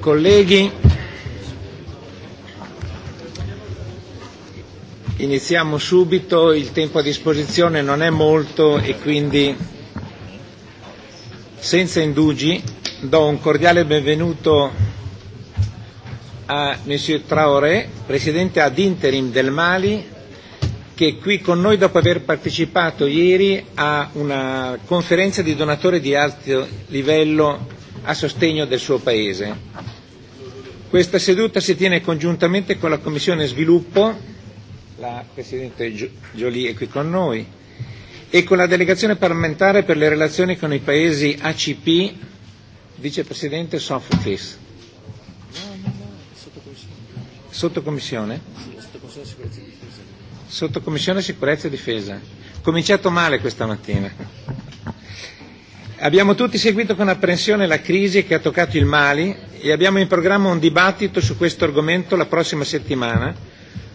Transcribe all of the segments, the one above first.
Colleghi, iniziamo subito, il tempo a disposizione non è molto e quindi senza indugi do un cordiale benvenuto a Monsieur Traoré, presidente ad interim del Mali, che è qui con noi dopo aver partecipato ieri a una conferenza di donatori di alto livello a sostegno del suo Paese. Questa seduta si tiene congiuntamente con la Commissione Sviluppo, la Presidente Jolie è qui con noi, e con la Delegazione parlamentare per le relazioni con i Paesi ACP, Vicepresidente Sofocles. Sottocommissione? E Sottocommissione Sicurezza e Difesa. Cominciato male questa mattina. Abbiamo tutti seguito con apprensione la crisi che ha toccato il Mali e abbiamo in programma un dibattito su questo argomento la prossima settimana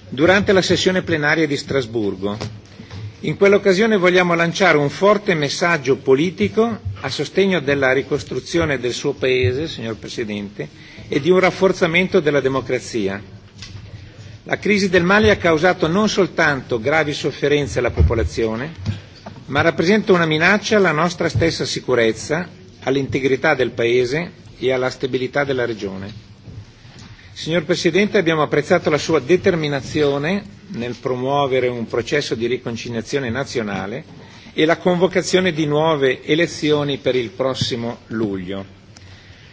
durante la sessione plenaria di Strasburgo. In quell'occasione vogliamo lanciare un forte messaggio politico a sostegno della ricostruzione del suo Paese, signor Presidente, e di un rafforzamento della democrazia. La crisi del Mali ha causato non soltanto gravi sofferenze alla popolazione, ma rappresenta una minaccia alla nostra stessa sicurezza, all'integrità del Paese e alla stabilità della regione. Signor Presidente, abbiamo apprezzato la sua determinazione nel promuovere un processo di riconciliazione nazionale e la convocazione di nuove elezioni per il prossimo luglio.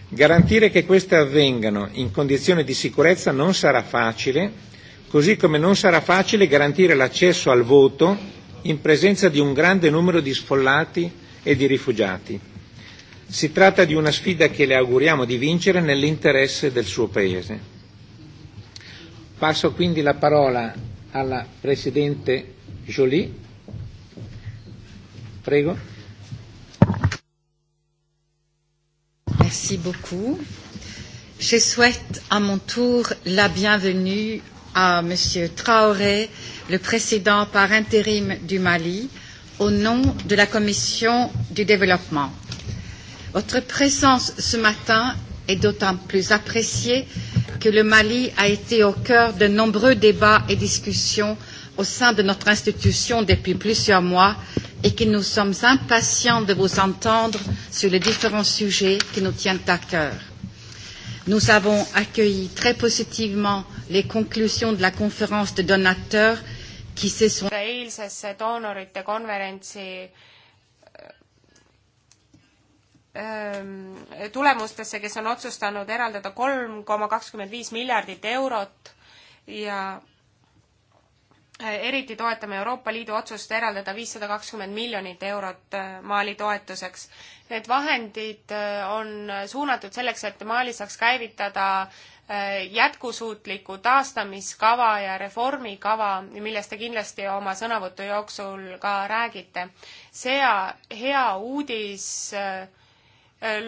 Garantire che queste avvengano in condizioni di sicurezza non sarà facile, così come non sarà facile garantire l'accesso al voto in presenza di un grande numero di sfollati e di rifugiati. Si tratta di una sfida che le auguriamo di vincere nell'interesse del suo Paese. Passo quindi la parola alla Presidente Jolie. Prego. Merci beaucoup. Je souhaite à mon tour la bienvenue à M. Traoré, le président par intérim du Mali, au nom de la Commission du développement. Votre présence ce matin est d'autant plus appréciée que le Mali a été au cœur de nombreux débats et discussions au sein de notre institution depuis plusieurs mois et que nous sommes impatients de vous entendre sur les différents sujets qui nous tiennent à cœur. Nous avons accueilli très positivement les conclusions de la conférence de donateurs qui se sont eilsesse doonorite konverentsi ähm, tulemustesse, kes on otsustanud eraldada kolm koma kakskümmend viis miljardit eurot ja äh, eriti toetame Euroopa Liidu otsust eraldada viissada kakskümmend miljonit eurot äh, Mali toetuseks. Need vahendid äh, on suunatud selleks, et Mali saaks käivitada Äh, jätkusuutliku taastamiskava ja reformikava, millest te kindlasti oma sõnavõtu jooksul ka räägite. see hea uudis äh,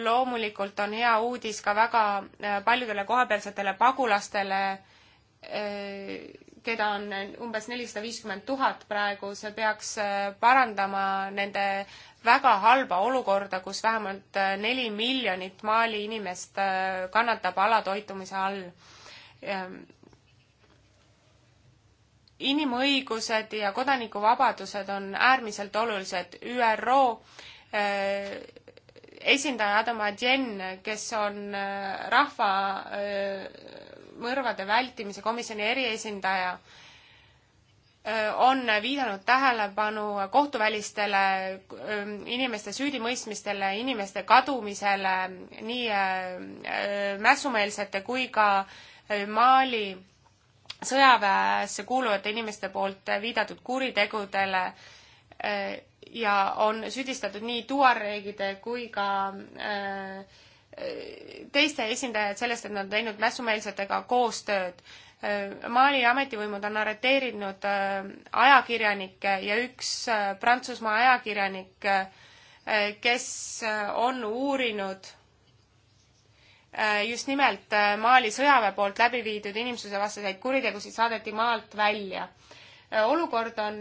loomulikult on hea uudis ka väga äh, paljudele kohapealsetele pagulastele, keda on umbes nelisada viiskümmend tuhat praegu, see peaks parandama nende väga halba olukorda, kus vähemalt äh, neli miljonit Mali inimest äh, kannatab alatoitumise all. Ähm, inimõigused ja kodanikuvabadused on äärmiselt olulised. ÜRO äh, esindaja Adam Adjen, kes on rahva mõrvade vältimise komisjoni eriesindaja, on viidanud tähelepanu kohtuvälistele ähm, inimeste süüdimõistmistele, inimeste kadumisele, nii äh, äh, mässumeelsete kui ka äh, Mali sõjaväesse kuuluvate inimeste poolt viidatud kuritegudele ja on süüdistatud nii tuareegide kui ka teiste esindajad sellest, et nad on teinud mässumeelsetega koostööd Äh, Mali ametivõimud on arreteerinud äh, ajakirjanikke ja üks äh, Prantsusmaa ajakirjanik, kes on uurinud just nimelt Mali sõjaväe poolt läbi viidud inimsusevastaseid kuritegusid, saadeti maalt välja. olukord on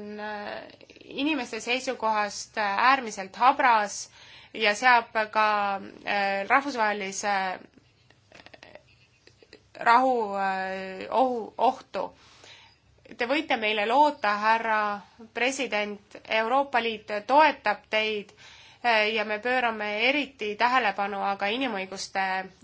inimeste seisukohast äärmiselt habras ja seab ka rahvusvahelise rahu äh, ohu, ohtu. Te võite meile loota, härra president, Euroopa Liit toetab teid äh, ja me pöörame eriti tähelepanu aga inimõiguste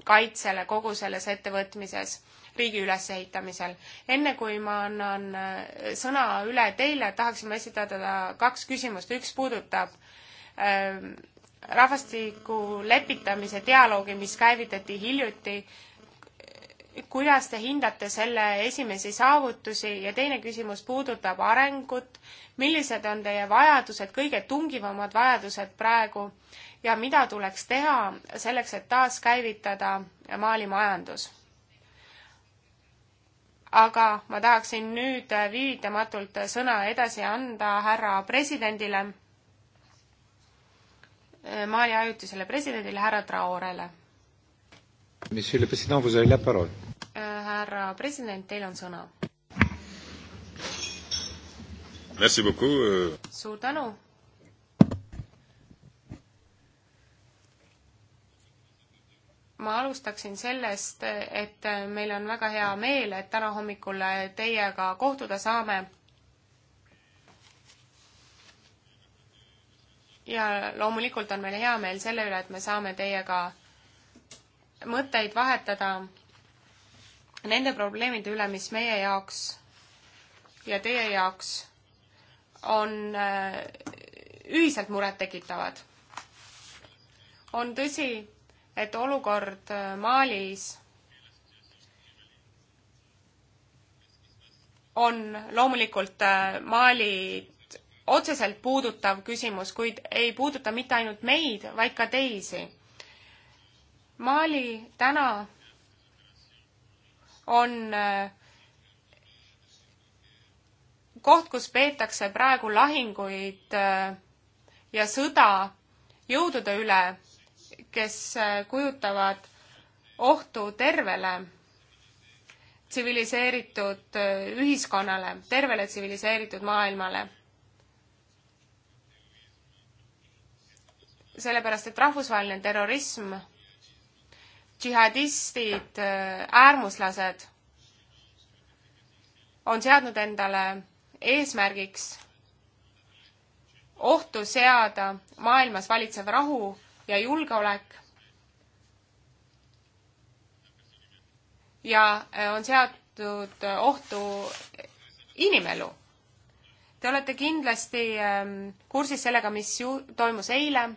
kaitsele kogu selles ettevõtmises, riigi ülesehitamisel. enne kui ma annan äh, sõna üle teile, tahaksime esitada kaks küsimust, üks puudutab rahvastiku lepitamise dialoogi, mis käivitati hiljuti kuidas te hindate selle esimesi saavutusi ja teine küsimus puudutab arengut. millised on teie vajadused, kõige tungivamad vajadused praegu ja mida tuleks teha selleks, et taaskäivitada Mali majandus? aga ma tahaksin nüüd viivitamatult sõna edasi anda härra presidendile, Mali ajutisele presidendile, härra Traorele Äh, härra president, teil on sõna. Euh. suur tänu. ma alustaksin sellest, et meil on väga hea meel, et täna hommikul teiega kohtuda saame. ja loomulikult on meil hea meel selle üle, et me saame teiega mõtteid vahetada nende probleemide üle, mis meie jaoks ja teie jaoks on äh, ühiselt murettekitavad. on tõsi, et olukord äh, Malis on loomulikult äh, Malit otseselt puudutav küsimus, kuid ei puuduta mitte ainult meid, vaid ka teisi Mali täna on äh, koht, kus peetakse praegu lahinguid äh, ja sõda jõudude üle, kes äh, kujutavad ohtu tervele tsiviliseeritud ühiskonnale, tervele tsiviliseeritud maailmale. sellepärast, et rahvusvaheline terrorism džihadistid, äh, äärmuslased on seadnud endale eesmärgiks ohtu seada maailmas valitsev rahu ja julgeolek. ja äh, on seatud äh, ohtu inimelu. Te olete kindlasti ähm, kursis sellega, mis ju toimus eile.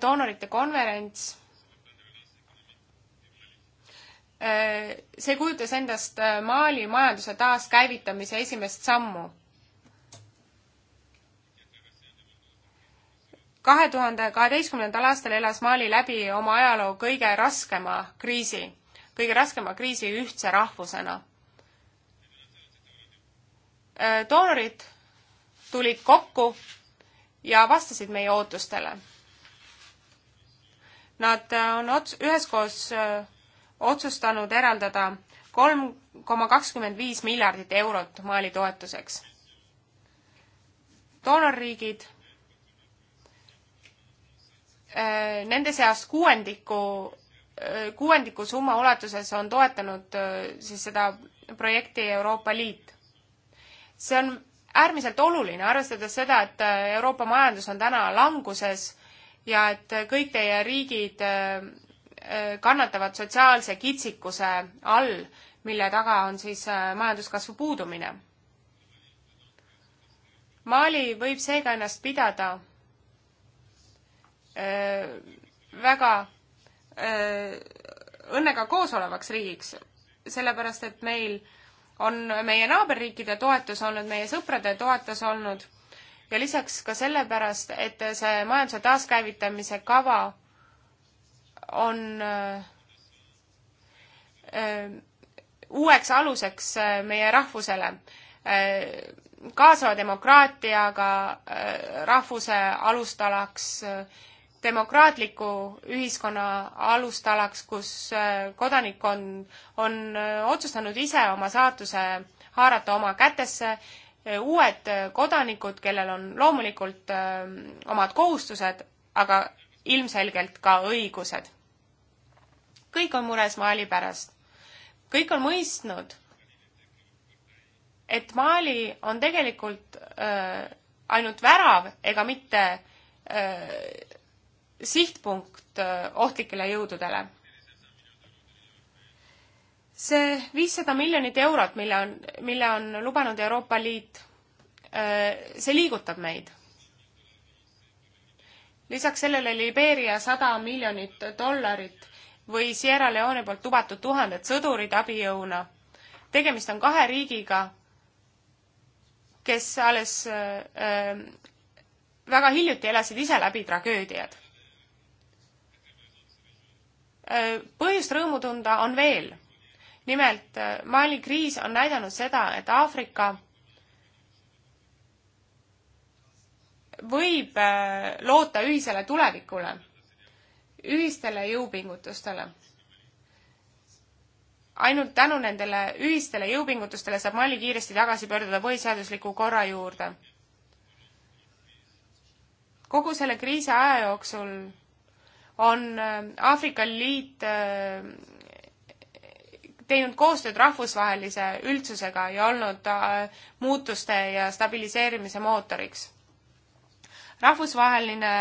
doonorite konverents Äh, see kujutas endast äh, Mali majanduse taaskäivitamise esimest sammu. kahe tuhande kaheteistkümnendal aastal elas Mali läbi oma ajaloo kõige raskema kriisi, kõige raskema kriisi ühtse rahvusena. Äh, doonorid tulid kokku ja vastasid meie ootustele. Nad on ots-, üheskoos otsustanud eraldada kolm koma kakskümmend viis miljardit eurot Mali toetuseks. doonorriigid, äh, nende seast kuuendiku, äh, kuuendiku summa ulatuses on toetanud äh, siis seda projekti Euroopa Liit. see on äärmiselt oluline, arvestades seda, et Euroopa majandus on täna languses ja et kõik teie riigid Äh, kannatavad sotsiaalse kitsikuse all, mille taga on siis äh, majanduskasvu puudumine. Mali võib seega ennast pidada öö, äh, väga öö, õnnega koosolevaks riigiks, sellepärast et meil on meie naaberriikide toetus olnud, meie sõprade toetus olnud ja lisaks ka sellepärast, et see majanduse taaskäivitamise kava on äh, äh, uueks aluseks äh, meie rahvusele, kaasava demokraatiaga rahvuse alustalaks, demokraatliku ühiskonna alustalaks, kus kodanikkond on otsustanud ise oma saatuse haarata oma kätesse, uued kodanikud, kellel on loomulikult omad kohustused, aga ilmselgelt ka õigused kõik on mures Mali pärast. kõik on mõistnud, et Mali on tegelikult äh, ainult värav ega mitte äh, sihtpunkt äh, ohtlikele jõududele. see viissada miljonit eurot, mille on, mille on lubanud Euroopa Liit äh,, see liigutab meid lisaks sellele Libeeria sada miljonit dollarit või Sierra Leone poolt lubatud tuhanded sõdurid abijõuna. tegemist on kahe riigiga, kes alles äh, äh, väga hiljuti elasid ise läbi tragöödiad äh,. põhjust rõõmu tunda on veel. nimelt äh, Mali kriis on näidanud seda, et Aafrika võib äh, loota ühisele tulevikule ühistele jõupingutustele. ainult tänu nendele ühistele jõupingutustele saab Mali kiiresti tagasi pöörduda põhiseadusliku korra juurde. kogu selle kriisi aja jooksul on äh, Aafrika Liit äh, teinud koostööd rahvusvahelise üldsusega ja olnud äh, muutuste ja stabiliseerimise mootoriks. rahvusvaheline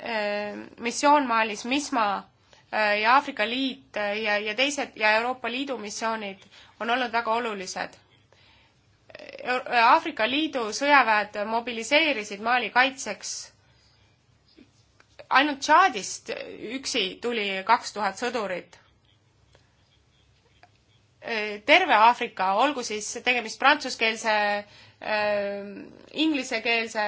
Äh, missioon Malis, MISMA äh, ja Aafrika Liit äh, ja, ja teised ja Euroopa Liidu missioonid on olnud väga olulised. Aafrika Liidu sõjaväed mobiliseerisid Mali kaitseks. ainult Tšaadist üksi tuli kaks tuhat sõdurit terve Aafrika, olgu siis tegemist prantsuskeelse Äh, inglisekeelse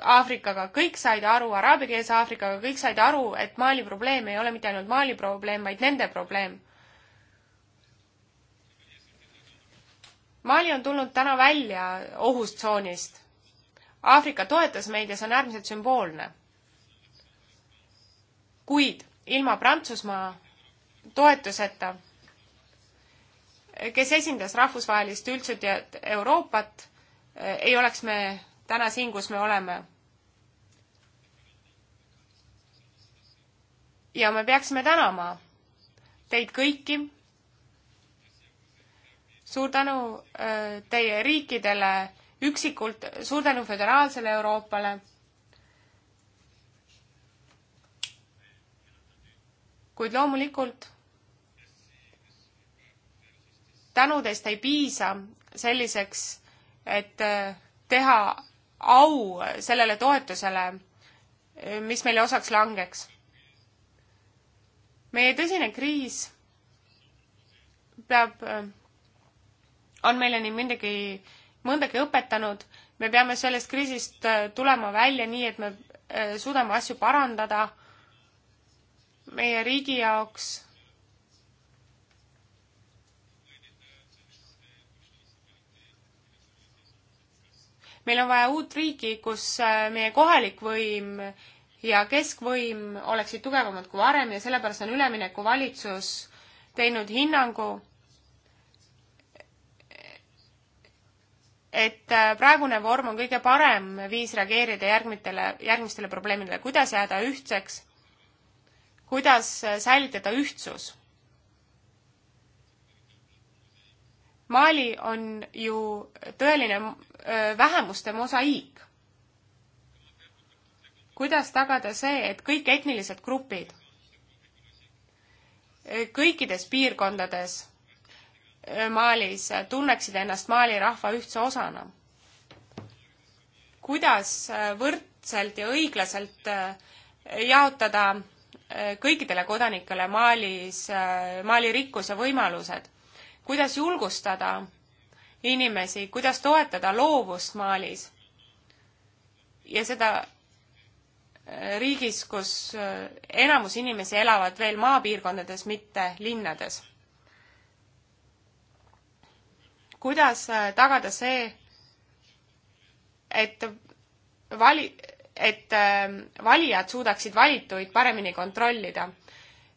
Aafrikaga, kõik said aru, araabiakeelse Aafrikaga, kõik said aru, et Mali probleem ei ole mitte ainult Mali probleem, vaid nende probleem. Mali on tulnud täna välja ohustsoonist. Aafrika toetas meid ja see on äärmiselt sümboolne. kuid ilma Prantsusmaa toetuseta, kes esindas rahvusvahelist üldsutead Euroopat Äh, ei oleks me täna siin, kus me oleme. ja me peaksime tänama teid kõiki. suur tänu äh, teie riikidele üksikult, suur tänu föderaalsele Euroopale. kuid loomulikult tänudest ei piisa selliseks et äh, teha au sellele toetusele, äh, mis meile osaks langeks. meie tõsine kriis peab, äh, on meile nii mõndagi, mõndagi õpetanud, me peame sellest kriisist tulema välja nii, et me suudame asju parandada meie riigi jaoks meil on vaja uut riiki, kus äh, meie kohalik võim ja keskvõim oleksid tugevamad kui varem ja sellepärast on üleminekuvalitsus teinud hinnangu, et äh, praegune vorm on kõige parem viis reageerida järgmitele, järgmistele probleemidele, kuidas jääda ühtseks, kuidas äh, säilitada ühtsus. Mali on ju tõeline vähemuste mosaiik. kuidas tagada see, et kõik etnilised grupid kõikides piirkondades Maalis tunneksid ennast Mali rahva ühtse osana? kuidas võrdselt ja õiglaselt jaotada kõikidele kodanikele Malis, Mali rikkuse võimalused? kuidas julgustada inimesi, kuidas toetada loovust Malis. ja seda äh, riigis, kus äh, enamus inimesi elavad veel maapiirkondades, mitte linnades. kuidas äh, tagada see, et vali-, et ähm, valijad suudaksid valituid paremini kontrollida?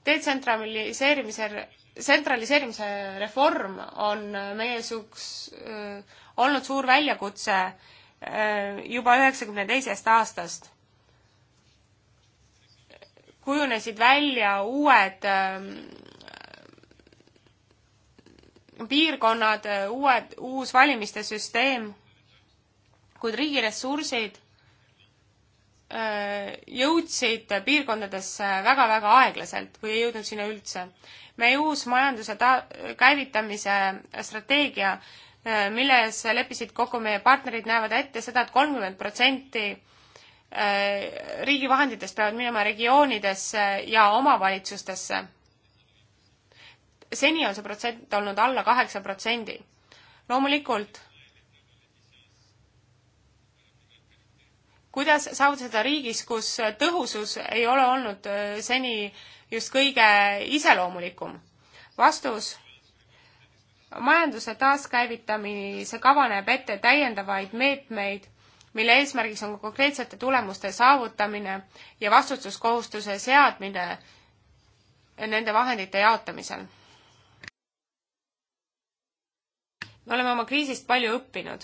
detsentraliseerimisel tsentraliseerimise reform on meie suuks olnud suur väljakutse juba üheksakümne teisest aastast. kujunesid välja uued piirkonnad, uued, uus valimiste süsteem, kuid riigiressursid jõudsid piirkondadesse väga-väga aeglaselt või ei jõudnud sinna üldse meie uus majanduse ta-, käivitamise strateegia, milles leppisid kokku meie partnerid, näevad ette seda et, et kolmkümmend protsenti äh, riigi vahenditest peavad minema regioonidesse ja omavalitsustesse. seni on see protsent olnud alla kaheksa protsendi. loomulikult kuidas saavutada riigis, kus tõhusus ei ole olnud äh, seni just kõige iseloomulikum? vastus. majanduse taaskäivitamise kava näeb ette täiendavaid meetmeid, mille eesmärgiks on konkreetsete tulemuste saavutamine ja vastutuskohustuse seadmine nende vahendite jaotamisel. me oleme oma kriisist palju õppinud.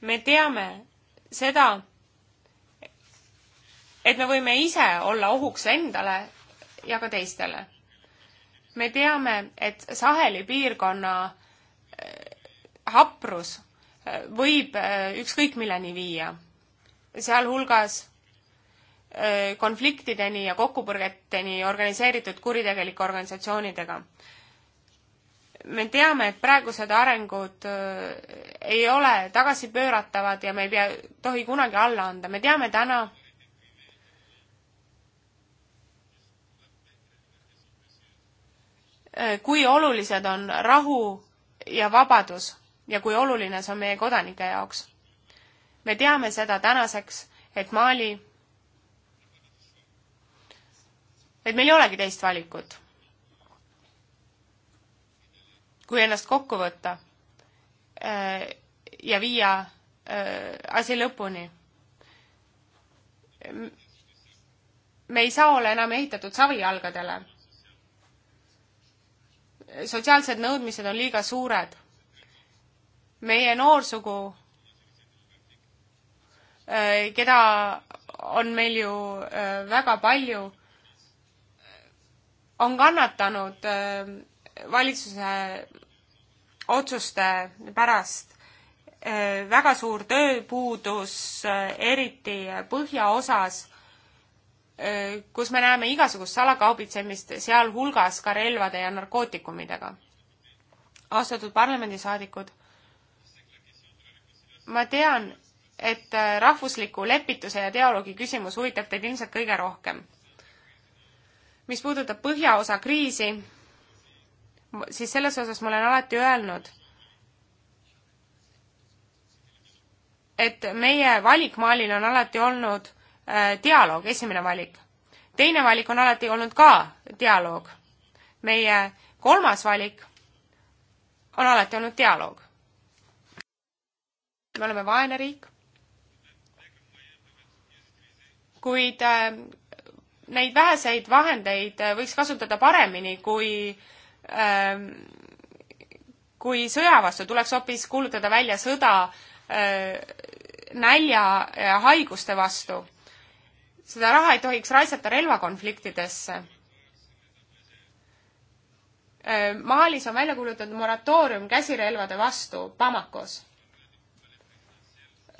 me teame seda, et me võime ise olla ohuks endale ja ka teistele. me teame, et Saheli piirkonna äh, haprus äh, võib äh, ükskõik milleni viia, sealhulgas konfliktideni ja kokkupõrgeteni organiseeritud kuritegelike organisatsioonidega. me teame, et praegused arengud ei ole tagasipööratavad ja me ei pea, tohi kunagi alla anda. me teame täna, Äh, kui olulised on rahu ja vabadus ja kui oluline see on meie kodanike jaoks. me teame seda tänaseks, et Mali, et meil ei olegi teist valikut. kui ennast kokku võtta äh, ja viia äh, asi lõpuni. me ei saa olla enam ehitatud savijalgadele sotsiaalsed nõudmised on liiga suured. meie noorsugu, äh, keda on meil ju äh, väga palju, on kannatanud äh, valitsuse otsuste pärast väga suur tööpuudus, eriti põhjaosas Äh, kus me näeme igasugust salakaubitsemist, sealhulgas ka relvade ja narkootikumidega. austatud parlamendisaadikud, ma tean, et äh, rahvusliku lepituse ja dialoogi küsimus huvitab teid ilmselt kõige rohkem. mis puudutab põhjaosa kriisi, siis selles osas ma olen alati öelnud, et meie valikmaalil on alati olnud Äh, dialoog, esimene valik. teine valik on alati olnud ka dialoog. meie kolmas valik on alati olnud dialoog. me oleme vaene riik. kuid äh, neid väheseid vahendeid äh, võiks kasutada paremini, kui äh, kui sõja vastu tuleks hoopis kuulutada välja sõda äh, nälja ja haiguste vastu seda raha ei tohiks raisata relvakonfliktidesse. Äh, Malis on välja kuulutatud moratoorium käsirelvade vastu Bamakos.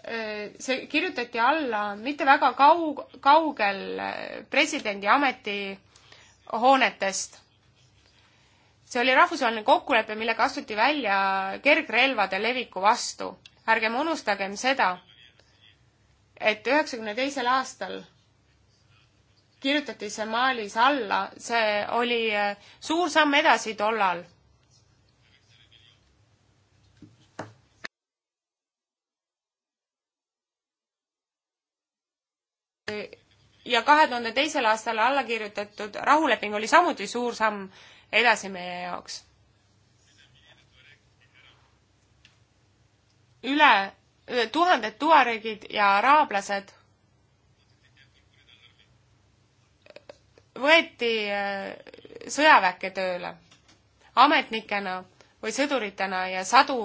Äh, see kirjutati alla mitte väga kaug-, kaugel äh, presidendi ametihoonetest. see oli rahvusvaheline kokkulepe, millega astuti välja kergrelvade leviku vastu. ärgem unustagem seda, et üheksakümne teisel aastal kirjutati see Malis alla, see oli eh, suur samm edasi tollal ja kahe tuhande teisel aastal alla kirjutatud rahuleping oli samuti suur samm edasi meie jaoks. üle eh, tuhhanded tuaregid ja araablased võeti äh, sõjaväkke tööle ametnikena või sõduritena ja sadu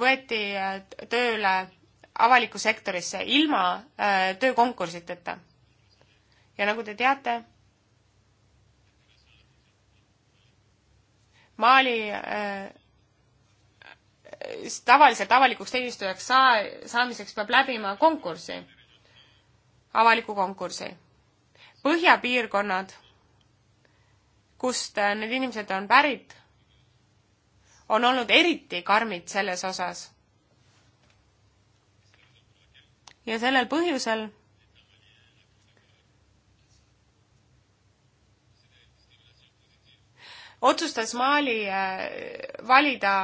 võeti äh, tööle avalikku sektorisse ilma äh, töökonkursiteta. ja nagu te teate, Mali tavaliselt avalikuks teenistujaks saa-, saamiseks peab läbima konkursi, avaliku konkursi põhjapiirkonnad, kust äh, need inimesed on pärit, on olnud eriti karmid selles osas. ja sellel põhjusel otsustas Mali äh, valida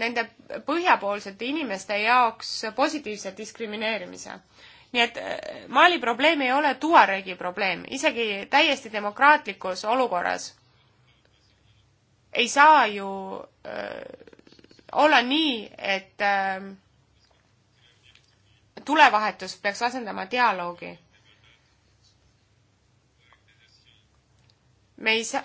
nende põhjapoolsete inimeste jaoks positiivse diskrimineerimise nii et äh, Mali probleem ei ole Tuaregi probleem, isegi täiesti demokraatlikus olukorras ei saa ju öö, äh, olla nii, et öö, äh, tulevahetus peaks asendama dialoogi. me ei saa,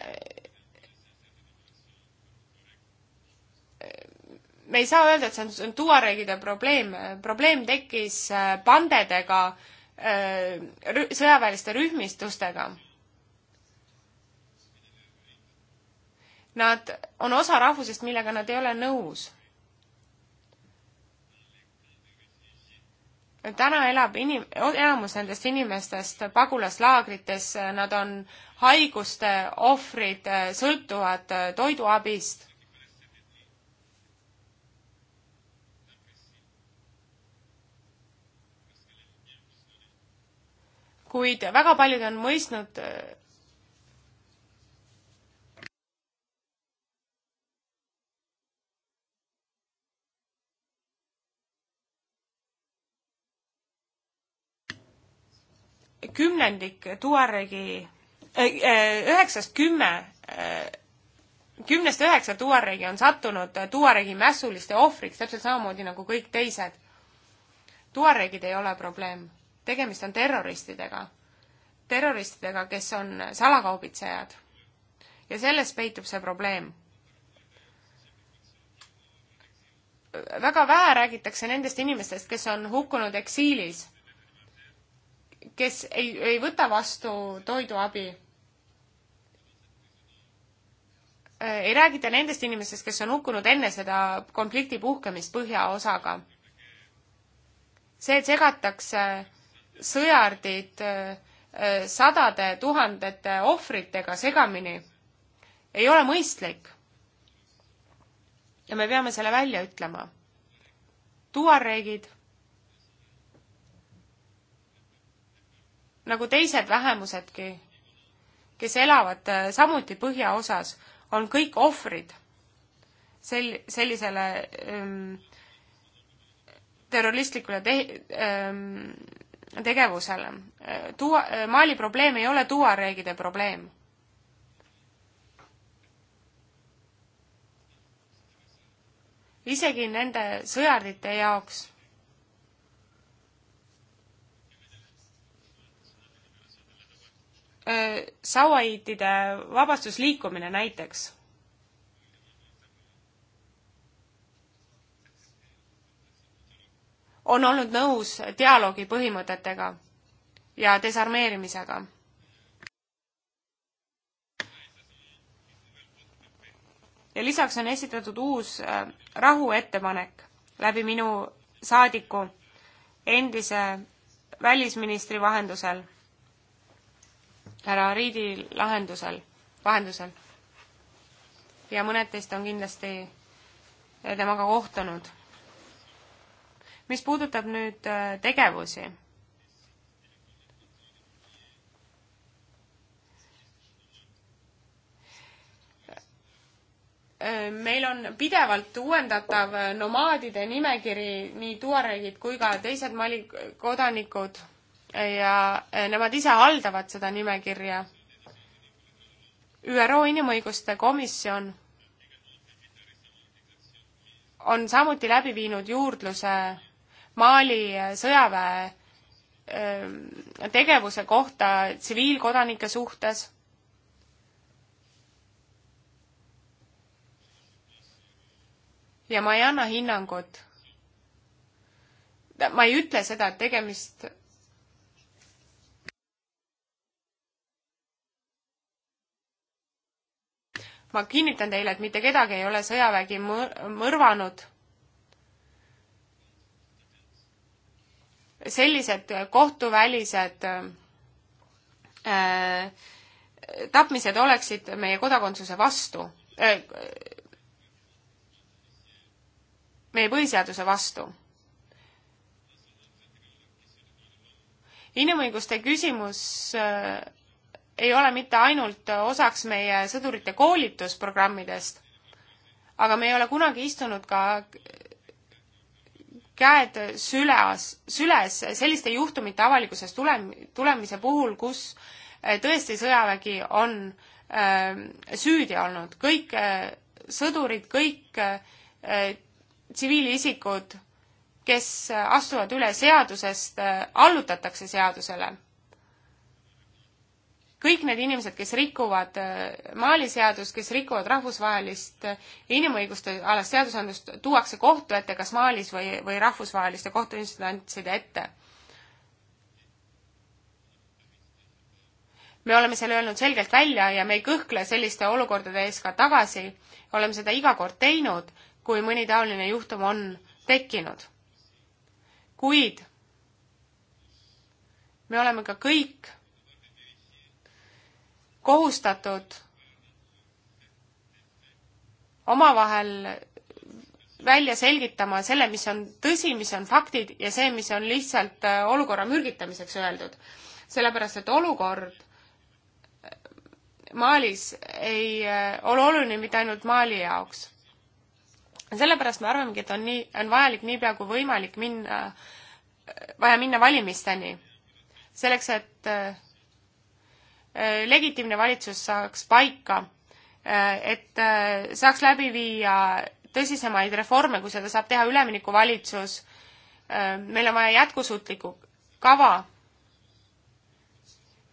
me ei saa öelda, et see on tuareegide probleem, probleem tekkis äh, pandedega, äh, sõjaväeliste rühmistustega. Nad on osa rahvusest, millega nad ei ole nõus. täna elab inim-, enamus nendest inimestest pagulaslaagrites, nad on haiguste ohvrid, sõltuvad toiduabist kuid väga paljud on mõistnud kümnendik Tuaregi äh, äh, üheksast kümme, äh, kümnest üheksa Tuaregi on sattunud Tuaregi mässuliste ohvriks, täpselt samamoodi nagu kõik teised. Tuaregid ei ole probleem tegemist on terroristidega. terroristidega, kes on salakaubitsejad. ja selles peitub see probleem. väga vähe räägitakse nendest inimestest, kes on hukkunud eksiilis, kes ei, ei võta vastu toiduabi äh, ei räägita nendest inimestest, kes on hukkunud enne seda konflikti puhkemist põhjaosaga. see, et segatakse sõjardid äh, äh, sadade tuhandete ohvritega segamini ei ole mõistlik. ja me peame selle välja ütlema. tuareegid, nagu teised vähemusedki, kes elavad äh, samuti põhjaosas, on kõik ohvrid sel-, sellisele ähm, terroristlikule te-, ähm, tegevusele. Tuua, Mali probleem ei ole tuareegide probleem. isegi nende sõjardite jaoks sauaiitide vabastusliikumine näiteks on olnud nõus dialoogi põhimõtetega ja desarmeerimisega. ja lisaks on esitatud uus äh, rahuettepanek läbi minu saadiku endise välisministri vahendusel, härra Riidi lahendusel, vahendusel. ja mõned teist on kindlasti äh, temaga kohtunud mis puudutab nüüd äh, tegevusi, meil on pidevalt uuendatav äh, nomaadide nimekiri, nii tuareegid kui ka teised Mali kodanikud ja äh, nemad ise haldavad seda nimekirja. ÜRO Inimõiguste Komisjon on samuti läbi viinud juurdluse Mali äh, sõjaväe äh, tegevuse kohta tsiviilkodanike suhtes. ja ma ei anna hinnangut. ma ei ütle seda, et tegemist ma kinnitan teile, et mitte kedagi ei ole sõjavägi mõrvanud. sellised kohtuvälised äh, tapmised oleksid meie kodakondsuse vastu, äh, meie põhiseaduse vastu. inimõiguste küsimus äh, ei ole mitte ainult osaks meie sõdurite koolitusprogrammidest, aga me ei ole kunagi istunud ka käed süles, süles selliste juhtumite avalikkuses tule, tulemise puhul, kus eh, tõesti sõjavägi on äh, süüdi olnud. kõik äh, sõdurid, kõik äh, tsiviilisikud, kes astuvad üle seadusest, allutatakse seadusele kõik need inimesed, kes rikuvad äh, Mali seadust, kes rikuvad rahvusvahelist äh, inimõiguste alast seadusandlust, tuuakse kohtu ette kas Malis või, või rahvusvaheliste kohtuinstantside ette. me oleme selle öelnud selgelt välja ja me ei kõhkle selliste olukordade ees ka tagasi. oleme seda iga kord teinud, kui mõni taoline juhtum on tekkinud. kuid me oleme ka kõik kohustatud omavahel välja selgitama selle, mis on tõsi, mis on faktid ja see, mis on lihtsalt äh, olukorra mürgitamiseks öeldud. sellepärast, et olukord äh, Malis ei äh, ole oluline mitte ainult Mali jaoks. sellepärast me arvamegi, et on nii, on vajalik niipea kui võimalik minna, vaja minna valimisteni. selleks, et Äh, legitiimne valitsus saaks paika, äh, et äh, saaks läbi viia tõsisemaid reforme, kui seda saab teha üleminekuvalitsus. meil on vaja jätkusuutlikku kava.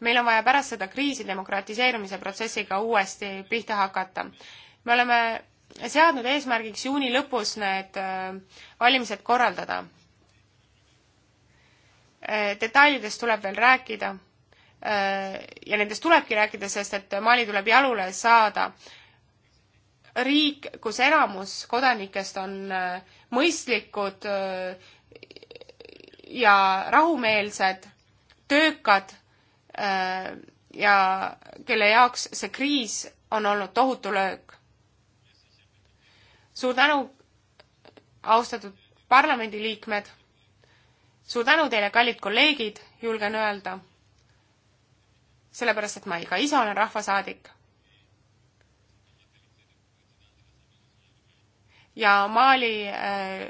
meil on vaja pärast seda kriisi demokratiseerumise protsessiga uuesti pihta hakata. me oleme seadnud eesmärgiks juuni lõpus need valimised korraldada. detailidest tuleb veel rääkida ja nendest tulebki rääkida, sest et Mali tuleb jalule saada. riik, kus enamus kodanikest on äh, mõistlikud äh, ja rahumeelsed, töökad äh, ja kelle jaoks see kriis on olnud tohutu löök. suur tänu, austatud parlamendiliikmed. suur tänu teile, kallid kolleegid, julgen öelda sellepärast et ma ka ise olen rahvasaadik. ja Mali äh,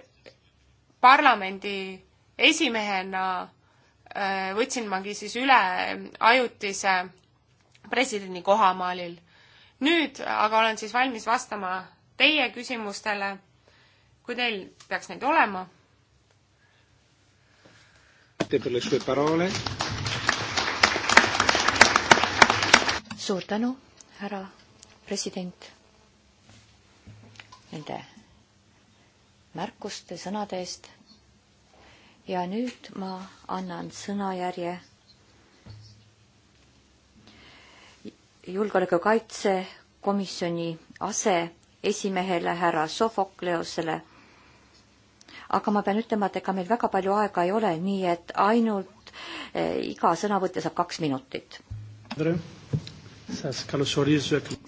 parlamendi esimehena äh, võtsin magi siis üle ähm, ajutise presidendi koha Malil. nüüd aga olen siis valmis vastama teie küsimustele, kui teil peaks neid olema. per le sue parole suur tänu, härra president, nende märkuste, sõnade eest. ja nüüd ma annan sõnajärje julgeoleku kaitsekomisjoni aseesimehele härra Sofokleosele. aga ma pean ütlema, et ega meil väga palju aega ei ole, nii et ainult eh, iga sõnavõtja saab kaks minutit. tere!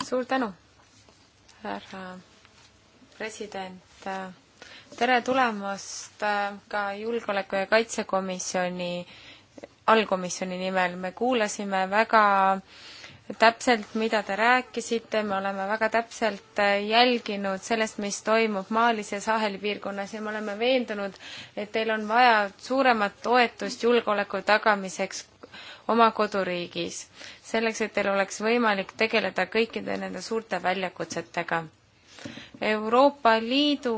suur tänu, härra president. tere tulemast ka Julgeoleku- ja Kaitsekomisjoni, allkomisjoni nimel. me kuulasime väga täpselt, mida te rääkisite, me oleme väga täpselt jälginud sellest, mis toimub Malis ja Saheli piirkonnas ja me oleme veendunud, et teil on vaja suuremat toetust julgeoleku tagamiseks oma koduriigis, selleks et teil oleks võimalik tegeleda kõikide nende suurte väljakutsetega. Euroopa Liidu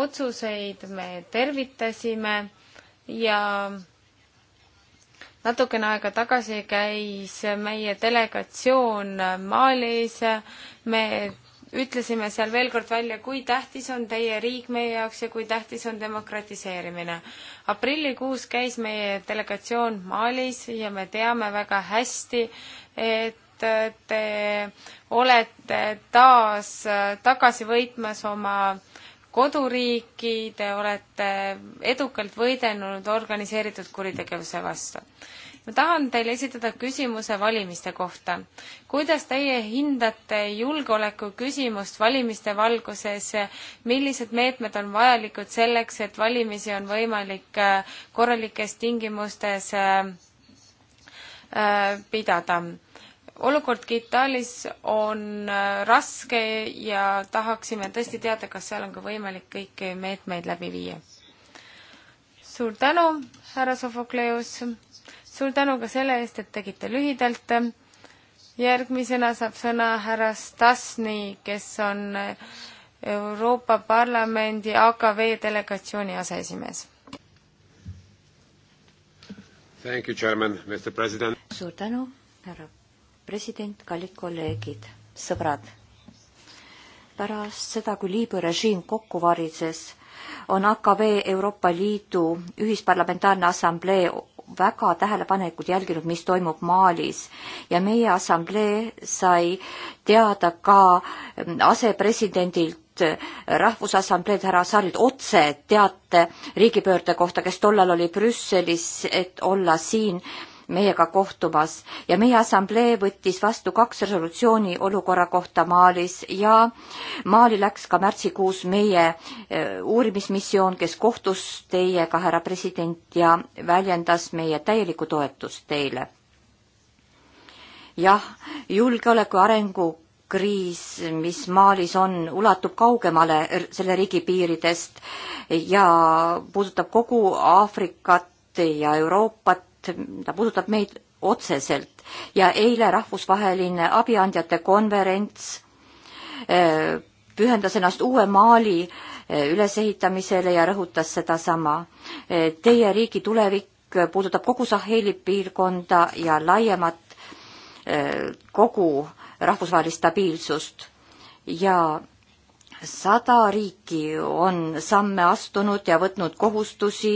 otsuseid me tervitasime ja natukene aega tagasi käis meie delegatsioon Malis, me ütlesime seal veel kord välja, kui tähtis on teie riik meie jaoks ja kui tähtis on demokratiseerimine. aprillikuus käis meie delegatsioon Malis ja me teame väga hästi, et te olete taas tagasi võitmas oma koduriiki, te olete edukalt võidelnud organiseeritud kuritegevuse vastu ma tahan teile esitada küsimuse valimiste kohta. kuidas teie hindate julgeoleku küsimust valimiste valguses, millised meetmed on vajalikud selleks, et valimisi on võimalik äh, korralikes tingimustes äh, äh, pidada? olukord Itaalias on raske ja tahaksime tõesti teada, kas seal on ka võimalik kõiki meetmeid läbi viia. suur tänu, härra Sofokleus suur tänu ka selle eest, et tegite lühidalt. järgmisena saab sõna härra Stasny, kes on Euroopa Parlamendi AKV delegatsiooni aseesimees. suur tänu, härra president, kallid kolleegid, sõbrad. pärast seda, kui Liibüa režiim kokku varises, on AKV Euroopa Liidu Ühisparlamentaarne Assamblee väga tähelepanelikult jälginud, mis toimub Malis ja meie assamblee sai teada ka ähm, asepresidendilt äh, Rahvusassambleed härra Saarilt otse teate riigipöörde kohta, kes tollal oli Brüsselis, et olla siin äh, meiega kohtumas ja meie assamblee võttis vastu kaks resolutsiooni olukorra kohta Malis ja Mali läks ka märtsikuus meie eh, uurimismissioon, kes kohtus teiega, härra president, ja väljendas meie täielikku toetust teile. jah, julgeoleku arengu kriis, mis Malis on, ulatub kaugemale selle riigi piiridest ja puudutab kogu Aafrikat ja Euroopat ta puudutab meid otseselt ja eile rahvusvaheline abiandjate konverents äh, pühendas ennast uue maali äh, ülesehitamisele ja rõhutas sedasama. Äh, teie riigi tulevik puudutab kogu Saheli piirkonda ja laiemat kogu rahvusvahelist stabiilsust ja sada riiki on samme astunud ja võtnud kohustusi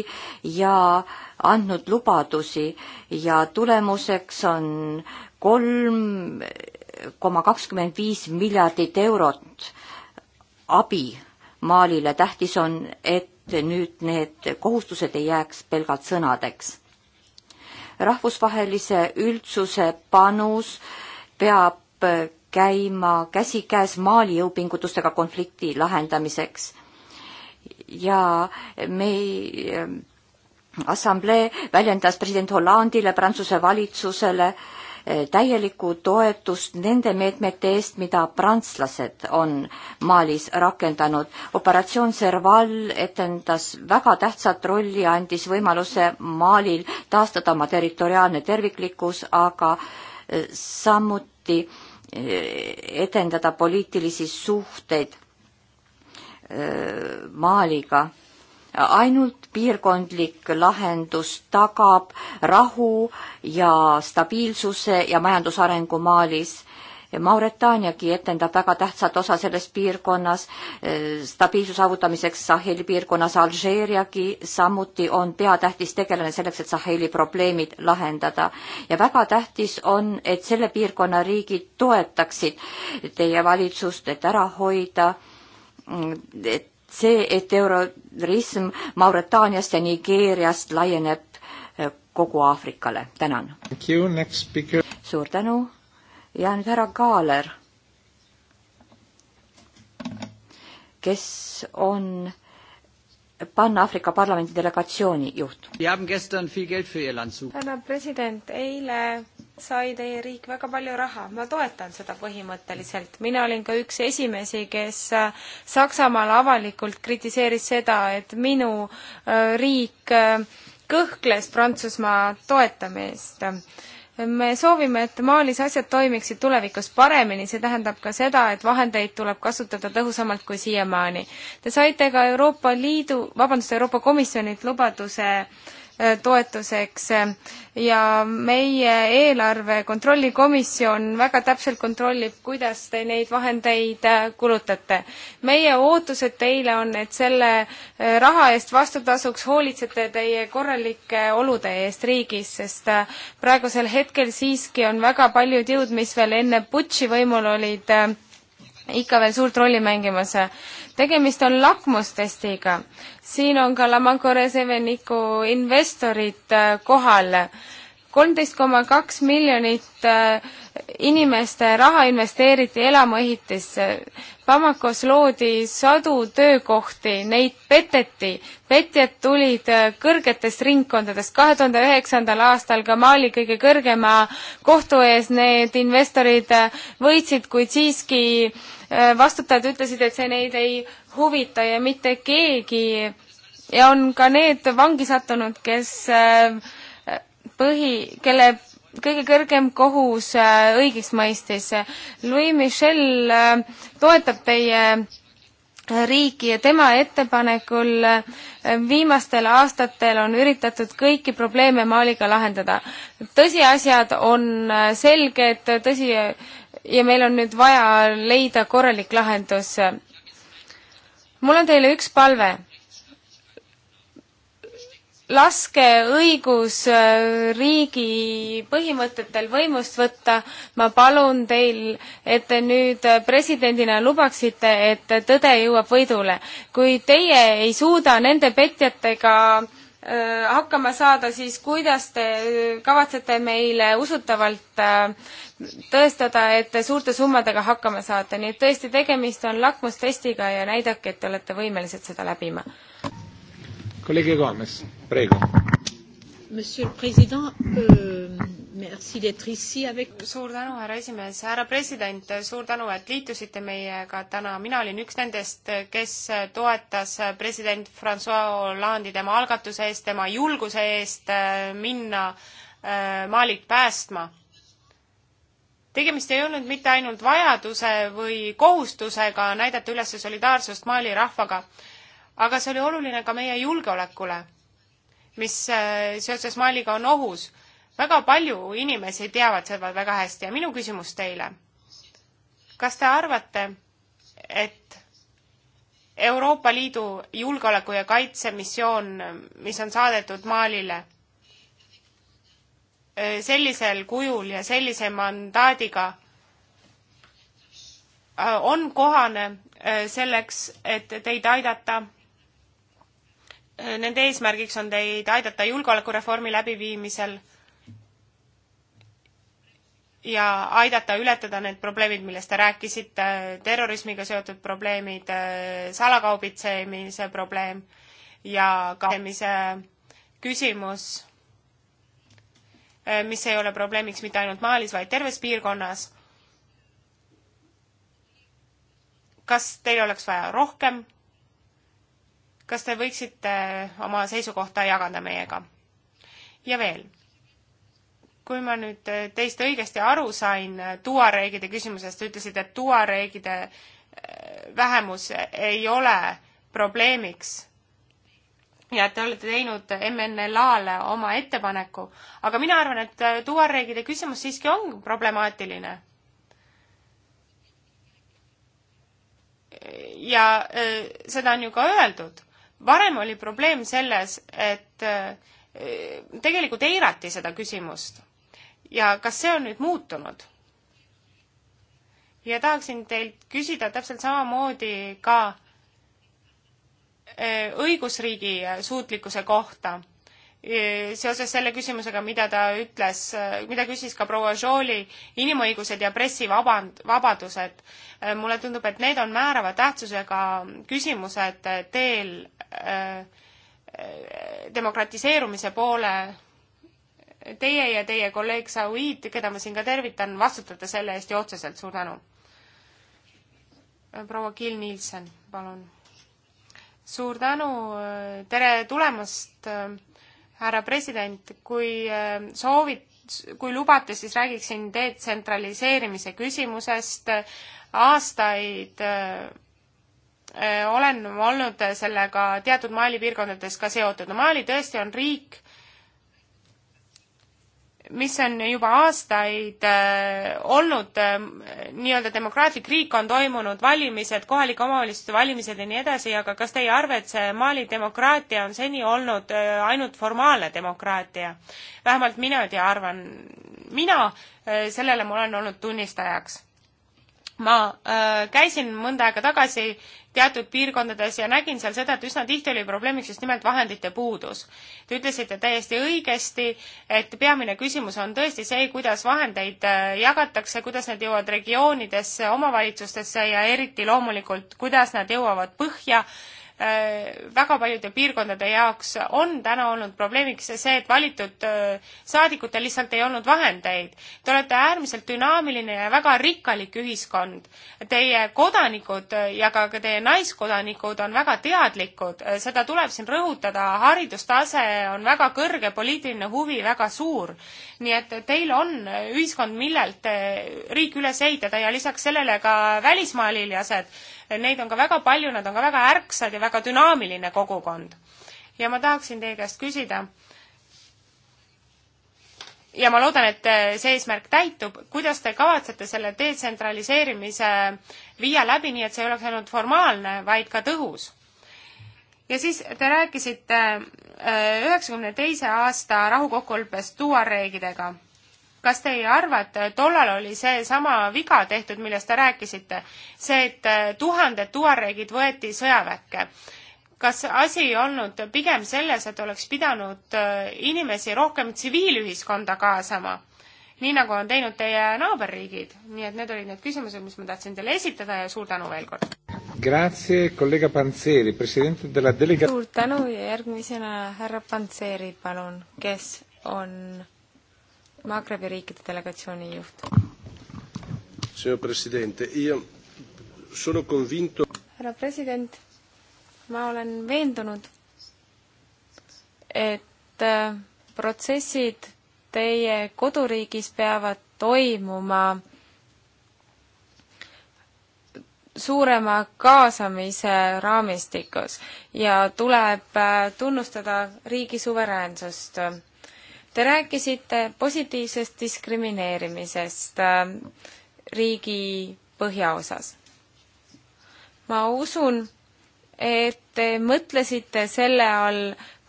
ja äh, andnud lubadusi ja tulemuseks on kolm koma kakskümmend viis miljardit eurot abi Malile. tähtis on, et nüüd need kohustused ei jääks pelgalt sõnadeks. rahvusvahelise üldsuse panus peab käima käsikäes Mali jõupingutustega konflikti lahendamiseks ja me ei assamblee väljendas president Hollandile, Prantsuse valitsusele eh, täielikku toetust nende meetmete eest, mida prantslased on Malis rakendanud. operatsioon Serval etendas väga tähtsat rolli ja andis võimaluse Malil taastada oma territoriaalne terviklikkus, aga eh, samuti eh, etendada poliitilisi suhteid Maaliga ainult piirkondlik lahendus tagab rahu ja stabiilsuse ja majandusarengu Malis. Mauretaaniagi etendab väga tähtsat osa selles piirkonnas eh, stabiilsuse saavutamiseks Saheli piirkonnas, Alžeeriagi samuti on peatähtis tegelane selleks, et Saheli probleemid lahendada. ja väga tähtis on, et selle piirkonna riigid toetaksid teie valitsust, et ära hoida mm, et see, et eurorism Mauretaaniast ja Nigeeriast laieneb eh, kogu Aafrikale. tänan. suur tänu ja nüüd härra Kaaler, kes on Pan-Aafrika Parlamendi delegatsiooni juht. härra president, eile sai teie riik väga palju raha. ma toetan seda põhimõtteliselt. mina olin ka üks esimesi, kes äh, Saksamaal avalikult kritiseeris seda, et minu äh, riik äh, kõhkles Prantsusmaa toetamist me soovime, et Malis asjad toimiksid tulevikus paremini, see tähendab ka seda, et vahendeid tuleb kasutada tõhusamalt kui siiamaani. Te saite ka Euroopa Liidu, vabandust, Euroopa Komisjonilt lubaduse äh, Äh, toetuseks ja meie eelarve kontrollikomisjon väga täpselt kontrollib, kuidas te neid vahendeid äh, kulutate. meie ootused teile on, et selle äh, raha eest vastutasuks hoolitsete teie korralike olude eest riigis, sest praegusel hetkel siiski on väga paljud jõud, mis veel enne Butši võimul olid, ikka veel suurt rolli mängimas. tegemist on lakmustestiga. siin on ka Lamancore Seveniku investorid äh, kohal kolmteist koma kaks miljonit äh, inimeste raha investeeriti elamuehitisse. Bamakos loodi sadu töökohti, neid peteti. petjad tulid äh, kõrgetest ringkondadest. kahe tuhande üheksandal aastal ka Mali kõige kõrgema kohtu ees need investorid äh, võitsid, kuid siiski vastutajad ütlesid, et see neid ei huvita ja mitte keegi ja on ka need vangi sattunud, kes äh, põhi, kelle kõige kõrgem kohus äh, õigeks mõistis. Louis Michel äh, toetab teie äh, riiki ja tema ettepanekul viimastel aastatel on üritatud kõiki probleeme Maaliga lahendada. tõsiasjad on selged, tõsi, ja meil on nüüd vaja leida korralik lahendus. mul on teile üks palve laske õigusriigi äh, põhimõtetel võimust võtta, ma palun teil, et te nüüd äh, presidendina lubaksite, et tõde jõuab võidule. kui teie ei suuda nende petjatega äh, hakkama saada, siis kuidas te äh, kavatsete meile usutavalt äh, tõestada, et te suurte summadega hakkama saate, nii et tõesti, tegemist on lakmustestiga ja näidake, et te olete võimelised seda läbima Kolleeg Gomes, praegu. Monsieur le Président euh,, merci d'être ici avec. suur tänu, härra esimees, härra president, suur tänu, et liitusite meiega täna. mina olin üks nendest, kes toetas president Francois Hollande'i tema algatuse eest, tema julguse eest äh, minna äh, Malit päästma tegemist ei olnud mitte ainult vajaduse või kohustusega näidata üles solidaarsust Mali rahvaga, aga see oli oluline ka meie julgeolekule, mis äh, seoses Maliga on ohus. väga palju inimesi teavad seda väga hästi ja minu küsimus teile. kas te arvate, et Euroopa Liidu julgeoleku- ja kaitsemissioon, mis on saadetud Malile, äh, sellisel kujul ja sellise mandaadiga äh, on kohane selleks, et teid aidata Nende eesmärgiks on teid aidata julgeolekureformi läbiviimisel ja aidata ületada need probleemid, millest te rääkisite, terrorismiga seotud probleemid, salakaubitsemise probleem ja kaemise küsimus, mis ei ole probleemiks mitte ainult Malis, vaid terves piirkonnas. kas teil oleks vaja rohkem kas te võiksite äh, oma seisukohta jagada meiega? ja veel, kui ma nüüd äh, teist õigesti aru sain äh, tuareegide küsimusest, te ütlesite, et tuareegide vähemus ei ole probleemiks ja et te olete teinud MNLA-le oma ettepaneku, aga mina arvan, et tuareegide küsimus siiski on problemaatiline. ja seda on ju ka öeldud varem oli probleem selles, et eh, tegelikult eirati seda küsimust. ja kas see on nüüd muutunud? ja tahaksin teilt küsida täpselt samamoodi ka eh, õigusriigi suutlikkuse kohta seoses selle küsimusega, mida ta ütles, äh, mida küsis ka proua Jooli, inimõigused ja pressivaband-, vabadused. Äh, mulle tundub, et need on määrava tähtsusega küsimused teel äh, äh demokratiseerumise poole. Teie ja teie kolleeg Sauid, keda ma siin ka tervitan, vastutate selle eest ju otseselt, suur tänu. proua Kill Nielsen, palun. suur tänu, tere tulemast äh, härra president, kui äh, soovid, kui lubate, siis räägiksin detsentraliseerimise küsimusest. aastaid äh, äh, olen olnud sellega teatud Mali piirkondades ka seotud. no Mali tõesti on riik, mis on juba aastaid äh, olnud äh, nii-öelda demokraatlik riik, on toimunud valimised, kohalike omavalitsuste valimised ja nii edasi, aga kas te ei arva, et see Mali demokraatia on seni olnud äh, ainult formaalne demokraatia? vähemalt mina ei tea, arvan mina äh,, sellele ma olen olnud tunnistajaks ma äh, käisin mõnda aega tagasi teatud piirkondades ja nägin seal seda, et üsna tihti oli probleemiks just nimelt vahendite puudus. Te ütlesite täiesti õigesti, et peamine küsimus on tõesti see, kuidas vahendeid äh, jagatakse, kuidas need jõuavad regioonidesse, omavalitsustesse ja eriti loomulikult, kuidas nad jõuavad põhja Äh, väga paljude piirkondade jaoks on täna olnud probleemiks see, et valitud äh, saadikutel lihtsalt ei olnud vahendeid. Te olete äärmiselt dünaamiline ja väga rikkalik ühiskond. Teie kodanikud äh, ja ka teie naiskodanikud on väga teadlikud, seda tuleb siin rõhutada, haridustase on väga kõrge, poliitiline huvi väga suur. nii et teil on ühiskond, millelt riik üles ehitada ja lisaks sellele ka välismaalilased neid on ka väga palju, nad on ka väga ärksad ja väga dünaamiline kogukond. ja ma tahaksin teie käest küsida, ja ma loodan, et see eesmärk täitub, kuidas te kavatsete selle detsentraliseerimise viia läbi, nii et see ei oleks ainult formaalne, vaid ka tõhus? ja siis te rääkisite äh, üheksakümne teise aasta rahukokkuleppest tuareegidega kas te ei arva, et äh, tollal oli seesama viga tehtud, millest te rääkisite, see, et äh, tuhanded tuareegid võeti sõjaväkke? kas asi ei olnud pigem selles, et oleks pidanud äh, inimesi rohkem tsiviilühiskonda kaasama, nii nagu on teinud teie naaberriigid? nii et need olid need küsimused, mis ma tahtsin teile esitada ja suur tänu veel kord! Grazie, kolleeg Panseri, president della delega-. suur tänu ja järgmisena härra Panseri, palun, kes on Magrebi riikide delegatsiooni juht. härra president, ma olen veendunud, et äh, protsessid teie koduriigis peavad toimuma suurema kaasamise raamistikus ja tuleb äh, tunnustada riigi suveräänsust Te rääkisite positiivsest diskrimineerimisest äh, riigi põhjaosas. ma usun, et te mõtlesite selle all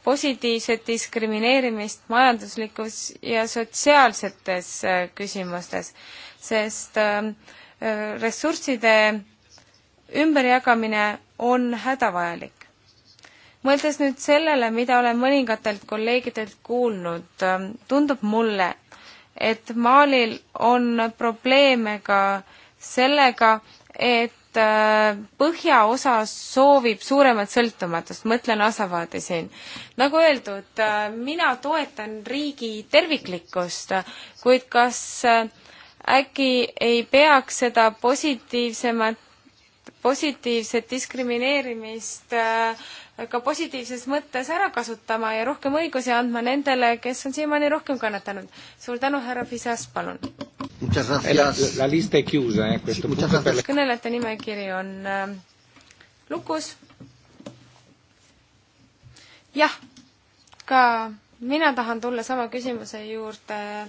positiivset diskrimineerimist majanduslikus ja sotsiaalsetes äh, küsimustes, sest äh, ressursside ümberjagamine on hädavajalik mõeldes nüüd sellele, mida olen mõningatelt kolleegidelt kuulnud, ähm, tundub mulle, et Malil on probleeme ka sellega, et äh, põhjaosas soovib suuremat sõltumatust, mõtlen Asavaati siin. nagu öeldud, äh, mina toetan riigi terviklikkust, kuid kas äh, äkki ei peaks seda positiivsemat positiivset diskrimineerimist äh, ka positiivses mõttes ära kasutama ja rohkem õigusi andma nendele, kes on siiamaani rohkem kannatanud. suur tänu, härra Fisas, palun! Eh, eh, kõnelejate nimekiri on äh, lukus. jah, ka mina tahan tulla sama küsimuse juurde,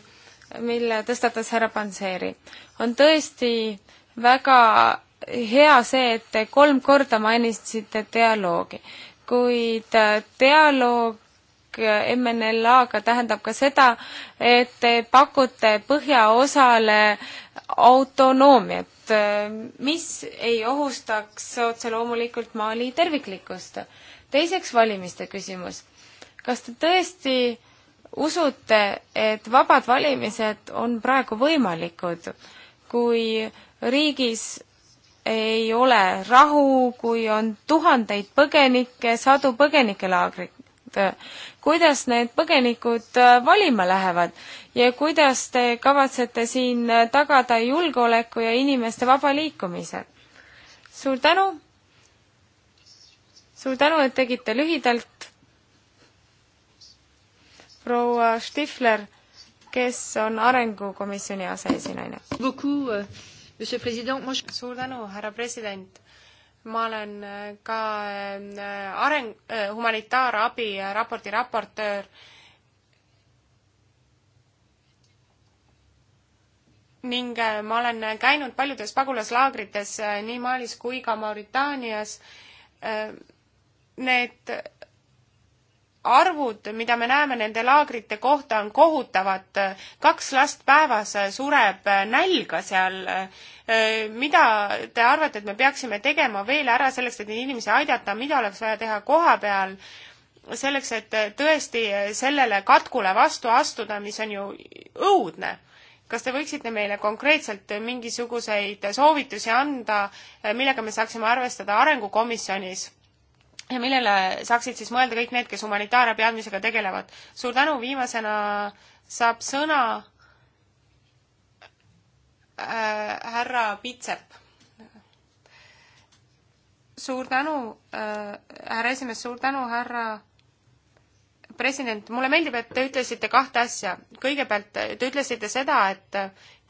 mille tõstatas härra Panseri. on tõesti väga hea see, et te kolm korda mainisite dialoogi, kuid äh, dialoog äh, MNLA-ga tähendab ka seda, et te pakute põhjaosale autonoomiat, äh, mis ei ohustaks otse loomulikult Mali terviklikkust. teiseks valimiste küsimus. kas te tõesti usute, et vabad valimised on praegu võimalikud, kui riigis ei ole rahu, kui on tuhandeid põgenikke, sadu põgenikelaagrit. kuidas need põgenikud äh, valima lähevad ja kuidas te kavatsete siin äh, tagada julgeoleku ja inimeste vaba liikumise? suur tänu! suur tänu, et tegite lühidalt. proua Stifler, kes on Arengukomisjoni aseesinaine. Euh, suur tänu, härra president ma olen äh, ka äh, areng, äh, humanitaarabi raporti raportöör. ning ma olen käinud paljudes pagulaslaagrites nii Malis kui ka Mauritaanias. Need arvud, mida me näeme nende laagrite kohta, on kohutavad. kaks last päevas sureb nälga seal. mida te arvate, et me peaksime tegema veel ära selleks, et neid inimesi aidata, mida oleks vaja teha koha peal? selleks, et tõesti sellele katkule vastu astuda, mis on ju õudne. kas te võiksite meile konkreetselt mingisuguseid soovitusi anda, millega me saaksime arvestada Arengukomisjonis? ja millele saaksid siis mõelda kõik need, kes humanitaarabi andmisega tegelevad. suur tänu, viimasena saab sõna äh, härra Pitsep. suur tänu äh,, härra esimees, suur tänu, härra president, mulle meeldib, et te ütlesite kahte asja. kõigepealt te ütlesite seda, et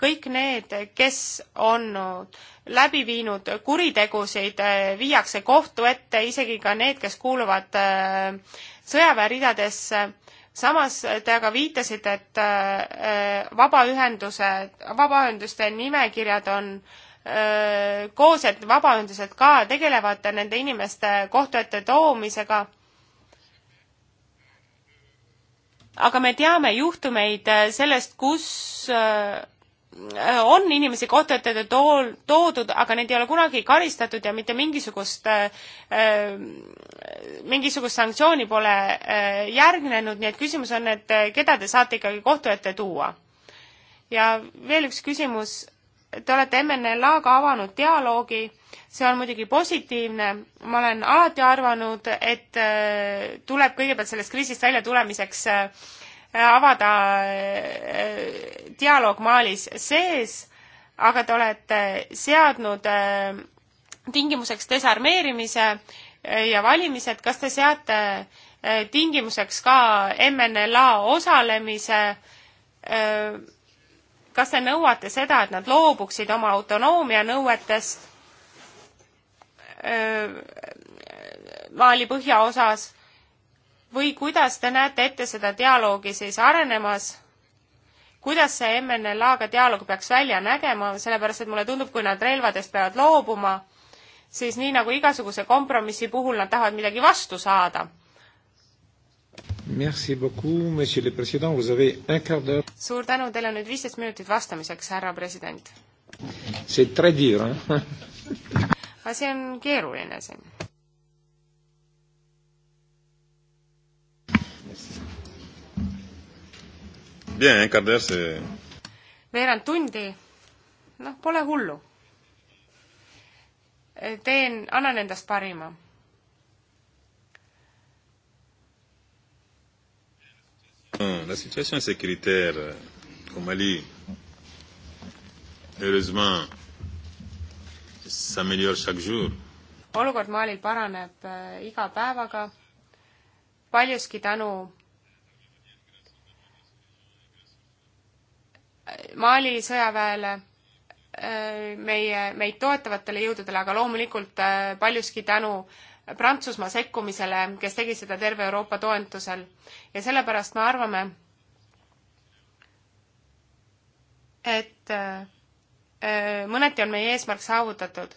kõik need, kes on läbi viinud kuritegusid, viiakse kohtu ette, isegi ka need, kes kuuluvad äh, sõjaväeridadesse. samas te aga viitasite, et äh, vabaühendused, vabaühenduste nimekirjad on äh, koos, et vabaühendused ka tegelevad nende inimeste kohtu ette toomisega aga me teame juhtumeid sellest, kus on inimesi kohtu ette tool, toodud, aga neid ei ole kunagi karistatud ja mitte mingisugust äh, äh,, mingisugust sanktsiooni pole äh, järgnenud, nii et küsimus on, et äh, keda te saate ikkagi kohtu ette tuua? ja veel üks küsimus, te olete MNLA-ga avanud dialoogi, see on muidugi positiivne, ma olen alati arvanud, et äh, tuleb kõigepealt sellest kriisist välja tulemiseks äh, avada äh, dialoog Malis sees, aga te olete seadnud äh, tingimuseks desarmeerimise äh, ja valimised, kas te seate tingimuseks ka MNLA osalemise? kas te nõuate seda, et nad loobuksid oma autonoomia nõuetest Mali põhjaosas? või kuidas te näete ette seda dialoogi siis arenemas? kuidas see MNLA-ga dialoog peaks välja nägema, sellepärast et mulle tundub, kui nad relvadest peavad loobuma, siis nii nagu igasuguse kompromissi puhul nad tahavad midagi vastu saada. suur tänu, teil on nüüd viisteist minutit vastamiseks, härra president. asi on keeruline siin ¿eh? veerand tundi, noh, pole hullu. Eh, teen, annan endast parima. Ah, la situation sécuritaire euh, au Mali, heureusement, s'améliore chaque jour. olukord Malil paraneb euh, iga päevaga paljuski tänu Mali sõjaväele, äh, meie, meid toetavatele jõududele, aga loomulikult äh, paljuski tänu Prantsusmaa sekkumisele, kes tegi seda terve Euroopa toetusel. ja sellepärast me arvame, et äh, mõneti on meie eesmärk saavutatud.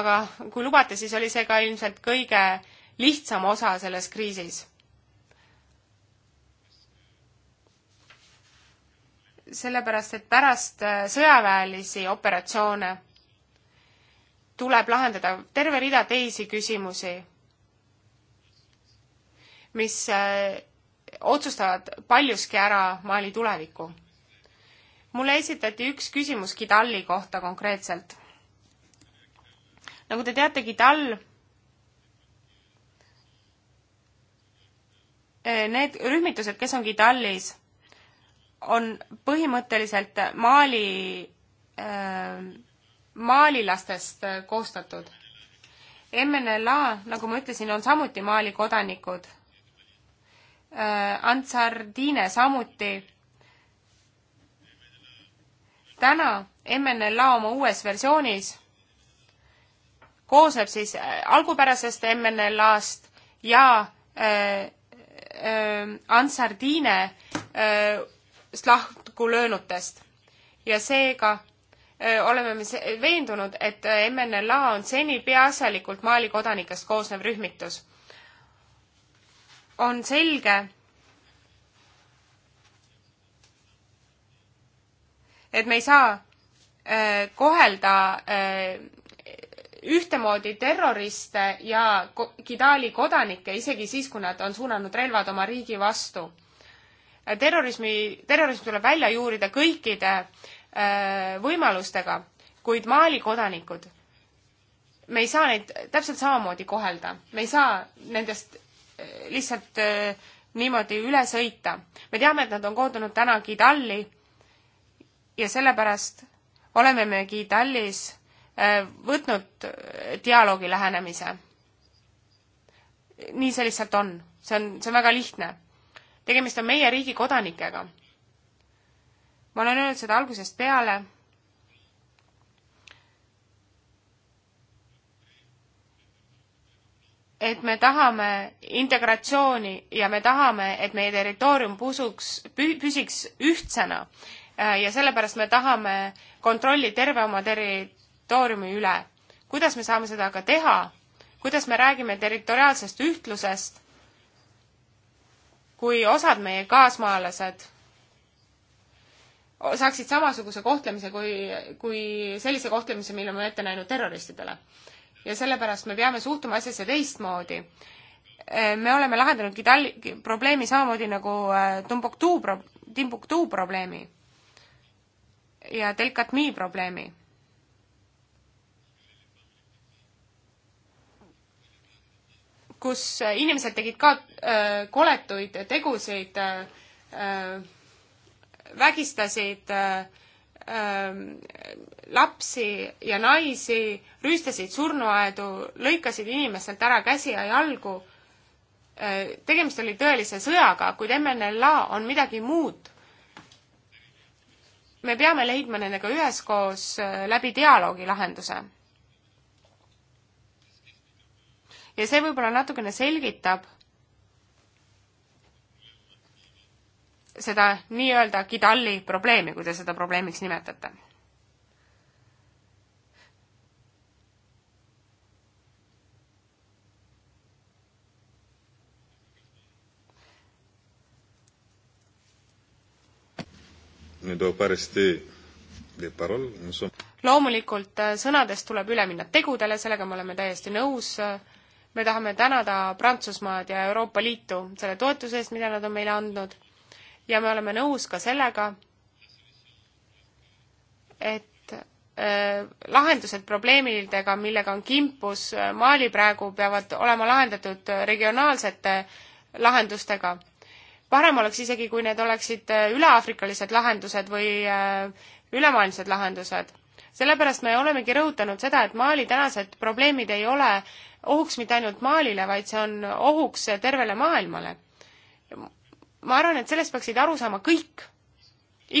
aga kui lubate, siis oli see ka ilmselt kõige äh, lihtsam osa selles kriisis. sellepärast, et pärast äh, sõjaväelisi operatsioone tuleb lahendada terve rida teisi küsimusi, mis äh, otsustavad paljuski ära Mali tuleviku. mulle esitati üks küsimus Gidalli kohta konkreetselt. nagu te teate, Gidal Eh, need rühmitused, kes on Gidalis, on põhimõtteliselt Mali, eh, maalilastest eh, koostatud. MNLA, nagu ma ütlesin, on samuti Mali kodanikud. Ansar Dine samuti. täna MNLA oma uues versioonis koosneb siis algupärasest MNLA-st ja äh, äh, Ansardine äh, lahku löönutest ja seega äh, oleme me veendunud, et äh, MNLA on seni peaasjalikult Mali kodanikest koosnev rühmitus. on selge, et me ei saa äh, kohelda ühtemoodi terroriste ja Gidali kodanikke, isegi siis, kui nad on suunanud relvad oma riigi vastu. terrorismi, terrorism tuleb välja juurida kõikide öö, äh, võimalustega, kuid Mali kodanikud, me ei saa neid täpselt samamoodi kohelda, me ei saa nendest äh, lihtsalt öö, äh, niimoodi üle sõita. me teame, et nad on koondunud täna Gidalli ja sellepärast oleme me Gidallis Äh, võtnud dialoogi lähenemise. nii see lihtsalt on, see on, see on väga lihtne. tegemist on meie riigi kodanikega. ma olen öelnud seda algusest peale. et me tahame integratsiooni ja me tahame, et meie territoorium pusuks, püsiks ühtsena äh, ja sellepärast me tahame kontrolli terve oma terri-, territooriumi üle. kuidas me saame seda ka teha, kuidas me räägime territoriaalsest ühtlusest, kui osad meie kaasmaalased saaksid samasuguse kohtlemise kui, kui sellise kohtlemise, mille me ette näinud terroristidele. ja sellepärast me peame suhtuma asjasse teistmoodi me oleme lahendanud Gidali probleemi samamoodi nagu äh, Timbuktu pro-, Timbuktu probleemi ja Delcatmi probleemi. kus äh, inimesed tegid ka äh, koletuid tegusid äh,, äh vägistasid äh, äh, lapsi ja naisi, rüüstasid surnuaedu, lõikasid inimestelt ära käsi ja jalgu. tegemist oli tõelise sõjaga, kuid MNLA on midagi muud. me peame leidma nendega üheskoos läbi dialoogi lahenduse ja see võib-olla natukene selgitab seda nii-öelda Kidalli probleemi, kui te seda probleemiks nimetate. loomulikult äh, sõnadest tuleb üle minna tegudele, sellega me oleme täiesti nõus äh, me tahame tänada Prantsusmaad ja Euroopa Liitu selle toetuse eest, mida nad on meile andnud ja me oleme nõus ka sellega, et äh, lahendused probleemidega, millega on kimpus äh, Mali praegu, peavad olema lahendatud regionaalsete äh, lahendustega. parem oleks isegi, kui need oleksid äh, üleaafrikalised lahendused või äh, ülemaailmsed lahendused. sellepärast me olemegi rõhutanud seda, et Mali tänased probleemid ei ole ohuks mitte ainult Malile, vaid see on ohuks tervele maailmale. ma arvan, et sellest peaksid aru saama kõik,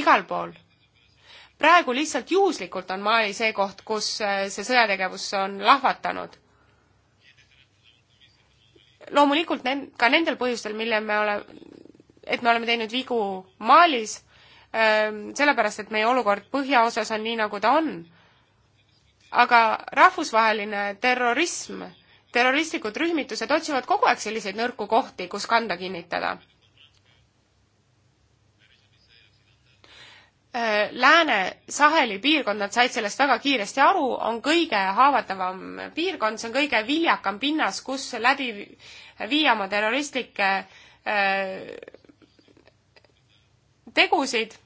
igal pool. praegu lihtsalt juhuslikult on Mali see koht, kus äh, see sõjategevus on lahvatanud. loomulikult nend-, ka nendel põhjustel, mille me ole-, et me oleme teinud vigu Malis, ähm, sellepärast, et meie olukord põhjaosas on nii, nagu ta on aga rahvusvaheline terrorism terroristlikud rühmitused otsivad kogu aeg selliseid nõrku kohti, kus kanda kinnitada. Lääne-Saheli piirkond, nad said sellest väga kiiresti aru, on kõige haavatavam piirkond, see on kõige viljakam pinnas, kus läbi viia oma terroristlikke äh, tegusid,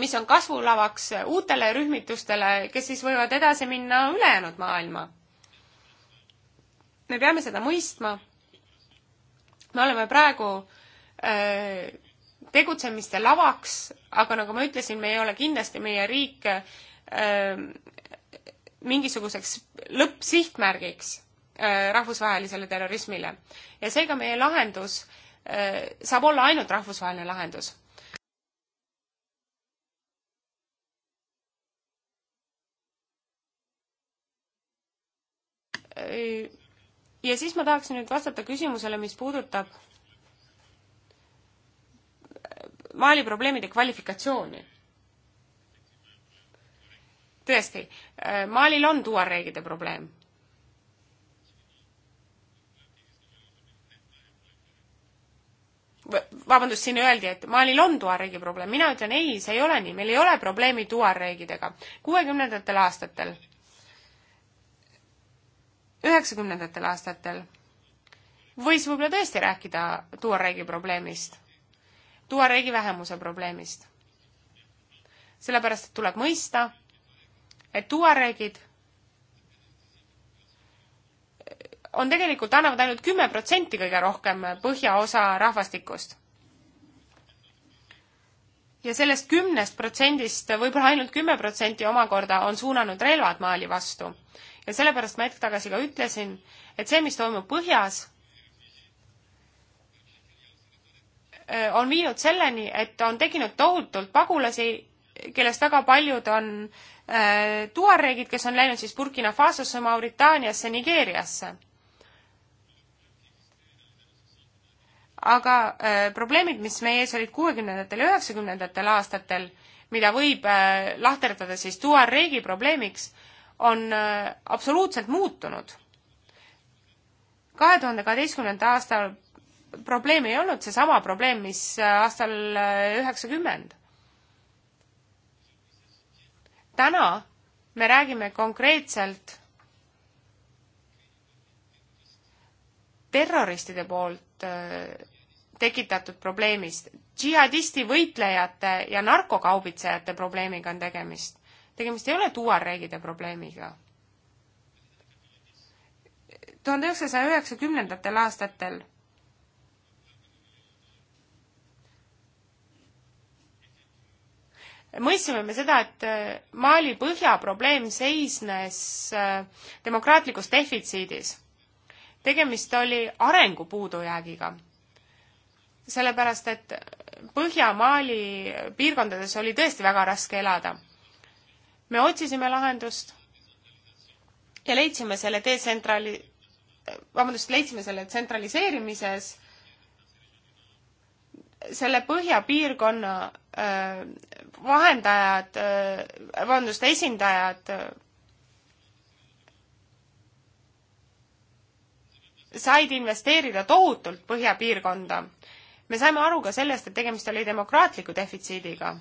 mis on kasvulavaks uutele rühmitustele, kes siis võivad edasi minna ülejäänud maailma me peame seda mõistma. me oleme praegu öö, äh, tegutsemiste lavaks, aga nagu ma ütlesin, me ei ole kindlasti meie riik öö, äh, mingisuguseks lõppsihtmärgiks äh, rahvusvahelisele terrorismile. ja seega meie lahendus saab olla ainult rahvusvaheline lahendus ja siis ma tahaksin nüüd vastata küsimusele, mis puudutab Mali probleemide kvalifikatsiooni. tõesti, Malil on tuareegide probleem. vabandust, siin öeldi, et Malil on tuareegi probleem, mina ütlen ei, see ei ole nii, meil ei ole probleemi tuareegidega. kuuekümnendatel aastatel üheksakümnendatel aastatel võis võib-olla tõesti rääkida tuareegi probleemist, tuareegi vähemuse probleemist. sellepärast, et tuleb mõista, et tuareegid on tegelikult, annavad ainult kümme protsenti kõige rohkem põhjaosa rahvastikust. ja sellest kümnest protsendist võib-olla ainult kümme protsenti omakorda on suunanud relvad Mali vastu ja sellepärast ma hetk tagasi ka ütlesin, et see, mis toimub põhjas, äh, on viinud selleni, et on tekkinud tohutult pagulasi, kellest väga paljud on äh, tuareegid, kes on läinud siis Burkina Fasosse, Mauritaaniasse, Nigeeriasse. aga äh, probleemid, mis meie ees olid kuuekümnendatel ja üheksakümnendatel aastatel, mida võib äh, lahterdada siis tuareegi probleemiks, on äh, absoluutselt muutunud. kahe tuhande kaheteistkümnenda aastal probleem ei olnud seesama probleem, mis äh, aastal äh, üheksakümmend. täna me räägime konkreetselt terroristide poolt tekitatud probleemist, džihadisti võitlejate ja narkokaubitsejate probleemiga on tegemist tegemist ei ole tuareegide probleemiga. tuhande üheksasaja üheksakümnendatel aastatel mõistsime me seda, et Mali põhja probleem seisnes äh, demokraatlikus defitsiidis. tegemist oli arengu puudujäägiga. sellepärast, et Põhja-Mali piirkondades oli tõesti väga raske elada me otsisime lahendust ja leidsime selle detsentrali-, vabandust, leidsime selle tsentraliseerimises, selle põhjapiirkonna äh, vahendajad äh,, vabandust, esindajad äh, said investeerida tohutult põhjapiirkonda. me saime aru ka sellest, et tegemist oli demokraatliku defitsiidiga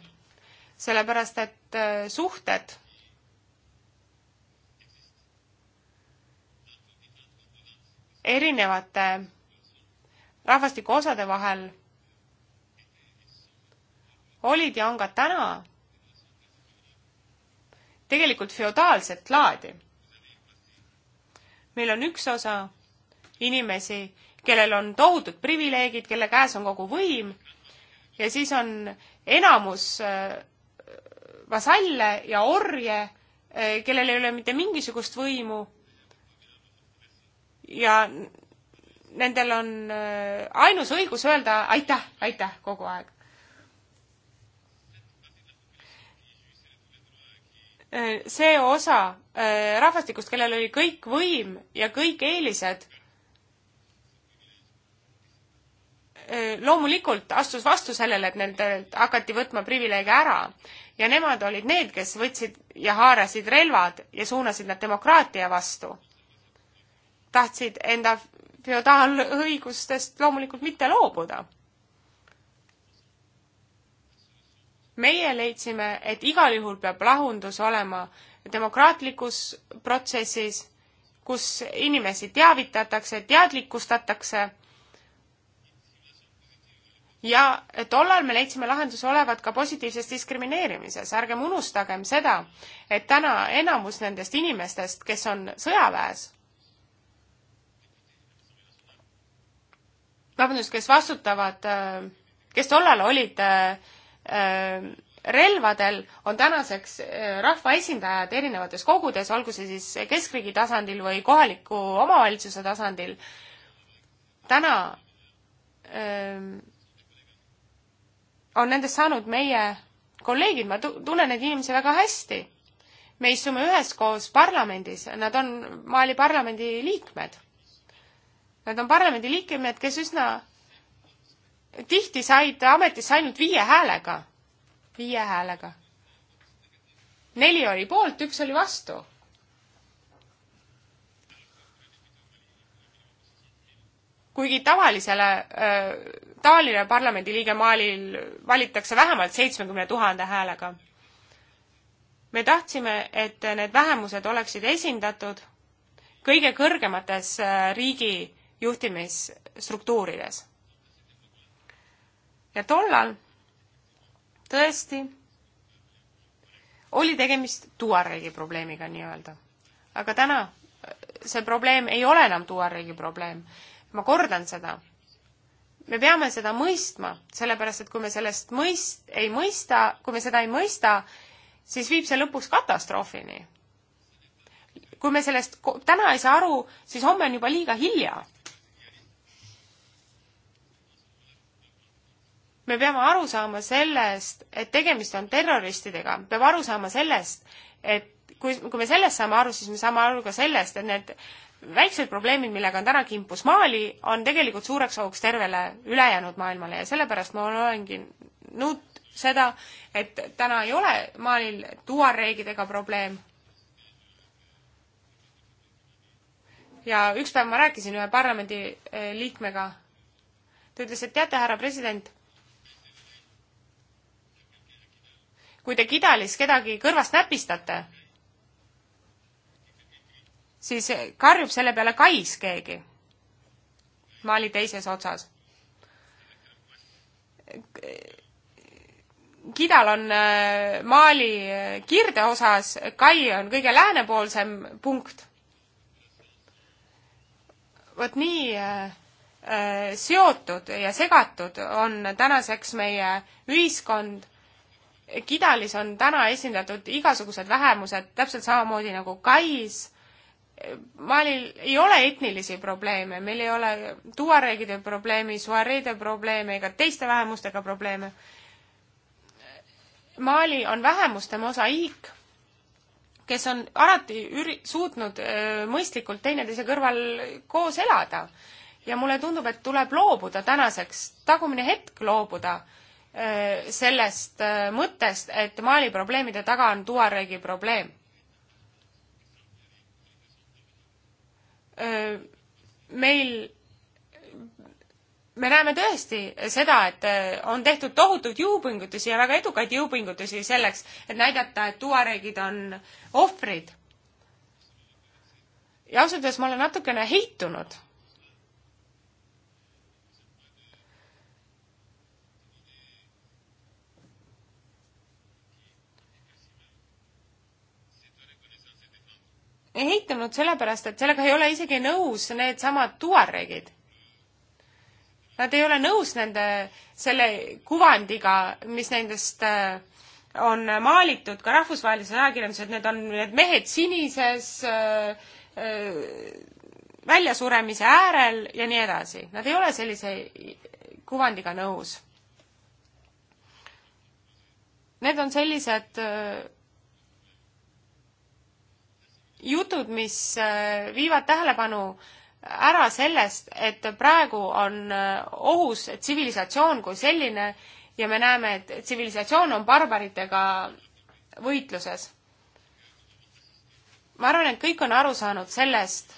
sellepärast et äh, suhted erinevate rahvastiku osade vahel olid ja on ka täna tegelikult feodaalset laadi. meil on üks osa inimesi, kellel on tohutud privileegid, kelle käes on kogu võim ja siis on enamus äh, vasalle ja orje, eh, kellel ei ole mitte mingisugust võimu ja nendel on eh, ainus õigus öelda aitäh, aitäh kogu aeg. Eh, see osa rahvastikust, kellel oli kõik võim ja kõik eelised, loomulikult astus vastu sellele, et nendelt hakati võtma privileege ära ja nemad olid need, kes võtsid ja haarasid relvad ja suunasid nad demokraatia vastu. tahtsid enda feodaalõigustest loomulikult mitte loobuda. meie leidsime, et igal juhul peab lahendus olema demokraatlikus protsessis, kus inimesi teavitatakse, teadlikustatakse ja tollal me leidsime lahenduse olevat ka positiivses diskrimineerimises. ärgem unustagem seda, et täna enamus nendest inimestest, kes on sõjaväes, vabandust, kes vastutavad, kes tollal olid äh, relvadel, on tänaseks äh, rahvaesindajad erinevates kogudes, olgu see siis keskriigi tasandil või kohaliku omavalitsuse tasandil. täna öö, ähm, on nendest saanud meie kolleegid, ma tunnen neid inimesi väga hästi. me istume üheskoos parlamendis, nad on Mali parlamendi liikmed. Nad on parlamendi liikmed, kes üsna tihti said ametisse ainult viie häälega. viie häälega. neli oli poolt, üks oli vastu kuigi tavalisele, äh, tavaline parlamendiliige Malil valitakse vähemalt seitsmekümne tuhande häälega. me tahtsime, et need vähemused oleksid esindatud kõige kõrgemates äh, riigi juhtimisstruktuurides. ja tollal tõesti oli tegemist tuareegi probleemiga nii-öelda. aga täna äh, see probleem ei ole enam tuareegi probleem ma kordan seda. me peame seda mõistma, sellepärast et kui me sellest mõist-, ei mõista, kui me seda ei mõista, siis viib see lõpuks katastroofini. kui me sellest täna ei saa aru, siis homme on juba liiga hilja. me peame aru saama sellest, et tegemist on terroristidega, peab aru saama sellest, et kui, kui me sellest saame aru, siis me saame aru ka sellest, et need väiksed probleemid, millega on täna kimpus Mali, on tegelikult suureks hoogs tervele ülejäänud maailmale ja sellepärast ma olengi nõud seda, et täna ei ole Malil tuareegidega probleem. ja üks päev ma rääkisin ühe parlamendiliikmega, eh, ta ütles, et teate, härra president, kui te Kidalis kedagi kõrvast näpistate siis karjub selle peale kais keegi maali teises otsas. Kidal on äh, maali äh, kirdeosas, kai on kõige läänepoolsem punkt. vot nii äh, seotud ja segatud on tänaseks meie ühiskond. Kidalis on täna esindatud igasugused vähemused, täpselt samamoodi nagu kais Malil ei ole etnilisi probleeme, meil ei ole tuareegide probleemi, suareede probleeme ega teiste vähemustega probleeme. Mali on vähemuste mosaiik, kes on alati üri-, suutnud öö, mõistlikult teineteise kõrval koos elada. ja mulle tundub, et tuleb loobuda tänaseks, tagumine hetk loobuda öö, sellest öö, mõttest, et Mali probleemide taga on tuareegi probleem meil me näeme tõesti seda, et äh, on tehtud tohutuid jõupingutusi ja väga edukaid jõupingutusi selleks, et näidata, et tuareegid on ohvrid. ja ausalt öeldes ma olen natukene heitunud heitunud sellepärast, et sellega ei ole isegi nõus needsamad tuaregid. Nad ei ole nõus nende, selle kuvandiga, mis nendest äh, on maalitud ka rahvusvahelises ajakirjanduses, et need on need mehed sinises äh, äh, väljasuremise äärel ja nii edasi. Nad ei ole sellise kuvandiga nõus. Need on sellised äh, jutud, mis äh, viivad tähelepanu ära sellest, et praegu on äh, ohus tsivilisatsioon kui selline ja me näeme, et tsivilisatsioon on barbaritega võitluses. ma arvan, et kõik on aru saanud sellest,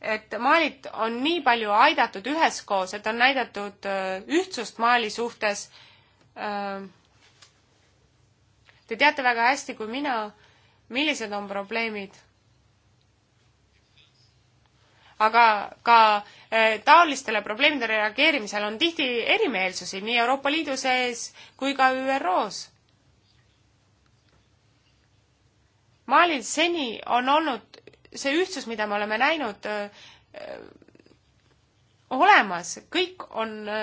et Maalit on nii palju aidatud üheskoos, et on näidatud äh, ühtsust Maali suhtes. Te teate väga hästi, kui mina millised on probleemid. aga ka e, taolistele probleemidele reageerimisel on tihti erimeelsusi nii Euroopa Liidu sees kui ka ÜRO-s. Malil seni on olnud see ühtsus, mida me oleme näinud, e, olemas, kõik on e,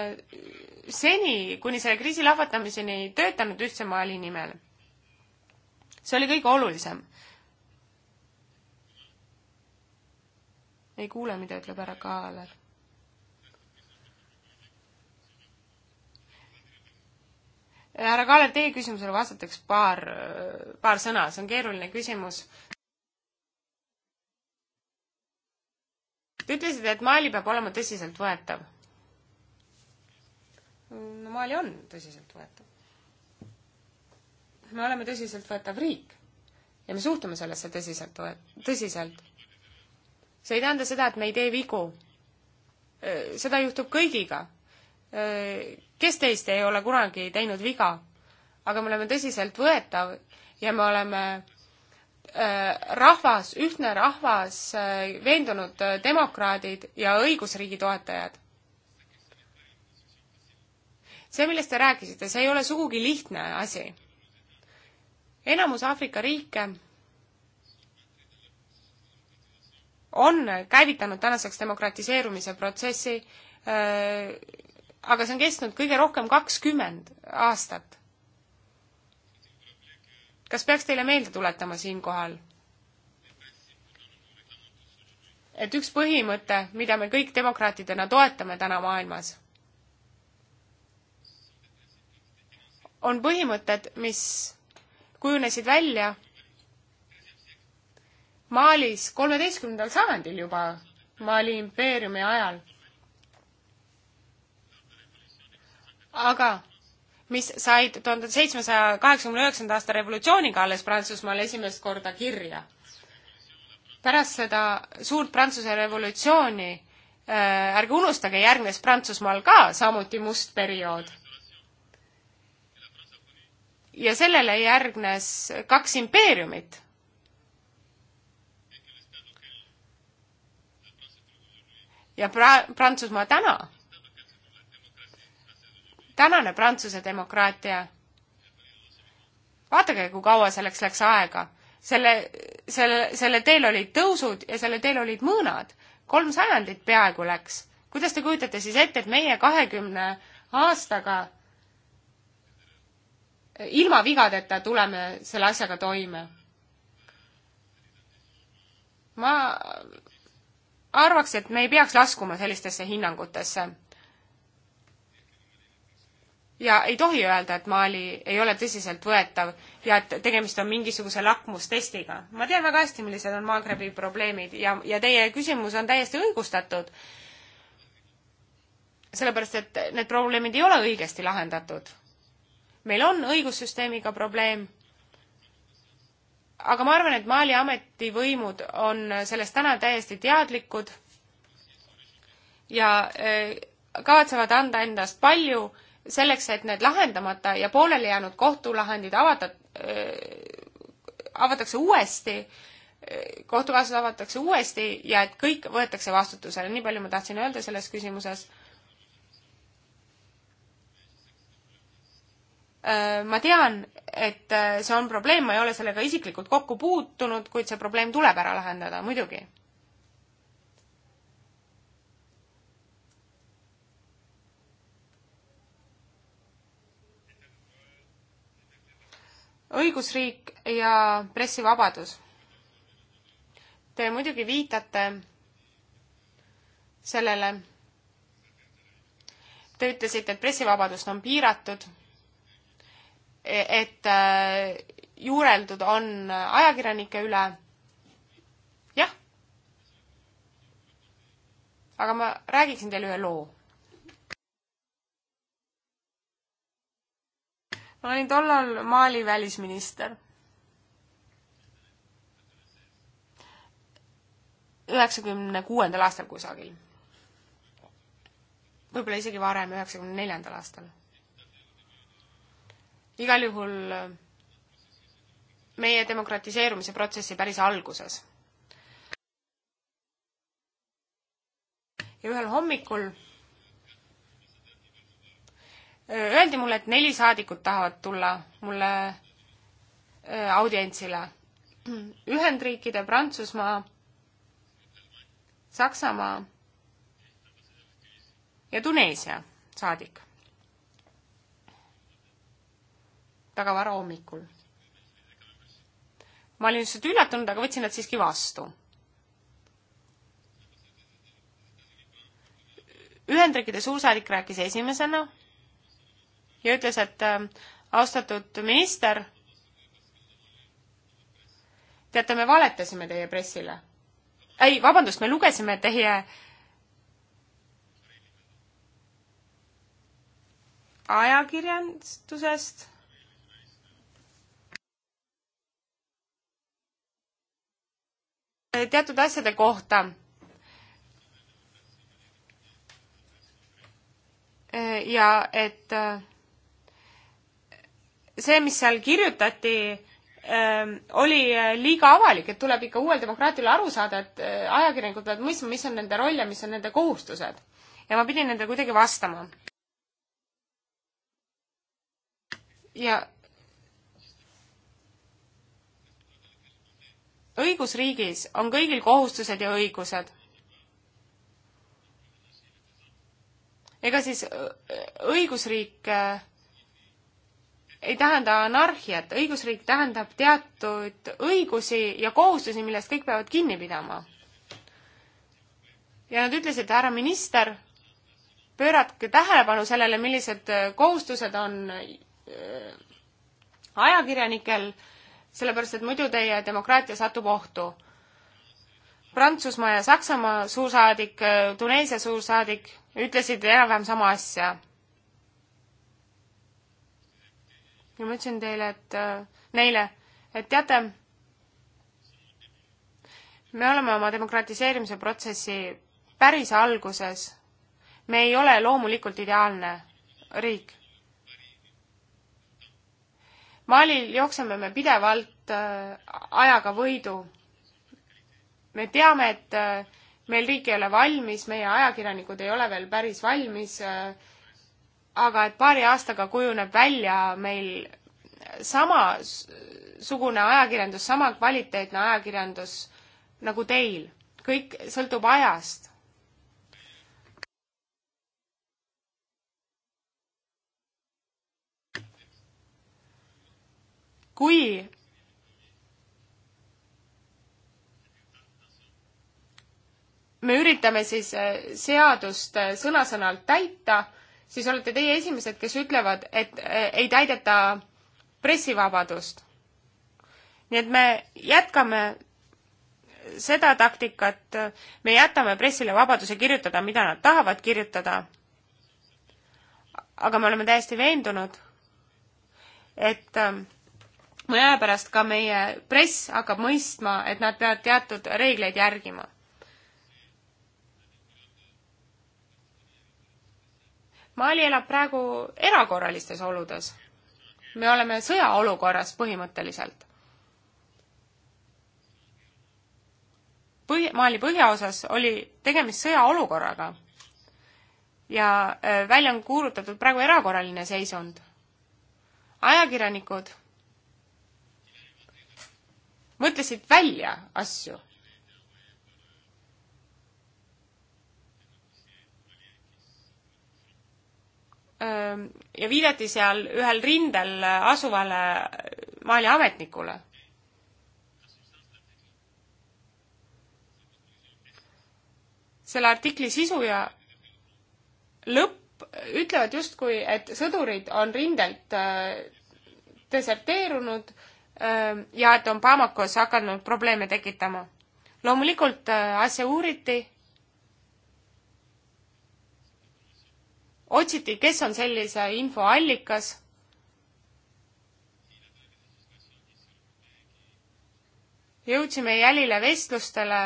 seni kuni selle kriisi lahvatamiseni töötanud ühtse Mali nimel see oli kõige olulisem. ei kuule, mida ütleb härra Kaaler. härra Kaaler, teie küsimusele vastataks paar, paar sõna, see on keeruline küsimus. Te ütlesite, et Mali peab olema tõsiseltvõetav. no Mali on tõsiseltvõetav me oleme tõsiseltvõetav riik ja me suhtume sellesse tõsiselt, tõsiselt. see ei tähenda seda, et me ei tee vigu. seda juhtub kõigiga. kes teist ei ole kunagi teinud viga? aga me oleme tõsiseltvõetav ja me oleme rahvas, ühtne rahvas, veendunud demokraadid ja õigusriigi toetajad. see, millest te rääkisite, see ei ole sugugi lihtne asi enamus Aafrika riike on käivitanud tänaseks demokratiseerumise protsessi, äh, aga see on kestnud kõige rohkem kakskümmend aastat. kas peaks teile meelde tuletama siinkohal, et üks põhimõte, mida me kõik demokraatidena toetame täna maailmas, on põhimõtted, mis kujunesid välja Malis kolmeteistkümnendal sajandil juba, Mali impeeriumi ajal. aga mis said tuhande seitsmesaja kaheksakümne üheksanda aasta revolutsiooniga alles Prantsusmaal esimest korda kirja. pärast seda suurt Prantsuse revolutsiooni äh,, ärge unustage, järgnes Prantsusmaal ka samuti must periood ja sellele järgnes kaks impeeriumit. ja pra-, Prantsusmaa täna, tänane Prantsuse demokraatia, vaadake, kui kaua selleks läks aega. selle, selle, selle teel olid tõusud ja selle teel olid mõõnad. kolm sajandit peaaegu läks. kuidas te kujutate siis ette, et meie kahekümne aastaga ilma vigadeta tuleme selle asjaga toime. ma arvaks, et me ei peaks laskuma sellistesse hinnangutesse. ja ei tohi öelda, et Mali ei ole tõsiseltvõetav ja et tegemist on mingisuguse lakmustestiga. ma tean väga hästi, millised on Maagrebi probleemid ja, ja teie küsimus on täiesti õigustatud. sellepärast, et need probleemid ei ole õigesti lahendatud meil on õigussüsteemiga probleem, aga ma arvan, et Mali ametivõimud on sellest täna täiesti teadlikud ja äh, kavatsevad anda endast palju selleks, et need lahendamata ja pooleli jäänud kohtulahendid avata, äh, avatakse uuesti, äh, kohtukaasused avatakse uuesti ja et kõik võetakse vastutusele, nii palju ma tahtsin öelda selles küsimuses Äh, ma tean, et äh, see on probleem, ma ei ole sellega isiklikult kokku puutunud, kuid see probleem tuleb ära lahendada, muidugi. õigusriik ja pressivabadus. Te muidugi viitate sellele. Te ütlesite, et pressivabadust on piiratud et äh, juureldud on ajakirjanike üle. jah. aga ma räägiksin teile ühe loo. ma olin tollal Mali välisminister. üheksakümne kuuendal aastal kusagil. võib-olla isegi varem, üheksakümne neljandal aastal igal juhul äh, meie demokratiseerumise protsessi päris alguses. ja ühel hommikul äh, öeldi mulle, et neli saadikut tahavad tulla mulle äh, audientsile. Ühendriikide, Prantsusmaa, Saksamaa ja Tuneesia saadik väga vara hommikul. ma olin lihtsalt üllatunud, aga võtsin nad siiski vastu. Ühendriikide suursaadik rääkis esimesena ja ütles, et äh, austatud minister, teate, me valetasime teie pressile. ei, vabandust, me lugesime teie ajakirjandusest Eh, teatud asjade kohta. Eh, ja et eh, see, mis seal kirjutati, oli liiga avalik, et tuleb ikka uuel demokraatil aru saada, et ajakirjanikud peavad mõistma, mis on nende roll ja mis on nende kohustused. ja ma pidin nendele kuidagi vastama. ja õigusriigis on kõigil kohustused ja õigused. ega siis äh, õigusriik äh, ei tähenda anarhiat, õigusriik tähendab teatud õigusi ja kohustusi, millest kõik peavad kinni pidama. ja nad ütlesid, härra minister, pöörake tähelepanu sellele, millised äh, kohustused on ajakirjanikel äh, sellepärast et muidu teie demokraatia satub ohtu. Prantsusmaa ja Saksamaa suursaadik, Tuneesia suursaadik ütlesid enam-vähem sama asja. ja ma ütlesin teile, et äh, neile, et teate, me oleme oma demokratiseerimise protsessi päris alguses. me ei ole loomulikult ideaalne riik Malil jookseme me pidevalt äh, ajaga võidu. me teame, et äh, meil riik ei ole valmis, meie ajakirjanikud ei ole veel päris valmis, äh, aga et paari aastaga kujuneb välja meil samasugune ajakirjandus, sama kvaliteetne ajakirjandus nagu teil. kõik sõltub ajast. kui me üritame siis äh, seadust äh, sõna-sõnalt täita, siis olete teie esimesed, kes ütlevad, et äh, ei täideta pressivabadust. nii et me jätkame seda taktikat, me jätame pressile vabaduse kirjutada, mida nad tahavad kirjutada. aga me oleme täiesti veendunud, et ähm, mõne aja pärast ka meie press hakkab mõistma, et nad peavad teatud reegleid järgima. Mali elab praegu erakorralistes oludes. me oleme sõjaolukorras põhimõtteliselt. põhi, Mali põhjaosas oli tegemist sõjaolukorraga ja äh, välja on kuulutatud praegu erakorraline seisund. ajakirjanikud mõtlesid välja asju. ja viidati seal ühel rindel asuvale Mali ametnikule. selle artikli sisu ja lõpp ütlevad justkui, et sõdurid on rindelt äh, deserteerunud äh, ja et on Bamakos hakanud probleeme tekitama. loomulikult asja uuriti, otsiti, kes on sellise info allikas jõudsime jälile vestlustele,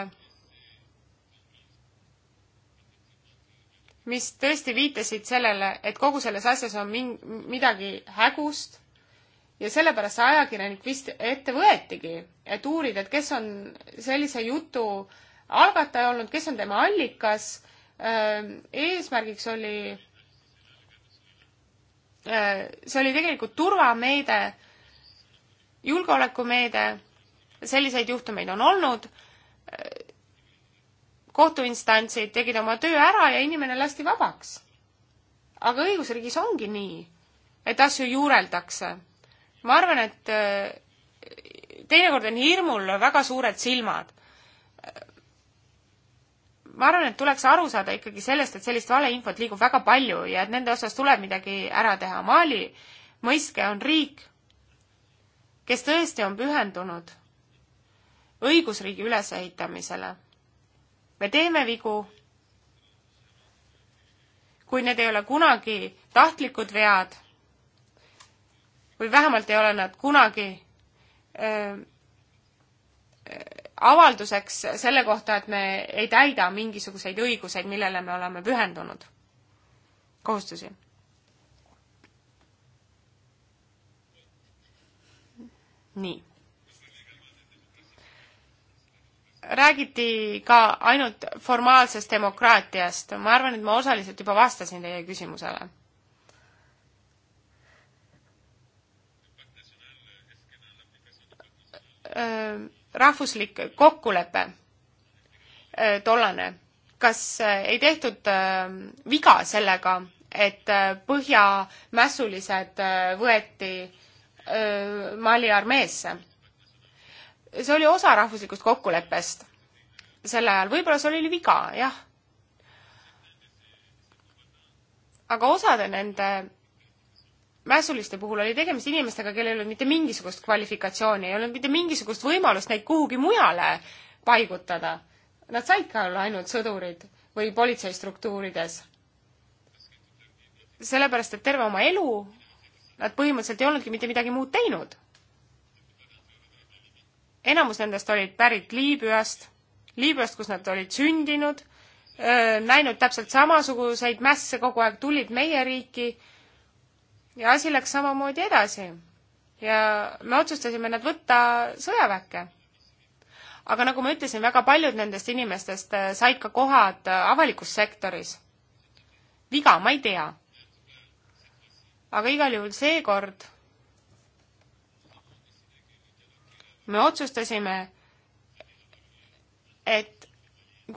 mis tõesti viitasid sellele, et kogu selles asjas on min-, midagi hägust ja sellepärast see ajakirjanik vist ette võetigi, et uurida, et kes on sellise jutu algataja olnud, kes on tema allikas. eesmärgiks oli, see oli tegelikult turvameede, julgeolekumeede, selliseid juhtumeid on olnud. kohtuinstantsid tegid oma töö ära ja inimene lasti vabaks. aga õigusriigis ongi nii, et asju juureldakse ma arvan, et äh, teinekord on hirmul väga suured silmad. ma arvan, et tuleks aru saada ikkagi sellest, et sellist valeinfot liigub väga palju ja et nende osas tuleb midagi ära teha. Mali mõiske on riik, kes tõesti on pühendunud õigusriigi ülesehitamisele. me teeme vigu, kuid need ei ole kunagi tahtlikud vead või vähemalt ei ole nad kunagi öö, avalduseks selle kohta, et me ei täida mingisuguseid õiguseid, millele me oleme pühendunud, kohustusi. nii. räägiti ka ainult formaalsest demokraatiast, ma arvan, et ma osaliselt juba vastasin teie küsimusele Äh, rahvuslik kokkulepe äh, tollane, kas äh, ei tehtud viga sellega, et põhjamässulised võeti Mali armeesse? see oli osa rahvuslikust kokkuleppest sel ajal, võib-olla see oli viga, jah. aga osade nende mässuliste puhul oli tegemist inimestega, kellel ei olnud mitte mingisugust kvalifikatsiooni, ei olnud mitte mingisugust võimalust neid kuhugi mujale paigutada. Nad saidki olla ainult sõdurid või politseistruktuurides. sellepärast, et terve oma elu nad põhimõtteliselt ei olnudki mitte midagi muud teinud. enamus nendest olid pärit Liibüast, Liibüast, kus nad olid sündinud, näinud täpselt samasuguseid mässe kogu aeg, tulid meie riiki ja asi läks samamoodi edasi. ja me otsustasime nad võtta sõjaväkke. aga nagu ma ütlesin, väga paljud nendest inimestest äh, said ka kohad äh, avalikus sektoris. viga, ma ei tea. aga igal juhul seekord me otsustasime, et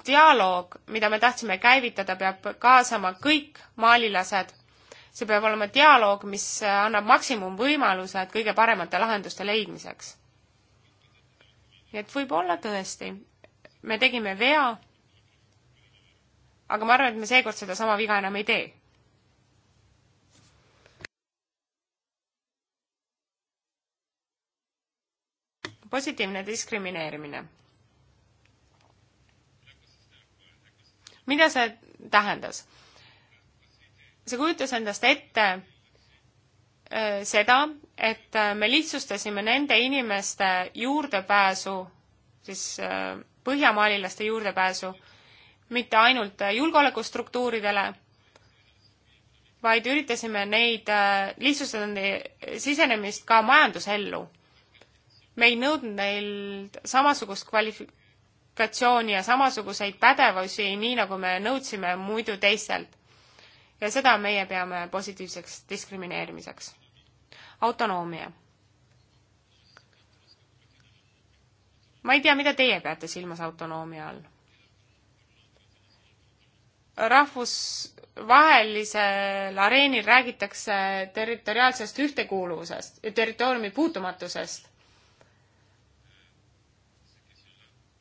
dialoog, mida me tahtsime käivitada, peab kaasama kõik maalilased see peab olema dialoog, mis äh, annab maksimumvõimalused kõige paremate lahenduste leidmiseks. nii et võib-olla tõesti, me tegime vea, aga ma arvan, et me seekord sedasama viga enam ei tee positiivne diskrimineerimine. mida see tähendas? see kujutas endast ette äh, seda, et äh, me lihtsustasime nende inimeste juurdepääsu, siis äh, põhjamaalilaste juurdepääsu, mitte ainult äh, julgeolekustruktuuridele, vaid üritasime neid, äh, lihtsustada nende sisenemist ka majandusellu. me ei nõudnud neilt samasugust kvalifikatsiooni ja samasuguseid pädevusi, nii nagu me nõudsime muidu teistelt ja seda meie peame positiivseks diskrimineerimiseks. autonoomia. ma ei tea, mida teie peate silmas autonoomia all? rahvusvahelisel areenil räägitakse territoriaalsest ühtekuuluvusest, territooriumi puutumatusest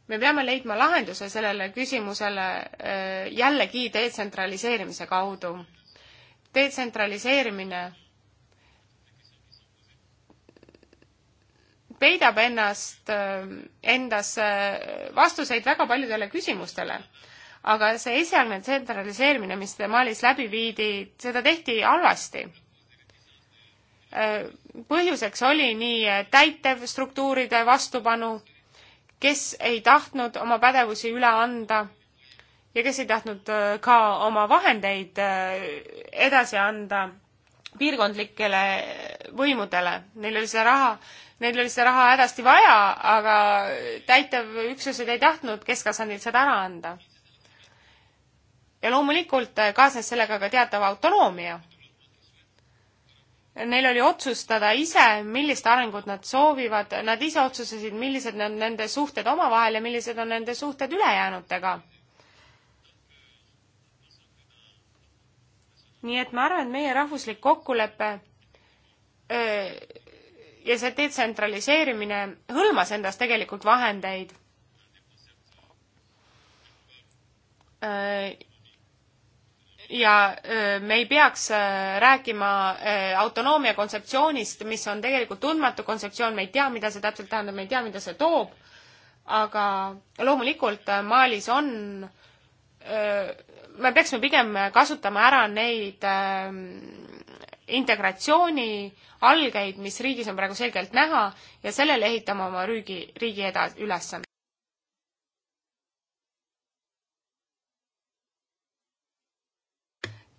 me peame leidma lahenduse sellele küsimusele äh, jällegi detsentraliseerimise kaudu. detsentraliseerimine peidab ennast, äh, endas vastuseid väga paljudele küsimustele. aga see esialgne tsentraliseerimine, mis Malis läbi viidi, seda tehti halvasti äh, põhjuseks oli nii täitevstruktuuride vastupanu kes ei tahtnud oma pädevusi üle anda ja kes ei tahtnud äh, ka oma vahendeid äh, edasi anda piirkondlikele võimudele. Neil oli seda raha, neil oli seda raha hädasti vaja, aga täitevüksused ei tahtnud kesktasandilt seda ära anda. ja loomulikult äh, kaasnes sellega ka teatav autonoomia neil oli otsustada ise, millist arengut nad soovivad, nad ise otsustasid, millised on nende suhted omavahel ja millised on nende suhted ülejäänutega. nii et ma arvan, et meie rahvuslik kokkulepe ja see detsentraliseerimine hõlmas endas tegelikult vahendeid ja me ei peaks rääkima autonoomia kontseptsioonist, mis on tegelikult tundmatu kontseptsioon, me ei tea, mida see täpselt tähendab, me ei tea, mida see toob, aga loomulikult Malis on, me peaksime pigem kasutama ära neid integratsiooni algeid, mis riigis on praegu selgelt näha ja sellele ehitama oma riigi, riigi eda-, üles.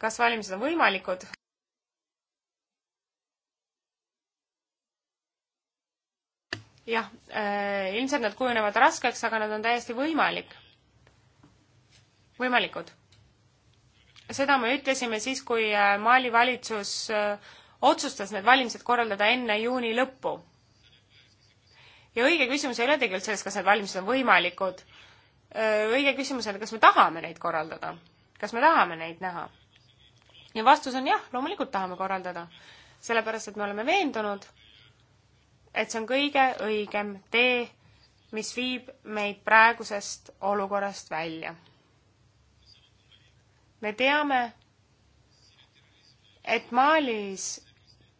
kas valimised on võimalikud? jah äh,, ilmselt nad kujunevad raskeks, aga nad on täiesti võimalik, võimalikud. seda me ütlesime siis, kui äh, Mali valitsus äh, otsustas need valimised korraldada enne juuni lõppu. ja õige küsimus ei ole tegelikult selles, kas need valimised on võimalikud. Äh, õige küsimus on, kas me tahame neid korraldada, kas me tahame neid näha ja vastus on jah, loomulikult tahame korraldada. sellepärast, et me oleme veendunud, et see on kõige õigem tee, mis viib meid praegusest olukorrast välja. me teame, et Malis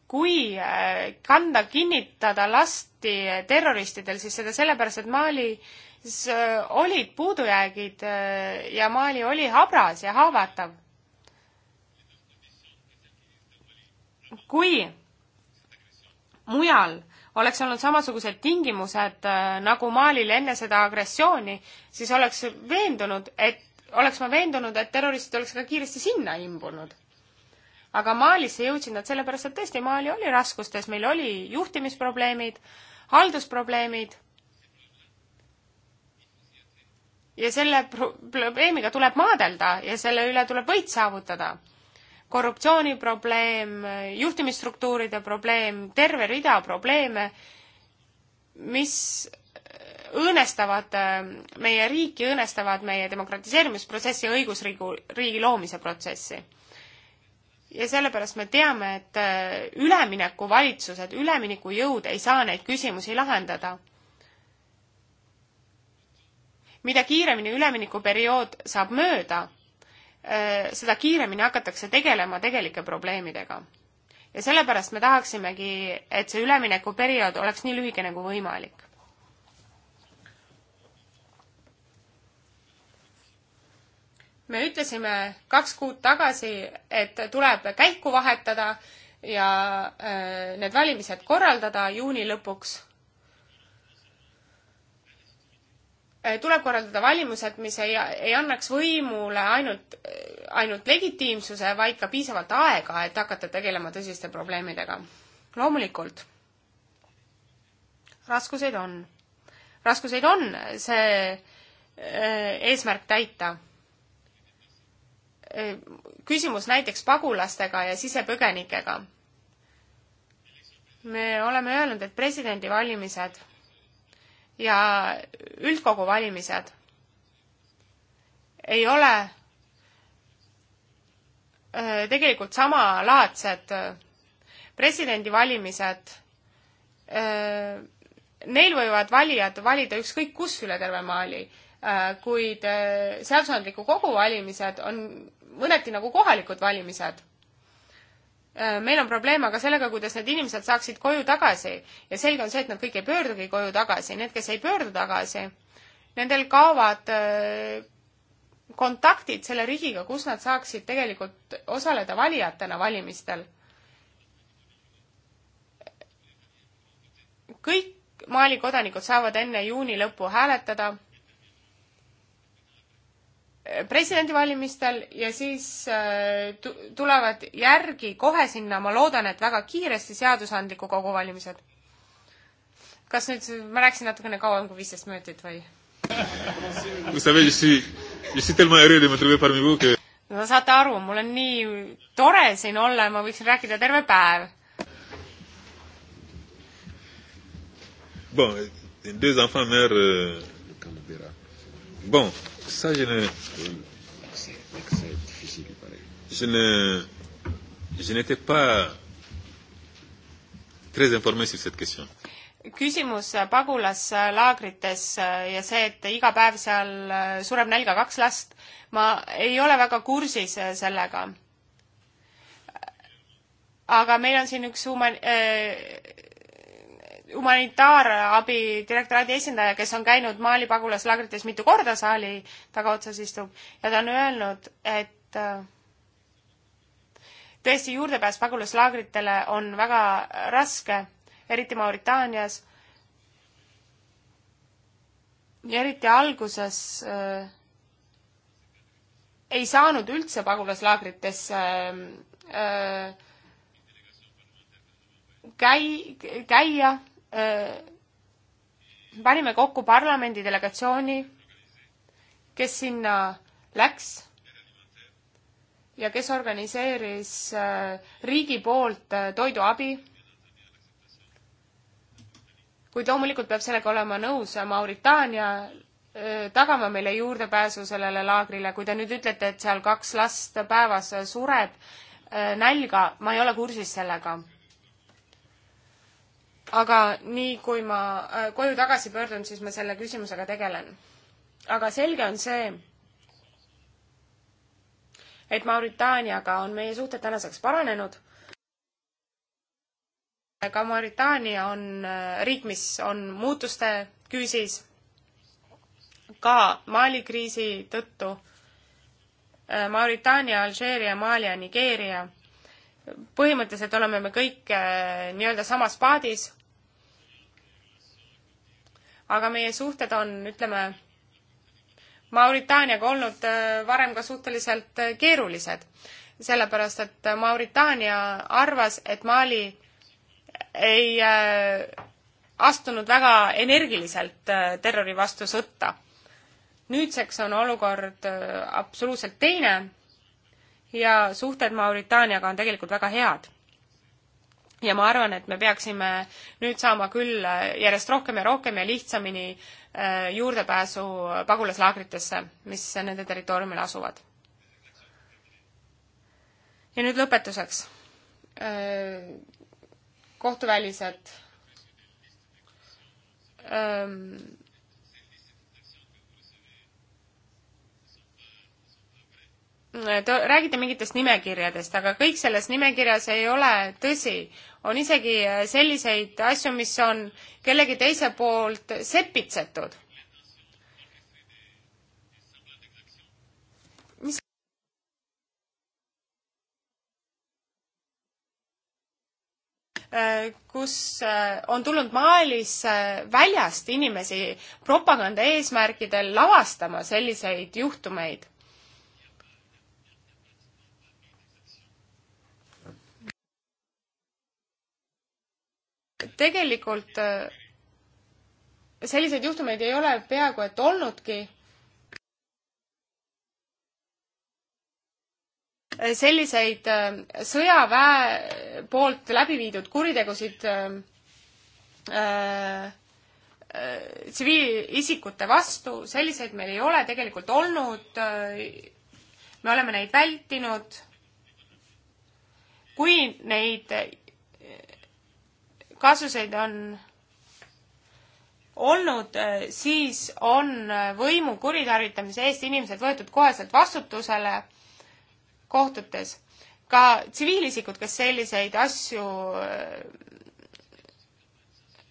kui äh, kanda, kinnitada lasti terroristidel, siis seda sellepärast, et Malis äh, olid puudujäägid äh, ja Mali oli habras ja haavatav kui mujal oleks olnud samasugused tingimused äh, nagu Malil enne seda agressiooni, siis oleks veendunud, et, oleks ma veendunud, et terroristid oleks ka kiiresti sinna imbunud. aga Malisse jõudsid nad sellepärast, et tõesti, Mali oli raskustes, meil oli juhtimisprobleemid, haldusprobleemid ja selle probleemiga tuleb maadelda ja selle üle tuleb võit saavutada korruptsiooniprobleem, juhtimisstruktuuride probleem, terve rida probleeme, mis õõnestavad äh, meie riiki, õõnestavad meie demokratiseerimisprotsessi ja õigusriigu, riigi loomise protsessi. ja sellepärast me teame, et äh, üleminekuvalitsused, üleminekujõud ei saa neid küsimusi lahendada. mida kiiremini üleminekuperiood saab mööda Äh, seda kiiremini hakatakse tegelema tegelike probleemidega. ja sellepärast me tahaksimegi, et see üleminekuperiood oleks nii lühikene nagu kui võimalik. me ütlesime kaks kuud tagasi, et tuleb käiku vahetada ja äh, need valimised korraldada juuni lõpuks Äh, tuleb korraldada valimised, mis ei, ei annaks võimule ainult, ainult legitiimsuse, vaid ka piisavalt aega, et hakata tegelema tõsiste probleemidega. loomulikult, raskuseid on. raskuseid on see äh, eesmärk täita. Äh, küsimus näiteks pagulastega ja sisepõgenikega. me oleme öelnud, et presidendivalimised ja üldkogu valimised ei ole äh, tegelikult samalaadsed äh, presidendivalimised. Äh, neil võivad valijad valida ükskõik kus üle terve maali, kuid seadusandliku kogu valimised on mõneti nagu kohalikud valimised Äh, meil on probleem aga sellega, kuidas need inimesed saaksid koju tagasi ja selge on see, et nad kõik ei pöördugi koju tagasi, need, kes ei pöördu tagasi, nendel kaovad äh, kontaktid selle riigiga, kus nad saaksid tegelikult osaleda valijatena valimistel. kõik Mali kodanikud saavad enne juuni lõppu hääletada presidendivalimistel ja siis äh, tulevad järgi kohe sinna, ma loodan, et väga kiiresti seadusandliku kogu valimised. kas nüüd, ma rääkisin natukene kauem kui viisteist minutit või? no saate aru, mul on nii tore siin olla ja ma võiksin rääkida terve päev. Bon, deux enfants meurent euh... Bon, ça, je ne... Je ne... Je n'étais pas très informé sur cette question. küsimus euh, pagulaslaagrites euh, ja see, et iga päev seal äh, sureb nälga kaks last. ma ei ole väga kursis äh, sellega. aga meil on siin üks human-, äh, humanitaarabi direktoraadi esindaja, kes on käinud Mali pagulaslaagrites mitu korda saali tagaotsas istub ja ta on öelnud, et äh, tõesti, juurdepääs pagulaslaagritele on väga raske, eriti Mauritaanias. ja eriti alguses äh, ei saanud üldse pagulaslaagritesse äh, äh, käi-, käia Äh, panime kokku parlamendi delegatsiooni, kes sinna läks ja kes organiseeris äh, riigi poolt äh, toiduabi. kuid loomulikult peab sellega olema nõus Mauritaania tagama meile juurdepääsu sellele laagrile, kui te nüüd ütlete, et seal kaks last päevas sureb nälga, ma ei ole kursis sellega aga nii, kui ma äh, koju tagasi pöördun, siis ma selle küsimusega tegelen. aga selge on see, et Mauritaaniaga on meie suhted tänaseks paranenud. ka Mauritaania on äh, riik, mis on muutuste küüsis. ka Mali kriisi tõttu äh, Mauritaania, Alžeeria, Mali ja Nigeeria põhimõtteliselt oleme me kõik äh, nii-öelda samas paadis, aga meie suhted on, ütleme, Mauritaaniaga olnud äh, varem ka suhteliselt äh, keerulised, sellepärast et Mauritaania arvas, et Mali ei äh, astunud väga energiliselt terrori vastu sõtta. nüüdseks on olukord absoluutselt teine ja suhted Mauritaaniaga on tegelikult väga head ja ma arvan, et me peaksime nüüd saama küll äh, järjest rohkem ja rohkem ja lihtsamini äh, juurdepääsu pagulaslaagritesse, mis nende territooriumil asuvad. ja nüüd lõpetuseks. Äh, kohtuvälised ähm, Te räägite mingitest nimekirjadest, aga kõik selles nimekirjas ei ole tõsi on isegi äh, selliseid asju, mis on kellegi teise poolt sepitsetud. mis äh, kus äh, on tulnud Malis väljast inimesi propaganda eesmärkidel lavastama selliseid juhtumeid tegelikult äh, selliseid juhtumeid ei ole peaaegu et olnudki. selliseid äh, sõjaväe poolt läbi viidud kuritegusid äh, tsiviilisikute vastu, selliseid meil ei ole tegelikult olnud. me oleme neid vältinud. kui neid kaasuseid on olnud, siis on võimu kuritarvitamise eest inimesed võetud koheselt vastutusele kohtutes. ka tsiviilisikud, kes selliseid asju äh,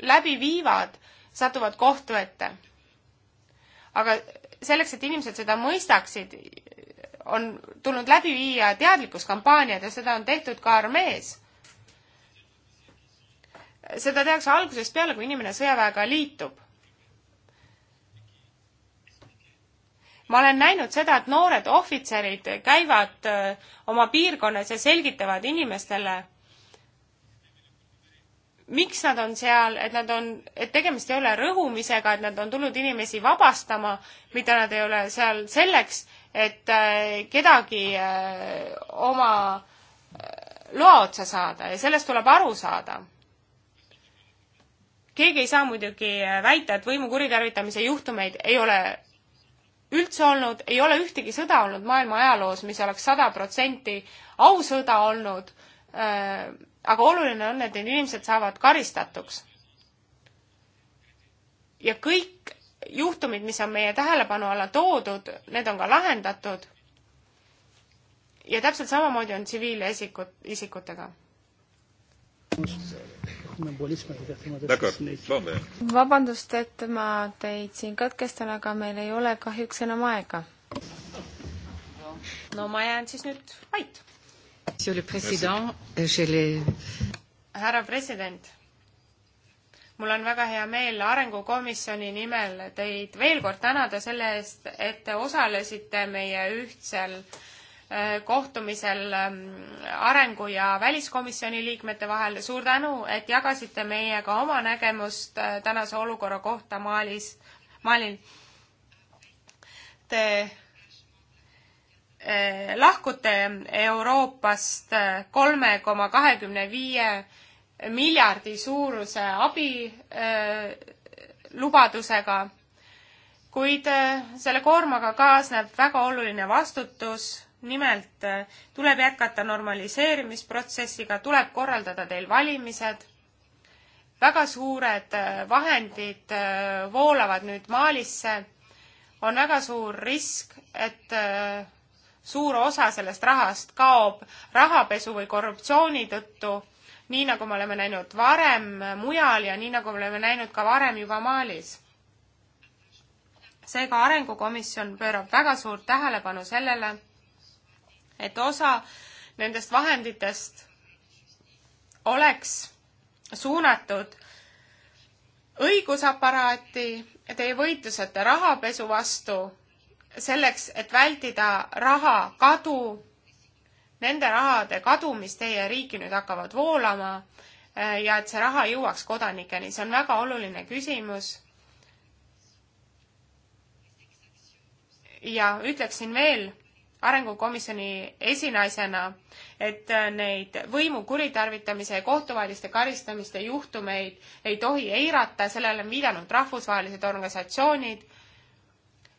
läbi viivad, satuvad kohtu ette. aga selleks, et inimesed seda mõistaksid, on tulnud läbi viia teadlikkuskampaaniad ja seda on tehtud ka armees seda tehakse algusest peale, kui inimene sõjaväega liitub. ma olen näinud seda, et noored ohvitserid käivad äh, oma piirkonnas ja selgitavad inimestele, miks nad on seal, et nad on, et tegemist ei ole rõhumisega, et nad on tulnud inimesi vabastama, mida nad ei ole seal selleks, et äh, kedagi äh, oma loa otsa saada ja sellest tuleb aru saada keegi ei saa muidugi väita, et võimu kuritarvitamise juhtumeid ei ole üldse olnud, ei ole ühtegi sõda olnud maailma ajaloos, mis oleks sada protsenti ausõda olnud. Äh, aga oluline on, et need inimesed saavad karistatuks. ja kõik juhtumid, mis on meie tähelepanu alla toodud, need on ka lahendatud. ja täpselt samamoodi on tsiviilisikut, isikutega vabandust, et ma teid siin katkestan, aga meil ei ole kahjuks enam aega. no ma jään siis nüüd vait. härra president, mul on väga hea meel Arengukomisjoni nimel teid veel kord tänada selle eest, et te osalesite meie ühtsel äh, kohtumisel ähm, arengu- ja väliskomisjoni liikmete vahel. suur tänu, et jagasite meiega oma nägemust äh, tänase olukorra kohta Malis, Malil. Te äh, lahkute Euroopast äh, kolme koma kahekümne viie miljardi suuruse abilubadusega, kuid selle koormaga kaasneb väga oluline vastutus nimelt äh, tuleb jätkata normaliseerimisprotsessiga, tuleb korraldada teil valimised, väga suured äh, vahendid äh, voolavad nüüd Malisse, on väga suur risk, et suur osa sellest rahast kaob rahapesu või korruptsiooni tõttu, nii nagu me oleme näinud varem mujal ja nii nagu me oleme näinud ka varem juba Malis seega Arengukomisjon pöörab väga suurt tähelepanu sellele, et osa nendest vahenditest oleks suunatud õigusaparaati, teie võitlusete rahapesu vastu, selleks, et vältida raha kadu, nende rahade kadu, mis teie riiki nüüd hakkavad voolama eh, ja et see raha jõuaks kodanikeni, see on väga oluline küsimus. ja ütleksin veel arengukomisjoni esinaisena, et äh, neid võimu kuritarvitamise ja kohtuvaheliste karistamiste juhtumeid ei tohi eirata, sellele on viidanud rahvusvahelised organisatsioonid.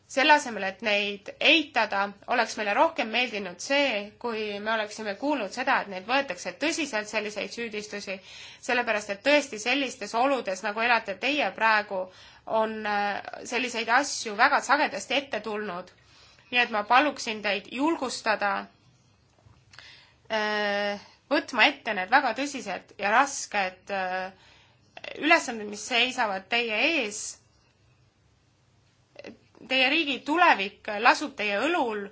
selle asemel, et neid eitada, oleks meile rohkem meeldinud see, kui me oleksime kuulnud seda, et neid võetakse tõsiselt, selliseid süüdistusi, sellepärast et tõesti sellistes oludes, nagu elate teie praegu, on äh, selliseid asju väga sagedasti ette tulnud nii et ma paluksin teid julgustada äh, võtma ette need väga tõsised ja rasked äh, ülesanded, mis seisavad teie ees. Teie riigi tulevik lasub teie õlul.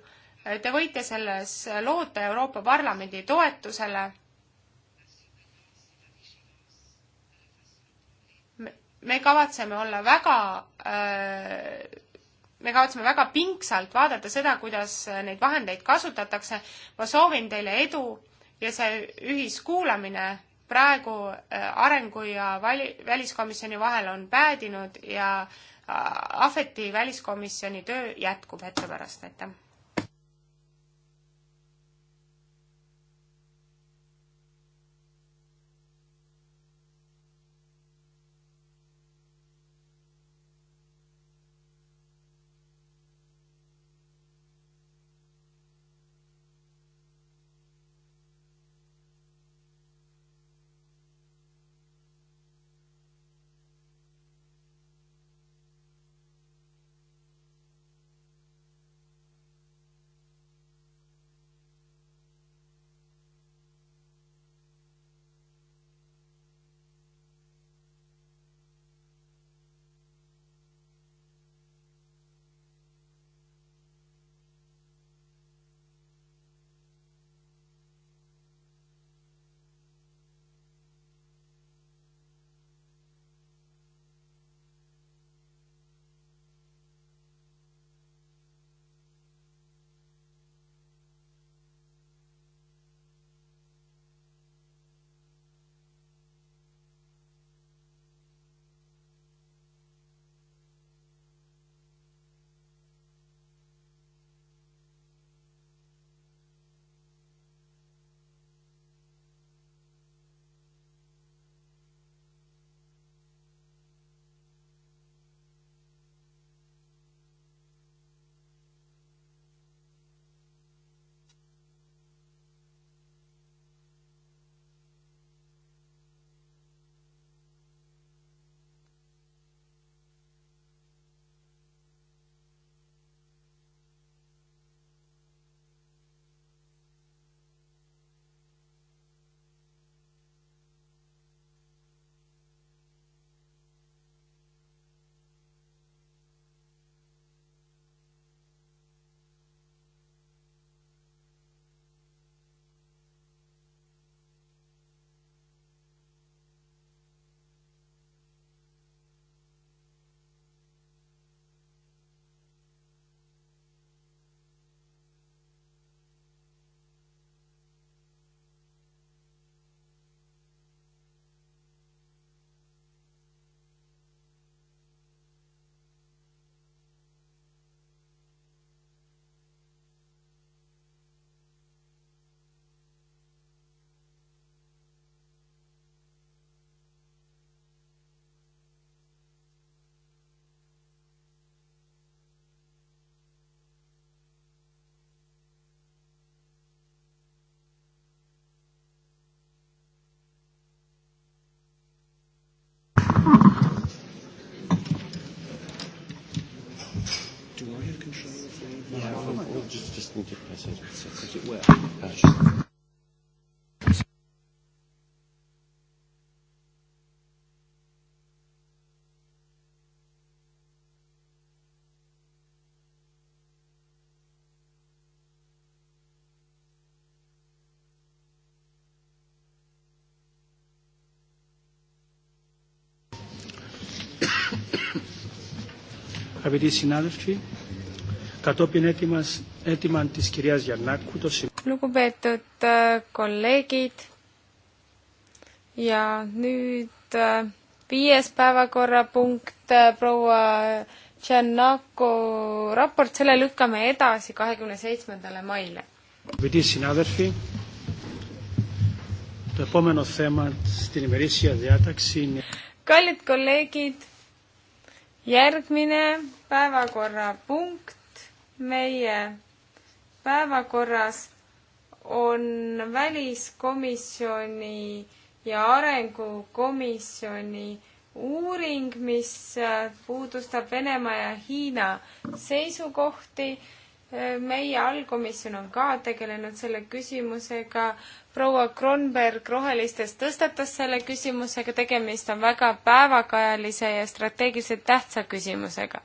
Te võite selles loota Euroopa Parlamendi toetusele. me kavatseme olla väga öö, äh, me kavatseme väga pingsalt vaadata seda, kuidas neid vahendeid kasutatakse. ma soovin teile edu ja see ühiskuulamine praegu äh, arengu ja vali-, väliskomisjoni vahel on päädinud ja äh, Ahveti väliskomisjoni töö jätkub hetke pärast, aitäh! did press open so could it work? Uh, Αγαπητοί συνάδελφοι, κατόπιν έτοιμας αίτημα της κυρίας Γιαννάκου το Lugupeetud äh, kolleegid ja nüüd äh, viies päevakorrapunkt äh, proua Tšernako raport, selle lükkame edasi kahekümne seitsmendale maile. kallid kolleegid, järgmine päevakorrapunkt meie päevakorras on väliskomisjoni ja arengukomisjoni uuring, mis äh, puudustab Venemaa ja Hiina seisukohti. Äh, meie allkomisjon on ka tegelenud selle küsimusega. proua Kronberg Rohelistest tõstatas selle küsimusega, tegemist on väga päevakajalise ja strateegiliselt tähtsa küsimusega.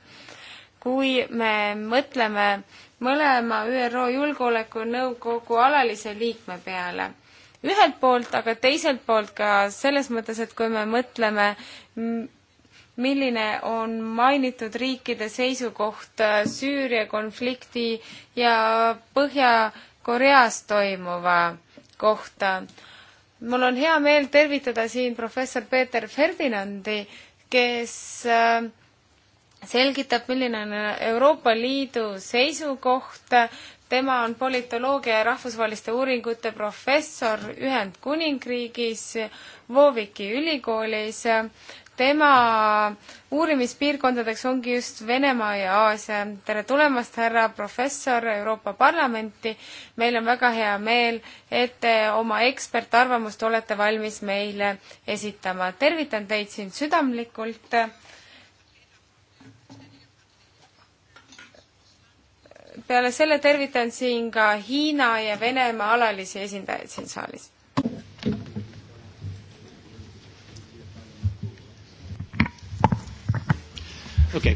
kui me mõtleme mõlema ÜRO Julgeolekunõukogu alalise liikme peale. ühelt poolt, aga teiselt poolt ka selles mõttes, et kui me mõtleme, milline on mainitud riikide seisukoht äh, Süüria konflikti ja Põhja-Koreas toimuva kohta. mul on hea meel tervitada siin professor Peeter Ferdinandi, kes äh, selgitab, milline on Euroopa Liidu seisukoht, tema on politoloogia ja rahvusvaheliste uuringute professor Ühendkuningriigis Vooviki ülikoolis. tema uurimispiirkondadeks ongi just Venemaa ja Aasia. tere tulemast, härra professor Euroopa Parlamenti. meil on väga hea meel, et te oma ekspertarvamust olete valmis meile esitama. tervitan teid siin südamlikult peale selle tervitan siin ka Hiina ja Venemaa alalisi esindajaid siin saalis. okei okay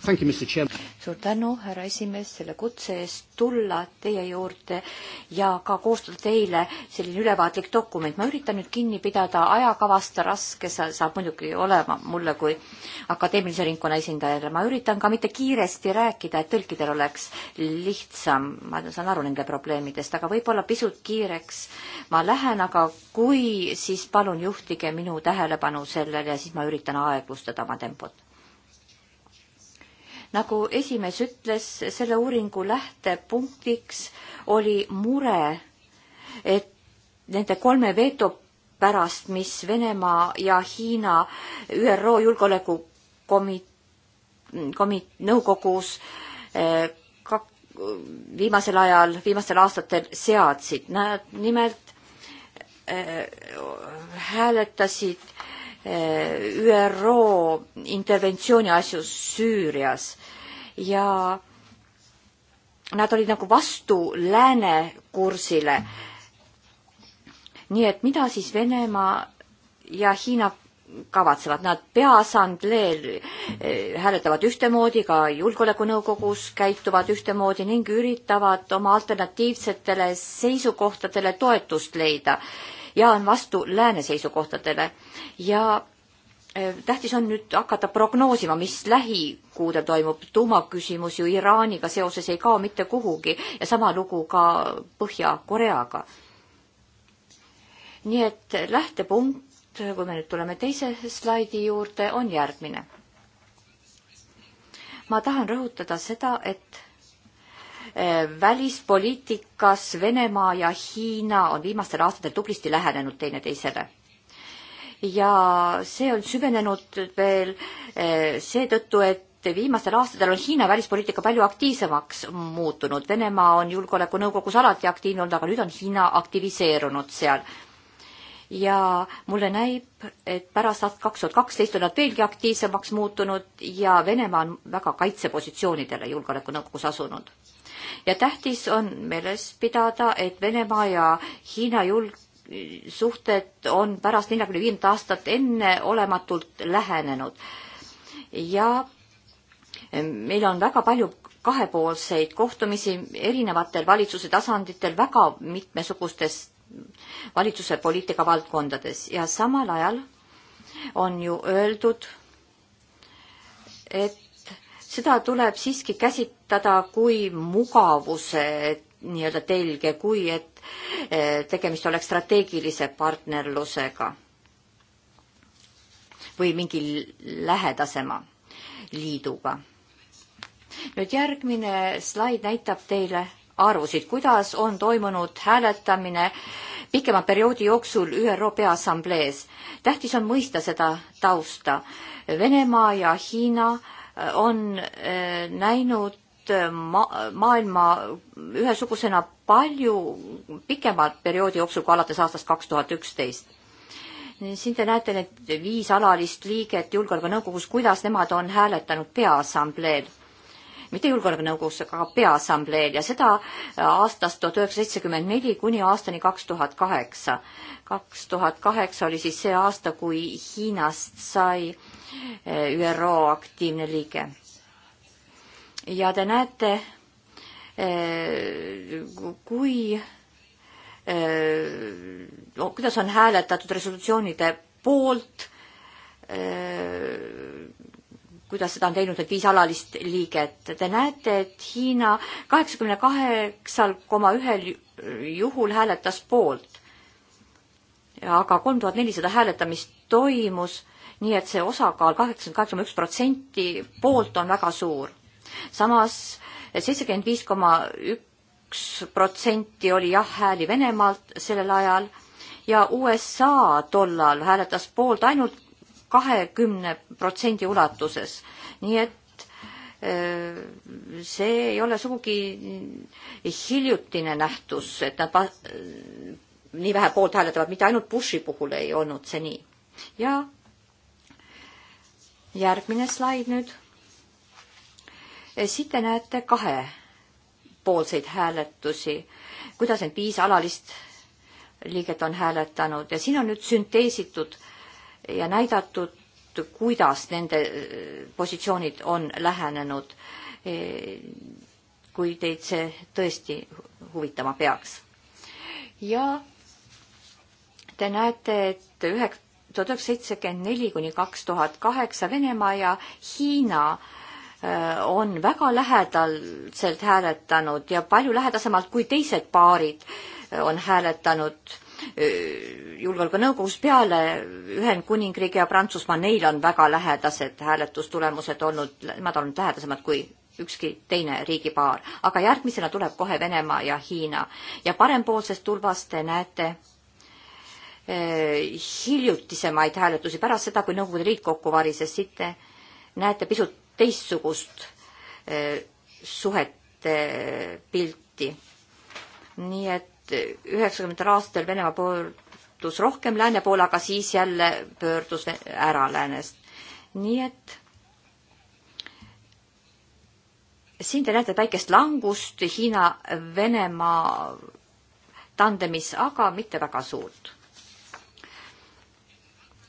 suur tänu, härra esimees, selle kutse eest tulla teie juurde ja ka koostada teile selline ülevaatlik dokument. ma üritan nüüd kinni pidada ajakavast, raske sa, saab muidugi olema mulle kui akadeemilise ringkonna esindajale. ma üritan ka mitte kiiresti rääkida, et tõlkidel oleks lihtsam, ma saan aru nende probleemidest, aga võib-olla pisut kiireks ma lähen, aga kui, siis palun juhtige minu tähelepanu sellele ja siis ma üritan aeglustada oma tempot nagu esimees ütles, selle uuringu lähtepunktiks oli mure, et nende kolme veto pärast, mis Venemaa ja Hiina ÜRO Julgeolekukomi-, komi-, nõukogus eh, kak-, viimasel ajal, viimastel aastatel seadsid. Nad nimelt eh, hääletasid äh, Eh, ÜRO interventsiooni asjus Süürias ja nad olid nagu vastu lääne kursile. nii et mida siis Venemaa ja Hiina kavatsevad, nad peaassambleel eh, hääletavad ühtemoodi, ka julgeolekunõukogus käituvad ühtemoodi ning üritavad oma alternatiivsetele seisukohtadele toetust leida ja on vastu lääne seisukohtadele ja äh, tähtis on nüüd hakata prognoosima, mis lähikuudel toimub. tuumaküsimus ju Iraaniga seoses ei kao mitte kuhugi ja sama lugu ka Põhja-Koreaga. nii et lähtepunkt, kui me nüüd tuleme teise slaidi juurde, on järgmine. ma tahan rõhutada seda, et Äh, välispoliitikas Venemaa ja Hiina on viimastel aastatel tublisti lähenenud teineteisele. ja see on süvenenud veel äh, seetõttu, et viimastel aastatel on Hiina välispoliitika palju aktiivsemaks muutunud. Venemaa on Julgeolekunõukogus alati aktiivne olnud, aga nüüd on Hiina aktiviseerunud seal ja mulle näib, et pärast aastat kaks tuhat kaksteist on nad veelgi aktiivsemaks muutunud ja Venemaa on väga kaitsepositsioonidele Julgeolekunõukogus asunud ja tähtis on meeles pidada, et Venemaa ja Hiina julg-, suhted on pärast neljakümne viiendat aastat enneolematult lähenenud. ja meil on väga palju kahepoolseid kohtumisi erinevatel valitsuse tasanditel väga mitmesugustes valitsuse poliitika valdkondades ja samal ajal on ju öeldud, et seda tuleb siiski käsitada kui mugavuse nii-öelda telge, kui et eh, tegemist oleks strateegilise partnerlusega või mingi lähedasema liiduga. nüüd järgmine slaid näitab teile arvusid, kuidas on toimunud hääletamine pikema perioodi jooksul ÜRO Peaassamblees. tähtis on mõista seda tausta. Venemaa ja Hiina äh, on äh, näinud äh, ma-, maailma ühesugusena palju pikema perioodi jooksul kui alates aastast kaks tuhat üksteist siin te näete need viis alalist liiget Julgeolekunõukogus, kuidas nemad on hääletanud Peaassambleel. mitte Julgeolekunõukogus, aga Peaassambleel ja seda aastast tuhat üheksasada seitsekümmend neli kuni aastani kaks tuhat kaheksa. kaks tuhat kaheksa oli siis see aasta, kui Hiinast sai äh, ÜRO aktiivne liige. ja te näete, eh, kui, eh, kuidas on hääletatud resolutsioonide poolt, eh, kuidas seda on teinud need viis alalist liiget. Te näete, et Hiina kaheksakümne kaheksal koma ühel juhul hääletas poolt. aga kolm tuhat nelisada hääletamist toimus nii et see osakaal kaheksakümmend kaheksa koma üks protsenti poolt on väga suur. samas seitsekümmend viis koma üks protsenti oli jah-hääli Venemaalt sellel ajal ja USA tollal hääletas poolt ainult kahekümne protsendi ulatuses, nii et äh, see ei ole sugugi hiljutine nähtus, et nad nii vähe poolt hääletavad, mitte ainult Bushi puhul ei olnud see nii. ja järgmine slaid nüüd. siit te näete kahepoolseid hääletusi, kuidas need viis alalist liiget on hääletanud ja siin on nüüd sünteesitud ja näidatud, kuidas nende äh, positsioonid on lähenenud, e, kui teid see tõesti huvitama peaks. ja te näete, et üheks tuhat üheksasada seitsekümmend neli kuni kaks tuhat kaheksa Venemaa ja Hiina äh, on väga lähedaselt hääletanud ja palju lähedasemalt kui teised paarid äh, on hääletanud äh, julgeolekunõukogus peale Ühendkuningriigi ja Prantsusmaa, neil on väga lähedased hääletustulemused olnud, nemad on lähedasemad kui ükski teine riigipaar. aga järgmisena tuleb kohe Venemaa ja Hiina ja parempoolsest tulvast te näete Eh, hiljutisemaid hääletusi pärast seda, kui Nõukogude Liit kokku varises, siit te näete pisut teistsugust eh, suhete eh, pilti. nii et üheksakümnendatel aastatel Venemaa pöördus rohkem lääne poole, aga siis jälle pöördus ära läänest. nii et siin te näete väikest langust Hiina-Venemaa tandemis, aga mitte väga suurt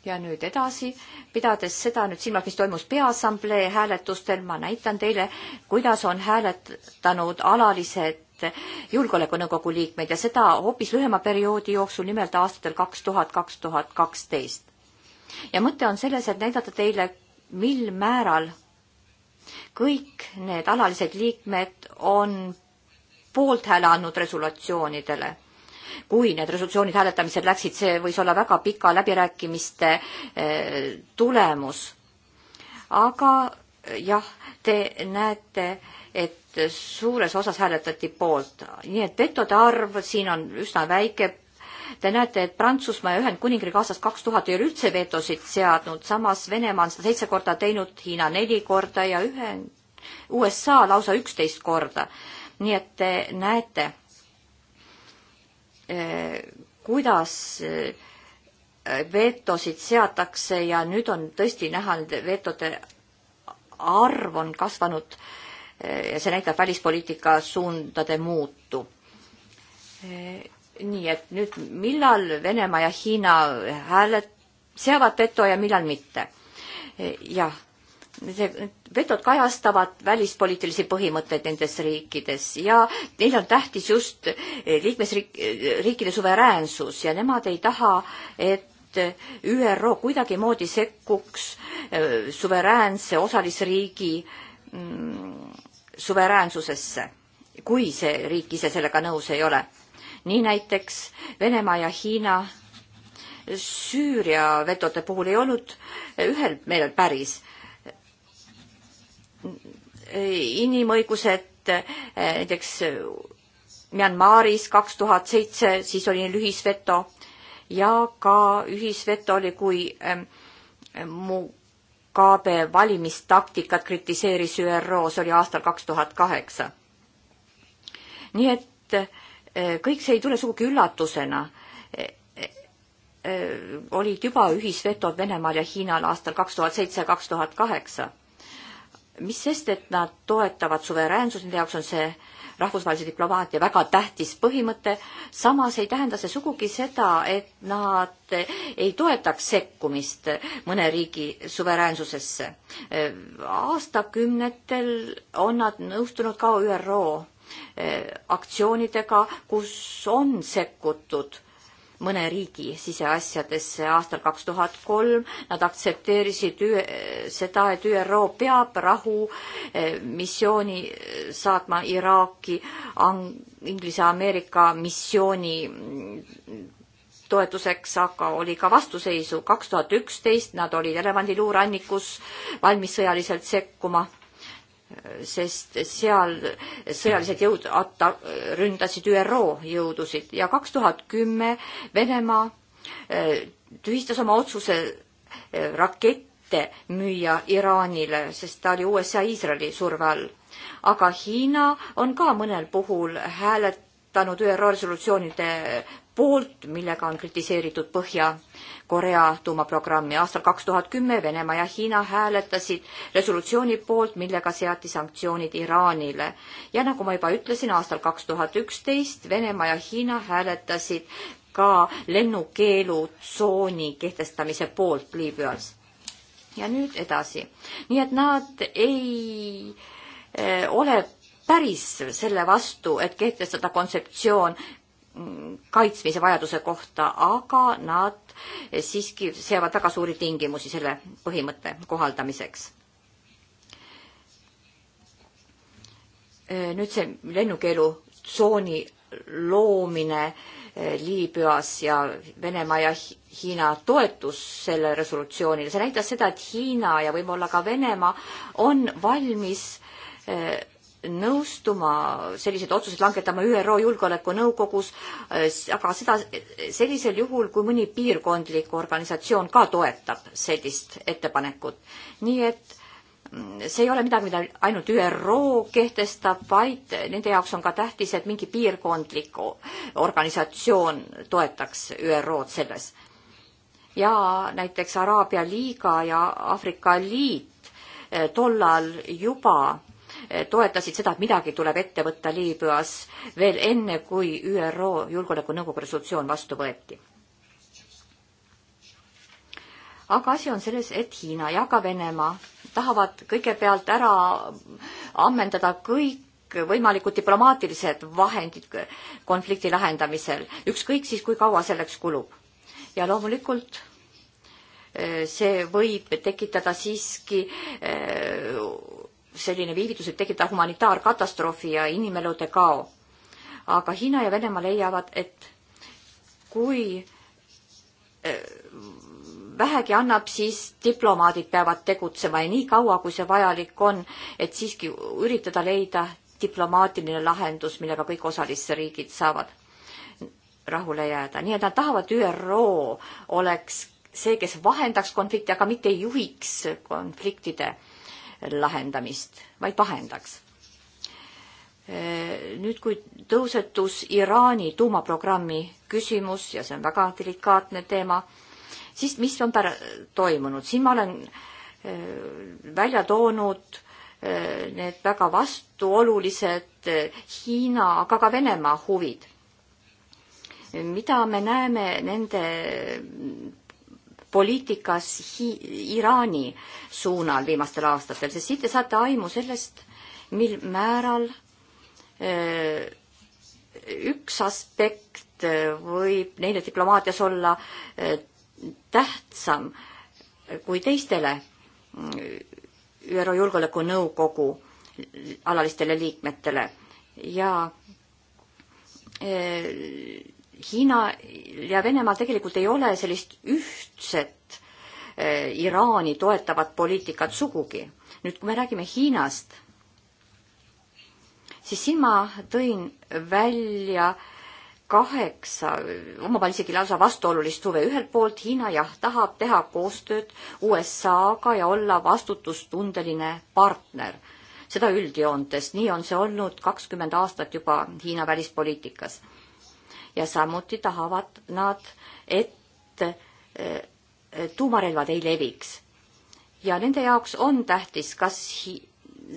ja nüüd edasi, pidades seda nüüd silmas, mis toimus Peaassamblee hääletustel, ma näitan teile, kuidas on hääletanud alalised julgeolekunõukogu liikmed ja seda hoopis lühema perioodi jooksul, nimelt aastatel kaks tuhat, kaks tuhat kaksteist. ja mõte on selles, et näidata teile, mil määral kõik need alalised liikmed on poolthääle andnud resolutsioonidele kui need resolutsioonid hääletamisel läksid, see võis olla väga pika läbirääkimiste eh, tulemus. aga jah, te näete, et suures osas hääletati poolt, nii et petode arv siin on üsna väike. Te näete, et Prantsusmaa ja Ühendkuningriik aastast kaks tuhat ei ole üldse vetosid seadnud, samas Venemaa on seda seitse korda teinud, Hiina neli korda ja ühe USA lausa üksteist korda. nii et te näete kuidas äh, vetosid seatakse ja nüüd on tõesti näha, nende vetode arv on kasvanud äh, ja see näitab välispoliitika suundade muutu. Äh, nii et nüüd, millal Venemaa ja Hiina hääled seavad veto ja millal mitte? jah see, vetod kajastavad välispoliitilisi põhimõtteid nendes riikides ja neil on tähtis just eh, liikmesriik, eh, riikide suveräänsus ja nemad ei taha, et ÜRO kuidagimoodi sekkuks eh, suveräänse osalisriigi mm, suveräänsusesse, kui see riik ise sellega nõus ei ole. nii näiteks Venemaa ja Hiina Süüria vetode puhul ei olnud ühel meelel päris inimõigused näiteks Myanmaris kaks tuhat seitse, siis oli neil ühisveto ja ka ühisveto oli, kui ähm, Mugabe valimistaktikat kritiseeris ÜRO, see oli aastal kaks tuhat kaheksa. nii et äh, kõik see ei tule sugugi üllatusena. Äh, äh, olid juba ühisvetod Venemaal ja Hiinal aastal kaks tuhat seitse, kaks tuhat kaheksa mis sest, et nad toetavad suveräänsust, nende jaoks on see rahvusvahelise diplomaatia väga tähtis põhimõte, samas ei tähenda see sugugi seda, et nad ei toetaks sekkumist mõne riigi suveräänsusesse. aastakümnetel on nad nõustunud ka ÜRO eh, aktsioonidega, kus on sekkutud mõne riigi siseasjadesse aastal kaks tuhat kolm. Nad aktsepteerisid ühe, seda, et ÜRO peab rahumissiooni eh, eh, saatma Iraaki Inglise-Ameerika missiooni mm, toetuseks, aga oli ka vastuseisu. kaks tuhat üksteist nad olid elevandiluurannikus valmis sõjaliselt sekkuma sest seal sõjalised jõud atta-, ründasid ÜRO jõudusid ja kaks tuhat kümme Venemaa eh, tühistas oma otsuse eh, rakette müüa Iraanile, sest ta oli USA Iisraeli surve all. aga Hiina on ka mõnel puhul hääletanud ÜRO resolutsioonide poolt, millega on kritiseeritud Põhja Korea tuumaprogrammi. aastal kaks tuhat kümme Venemaa ja Hiina hääletasid resolutsiooni poolt, millega seati sanktsioonid Iraanile. ja nagu ma juba ütlesin, aastal kaks tuhat üksteist Venemaa ja Hiina hääletasid ka lennukeelutsooni kehtestamise poolt Liibüas. ja nüüd edasi. nii et nad ei eh, ole päris selle vastu, et kehtestada kontseptsioon, kaitsmise vajaduse kohta, aga nad siiski seavad väga suuri tingimusi selle põhimõtte kohaldamiseks. nüüd see lennukeelutsooni loomine eh, Liibüas ja Venemaa ja Hiina toetus sellele resolutsioonile, see näitas seda, et Hiina ja võib-olla ka Venemaa on valmis eh, nõustuma selliseid otsuseid langetama ÜRO Julgeolekunõukogus, äh, aga seda sellisel juhul, kui mõni piirkondlik organisatsioon ka toetab sellist ettepanekut. nii et mm, see ei ole midagi, mida ainult ÜRO kehtestab, vaid nende jaoks on ka tähtis, et mingi piirkondlik organisatsioon toetaks ÜRO-d selles. ja näiteks Araabia Liiga ja Aafrika Liit äh, tollal juba toetasid seda, et midagi tuleb ette võtta Liibüas veel enne, kui ÜRO Julgeolekunõukogu resolutsioon vastu võeti. aga asi on selles, et Hiina ja ka Venemaa tahavad kõigepealt ära ammendada kõik võimalikud diplomaatilised vahendid konflikti lahendamisel, ükskõik siis, kui kaua selleks kulub. ja loomulikult eh, see võib tekitada siiski eh, selline viivitus võib tekitada humanitaarkatastroofi ja inimelude kao. aga Hiina ja Venemaa leiavad, et kui eh, vähegi annab, siis diplomaadid peavad tegutsema ja nii kaua, kui see vajalik on, et siiski üritada leida diplomaatiline lahendus, millega kõik osalisriigid saavad rahule jääda. nii et nad tahavad, ÜRO oleks see, kes vahendaks konflikti, aga mitte ei juhiks konfliktide äh, lahendamist, vaid vahendaks. nüüd, kui tõusetus Iraani tuumaprogrammi küsimus ja see on väga delikaatne teema, siis mis on pär-, toimunud, siin ma olen äh, välja toonud äh, need väga vastuolulised äh, Hiina, aga ka Venemaa huvid mida me näeme nende poliitikas Hi Iraani suunal viimastel aastatel, sest siit te saate aimu sellest, mil määral öö, äh, üks aspekt äh, võib neile diplomaatias olla öö, äh, tähtsam kui teistele ÜRO Julgeolekunõukogu alalistele liikmetele ja öö, Hiina ja Venemaal tegelikult ei ole sellist ühtset eh, Iraani toetavat poliitikat sugugi. nüüd, kui me räägime Hiinast, siis siin ma tõin välja kaheksa, omavahel isegi lausa vastuolulist huve. ühelt poolt Hiina jah, tahab teha koostööd USA-ga ja olla vastutustundeline partner. seda üldjoontes, nii on see olnud kakskümmend aastat juba Hiina välispoliitikas ja samuti tahavad nad, et eh, tuumarelvad ei leviks. ja nende jaoks on tähtis, kas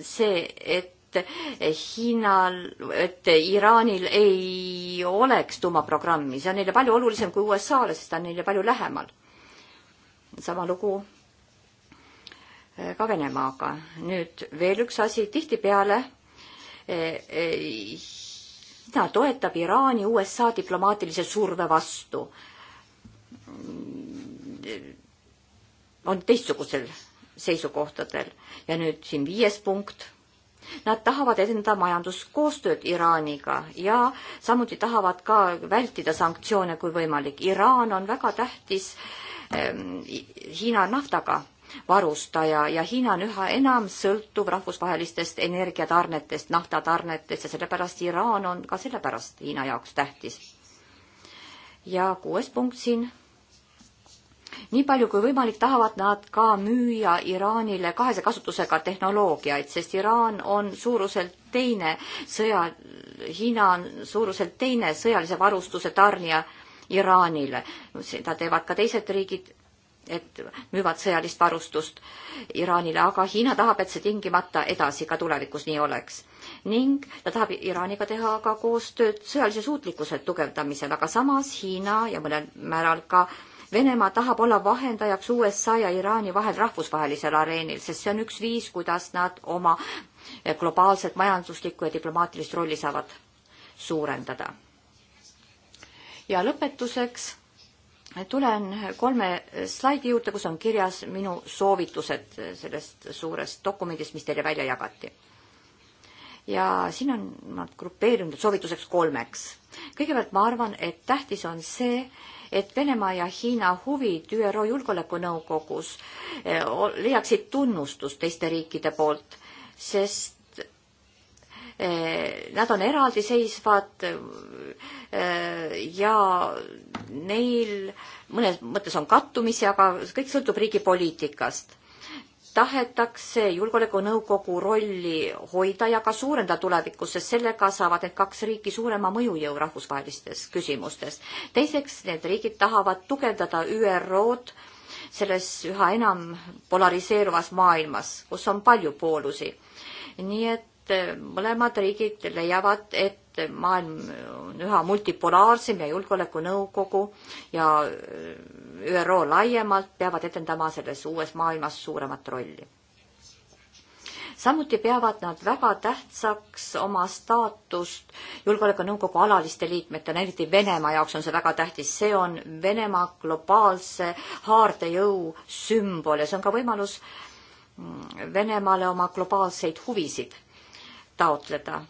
see, et Hiinal, et Iraanil ei oleks tuumaprogrammi, see on neile palju olulisem kui USA-le, sest ta on neile palju lähemal. sama lugu eh, ka Venemaaga. nüüd veel üks asi, tihtipeale eh, Hiina toetab Iraani USA diplomaatilise surve vastu. on teistsugusel seisukohtadel ja nüüd siin viies punkt. Nad tahavad edendada majanduskoostööd Iraaniga ja samuti tahavad ka vältida sanktsioone, kui võimalik. Iraan on väga tähtis ähm, Hiina naftaga varustaja ja Hiina on üha enam sõltuv rahvusvahelistest energiatarnetest, naftatarnetest ja sellepärast Iraan on ka sellepärast Hiina jaoks tähtis. ja kuues punkt siin. nii palju kui võimalik, tahavad nad ka müüa Iraanile kahese kasutusega tehnoloogiaid, sest Iraan on suuruselt teine sõja, Hiina on suuruselt teine sõjalise varustuse tarnija Iraanile. seda teevad ka teised riigid et müüvad sõjalist varustust Iraanile, aga Hiina tahab, et see tingimata edasi ka tulevikus nii oleks. ning ta tahab Iraaniga teha ka koostööd sõjalise suutlikkuse tugevdamisel, aga samas Hiina ja mõnel määral ka Venemaa tahab olla vahendajaks USA ja Iraani vahel rahvusvahelisel areenil, sest see on üks viis, kuidas nad oma globaalset majanduslikku ja diplomaatilist rolli saavad suurendada. ja lõpetuseks tulen kolme slaidi juurde, kus on kirjas minu soovitused sellest suurest dokumendist, mis teile välja jagati. ja siin on nad grupeerinud soovituseks kolmeks. kõigepealt ma arvan, et tähtis on see, et Venemaa ja Hiina huvid ÜRO Julgeolekunõukogus eh, leiaksid tunnustust teiste riikide poolt, sest eh, nad on eraldiseisvad eh, ja neil mõnes mõttes on kattumisi, aga kõik sõltub riigi poliitikast. tahetakse Julgeolekunõukogu rolli hoida ja ka suurendada tulevikus, sest sellega saavad need kaks riiki suurema mõjujõu rahvusvahelistes küsimustes. teiseks, need riigid tahavad tugevdada ÜRO-d selles üha enam polariseeruvas maailmas, kus on palju poolusi. nii et eh, mõlemad riigid leiavad, et et maailm on üha multipolaarsem ja Julgeolekunõukogu ja äh, ÜRO laiemalt peavad etendama selles uues maailmas suuremat rolli. samuti peavad nad väga tähtsaks oma staatust Julgeolekunõukogu alaliste liikmetena, eriti Venemaa jaoks on see väga tähtis, see on Venemaa globaalse haardejõu sümbol ja see on ka võimalus mm, Venemaale oma globaalseid huvisid taotleda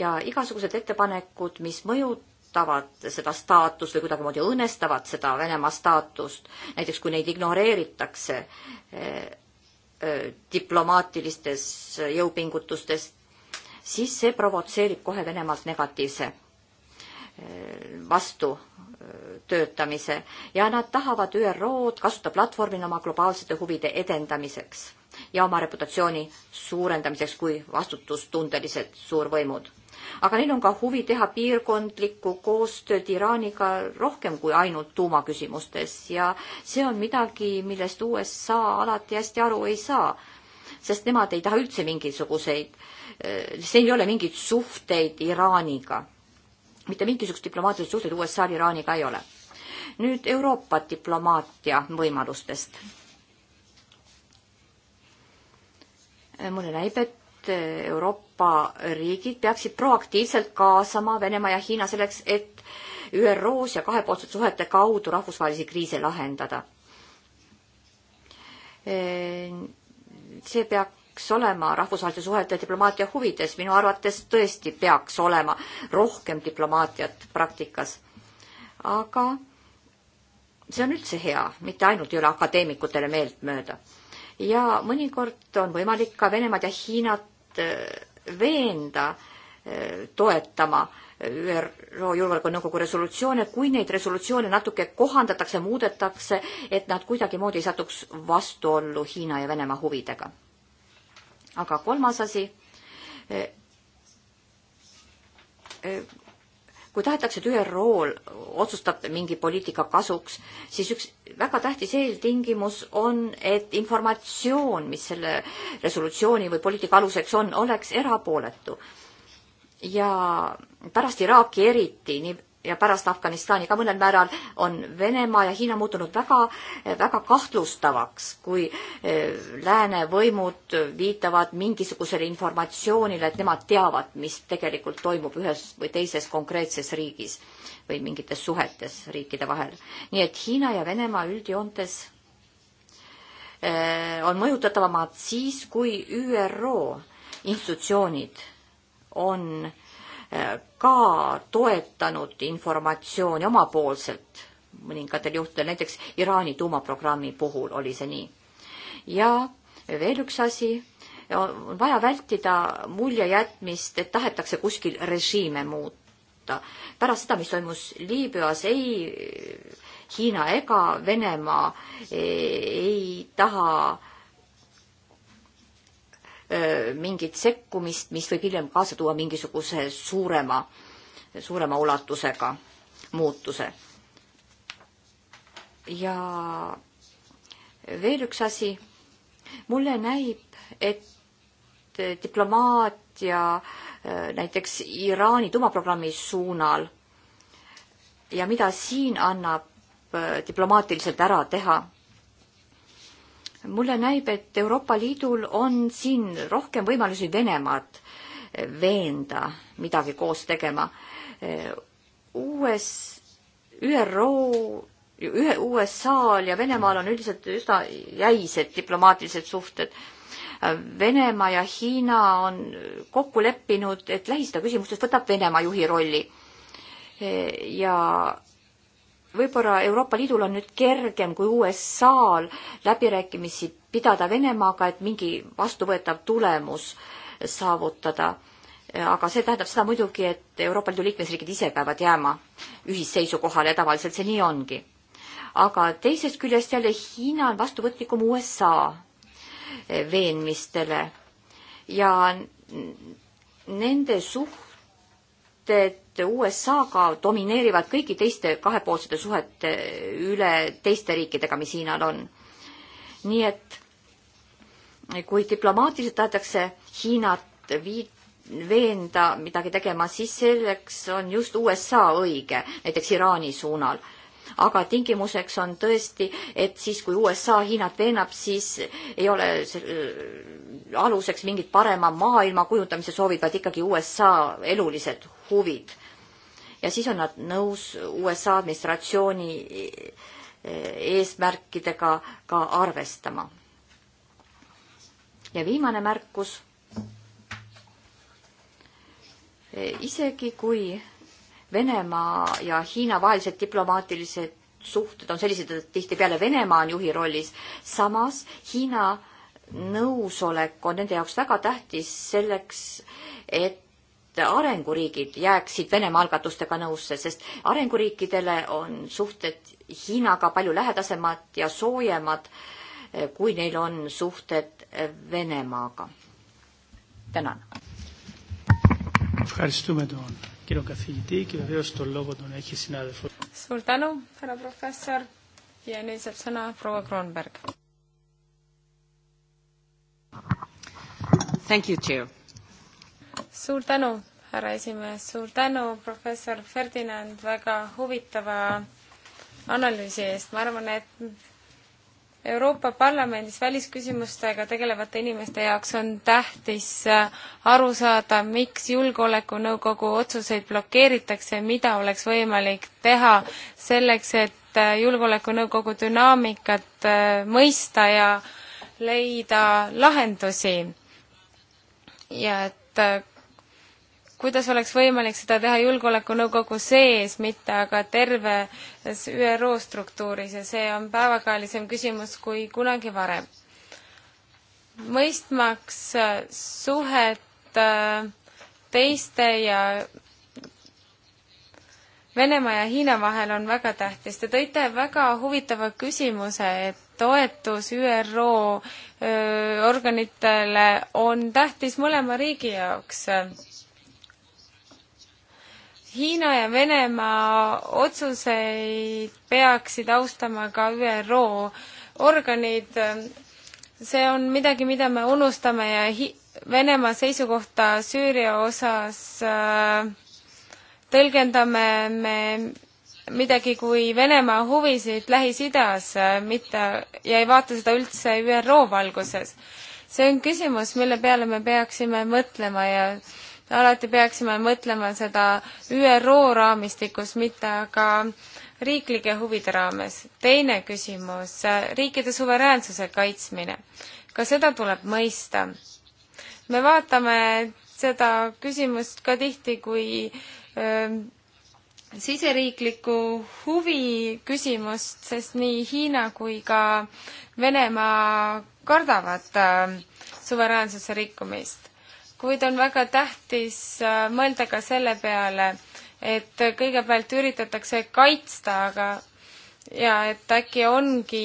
ja igasugused ettepanekud, mis mõjutavad seda staatust või kuidagimoodi õõnestavad seda Venemaa staatust, näiteks kui neid ignoreeritakse eh, eh, diplomaatilistes jõupingutustes, siis see provotseerib kohe Venemaalt negatiivse eh, vastu töötamise ja nad tahavad ÜRO-d kasutada platvormina oma globaalsete huvide edendamiseks ja oma reputatsiooni suurendamiseks kui vastutustundelised suurvõimud aga neil on ka huvi teha piirkondlikku koostööd Iraaniga rohkem kui ainult tuumaküsimustes ja see on midagi, millest USA alati hästi aru ei saa, sest nemad ei taha üldse mingisuguseid, eh, see ei ole mingeid suhteid Iraaniga. mitte mingisuguseid diplomaatilisi suhteid USA-l Iraaniga ei ole. nüüd Euroopa diplomaatia võimalustest eh, mulle näib, et et Euroopa riigid peaksid proaktiivselt kaasama Venemaa ja Hiina selleks, et ÜRO-s ja kahepoolsete suhete kaudu rahvusvahelisi kriise lahendada. see peaks olema rahvusvaheliste suhete diplomaatia huvides, minu arvates tõesti peaks olema rohkem diplomaatiat praktikas. aga see on üldse hea, mitte ainult ei ole akadeemikutele meeltmööda ja mõnikord on võimalik ka Venemaad ja Hiinat äh, veenda äh, toetama ÜRO Julgeolekunõukogu resolutsioone, kui neid resolutsioone natuke kohandatakse, muudetakse, et nad kuidagimoodi ei satuks vastuollu Hiina ja Venemaa huvidega. aga kolmas asi äh, kui tahetakse, et ÜRO-l otsustab mingi poliitika kasuks, siis üks väga tähtis eeltingimus on, et informatsioon, mis selle resolutsiooni või poliitika aluseks on, oleks erapooletu. ja pärast Iraaki eriti, nii ja pärast Afganistani ka mõnel määral on Venemaa ja Hiina muutunud väga, väga kahtlustavaks, kui eh, lääne võimud viitavad mingisugusele informatsioonile, et nemad teavad, mis tegelikult toimub ühes või teises konkreetses riigis või mingites suhetes riikide vahel. nii et Hiina ja Venemaa üldjoontes eh, on mõjutatavamad siis, kui ÜRO institutsioonid on ka toetanud informatsiooni omapoolselt mõningatel juhtudel, näiteks Iraani tuumaprogrammi puhul oli see nii. ja veel üks asi, on vaja vältida mulje jätmist, et tahetakse kuskil režiime muuta. pärast seda, mis toimus Liibüas, ei Hiina ega Venemaa ei, ei taha mingit sekkumist, mis võib hiljem kaasa tuua mingisuguse suurema, suurema ulatusega muutuse. ja veel üks asi. mulle näib, et diplomaatia näiteks Iraani tuumaprogrammi suunal ja mida siin annab diplomaatiliselt ära teha mulle näib, et Euroopa Liidul on siin rohkem võimalusi Venemaad veenda midagi koos tegema. uues ÜRO, USA-l ja Venemaal on üldiselt üsna jäised diplomaatilised suhted. Venemaa ja Hiina on kokku leppinud, et Lähis-Ida küsimustes võtab Venemaa juhi rolli. ja võib-olla Euroopa Liidul on nüüd kergem kui USA-l läbirääkimisi pidada Venemaaga, et mingi vastuvõetav tulemus saavutada. aga see tähendab seda muidugi, et Euroopa Liidu liikmesriigid ise peavad jääma ühisseisukohale ja tavaliselt see nii ongi. aga teisest küljest jälle Hiina on vastuvõtlikum USA veenmistele ja nende suhted suhted USA-ga domineerivad kõigi teiste kahepoolsete suhete üle teiste riikidega, mis Hiinal on. nii et kui diplomaatiliselt tahetakse Hiinat viit-, veenda midagi tegema, siis selleks on just USA õige, näiteks Iraani suunal. aga tingimuseks on tõesti, et siis, kui USA Hiinat veenab, siis ei ole aluseks mingid parema maailma kujundamise soovid, vaid ikkagi USA elulised huvid ja siis on nad nõus USA administratsiooni e, eesmärkidega ka arvestama. ja viimane märkus. E, isegi kui Venemaa ja Hiina vahelised diplomaatilised suhted on sellised, et tihtipeale Venemaa on juhi rollis, samas Hiina nõusolek on nende jaoks väga tähtis selleks, et arenguriigid jääksid Venemaa algatustega nõusse, sest arenguriikidele on suhted Hiinaga palju lähedasemad ja soojemad, eh, kui neil on suhted Venemaaga. tänan. suur tänu, härra professor ja nüüd saab sõna proua Kroonberg. Thank you, Chair suur tänu, härra esimees, suur tänu, professor Ferdinand, väga huvitava analüüsi eest, ma arvan, et Euroopa Parlamendis välisküsimustega tegelevate inimeste jaoks on tähtis äh, aru saada, miks Julgeolekunõukogu otsuseid blokeeritakse ja mida oleks võimalik teha selleks, et äh, Julgeolekunõukogu dünaamikat äh, mõista ja leida lahendusi. ja et kuidas oleks võimalik seda teha Julgeolekunõukogu sees, mitte aga terves ÜRO struktuuris ja see on päevakajalisem küsimus kui kunagi varem. mõistmaks äh, suhet äh, teiste ja Venemaa ja Hiina vahel on väga tähtis. Te tõite väga huvitava küsimuse, et toetus ÜRO öö, äh, organitele on tähtis mõlema riigi jaoks Hiina ja Venemaa otsuseid peaksid austama ka ÜRO organid. see on midagi, mida me unustame ja Hi Venemaa seisukohta Süüria osas äh, tõlgendame me midagi kui Venemaa huvisid Lähis-Idas, äh, mitte ja ei vaata seda üldse ÜRO valguses. see on küsimus, mille peale me peaksime mõtlema ja äh, alati peaksime mõtlema seda ÜRO raamistikus, mitte aga riiklike huvide raames. teine küsimus, riikide suveräänsuse kaitsmine. ka seda tuleb mõista. me vaatame seda küsimust ka tihti kui öö, ähm, siseriiklikku huvi küsimust, sest nii Hiina kui ka Venemaa kardavad ähm, suveräänsuse rikkumist kuid on väga tähtis äh, mõelda ka selle peale, et kõigepealt üritatakse kaitsta, aga ja et äkki ongi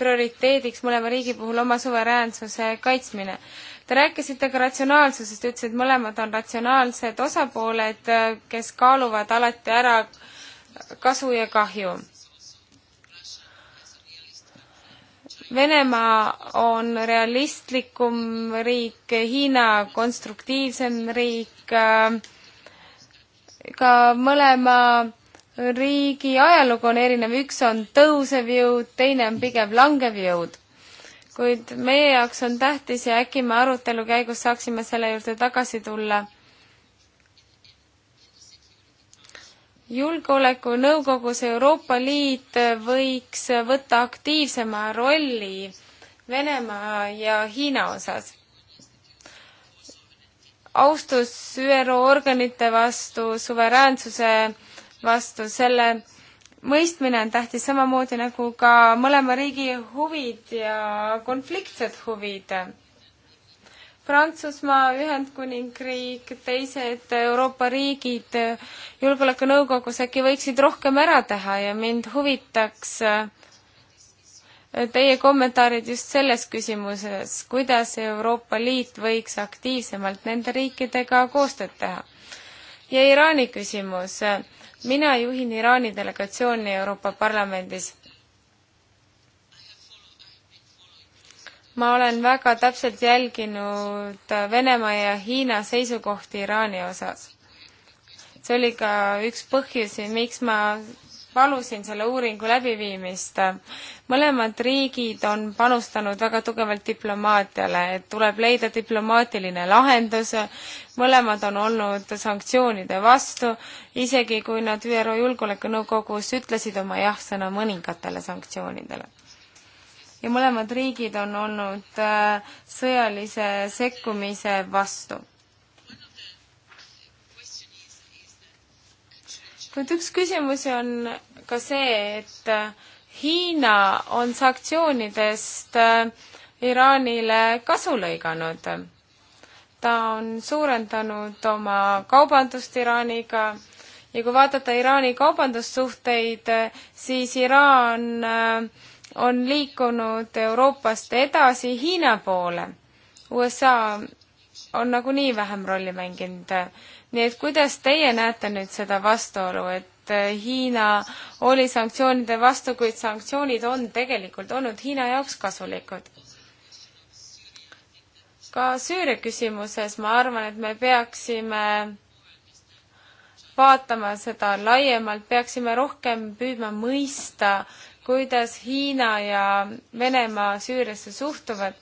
prioriteediks mõlema riigi puhul oma suveräänsuse kaitsmine. Te rääkisite ka ratsionaalsusest, ütlesite, et mõlemad on ratsionaalsed osapooled, äh, kes kaaluvad alati ära kasu ja kahju. Venemaa on realistlikum riik, Hiina konstruktiivsem riik, ka mõlema riigi ajalugu on erinev, üks on tõusev jõud, teine on pigem langev jõud. kuid meie jaoks on tähtis ja äkki me arutelu käigus saaksime selle juurde tagasi tulla, julgeolekunõukogus Euroopa Liit võiks võtta aktiivsema rolli Venemaa ja Hiina osas. austus ÜRO organite vastu, suveräänsuse vastu, selle mõistmine on tähtis, samamoodi nagu ka mõlema riigi huvid ja konfliktsed huvid Prantsusmaa, Ühendkuningriik, teised Euroopa riigid julgeolekunõukogus äkki võiksid rohkem ära teha ja mind huvitaks äh, teie kommentaarid just selles küsimuses, kuidas Euroopa Liit võiks aktiivsemalt nende riikidega koostööd teha. ja Iraani küsimus. mina juhin Iraani delegatsiooni Euroopa Parlamendis ma olen väga täpselt jälginud Venemaa ja Hiina seisukohti Iraani osas. see oli ka üks põhjusi, miks ma palusin selle uuringu läbiviimist. mõlemad riigid on panustanud väga tugevalt diplomaatiale, et tuleb leida diplomaatiline lahendus, mõlemad on olnud sanktsioonide vastu, isegi kui nad ÜRO Julgeolekunõukogus ütlesid oma jah-sõna mõningatele sanktsioonidele ja mõlemad riigid on olnud äh, sõjalise sekkumise vastu. kuid üks küsimusi on ka see, et äh, Hiina on sanktsioonidest äh, Iraanile kasu lõiganud. ta on suurendanud oma kaubandust Iraaniga ja kui vaadata Iraani kaubandussuhteid, siis Iraan äh, on liikunud Euroopast edasi Hiina poole. USA on nagunii vähem rolli mänginud. nii et kuidas teie näete nüüd seda vastuolu, et Hiina oli sanktsioonide vastu, kuid sanktsioonid on tegelikult olnud Hiina jaoks kasulikud? ka Süüria küsimuses ma arvan, et me peaksime vaatama seda laiemalt, peaksime rohkem püüdma mõista kuidas Hiina ja Venemaa Süüriasse suhtuvad.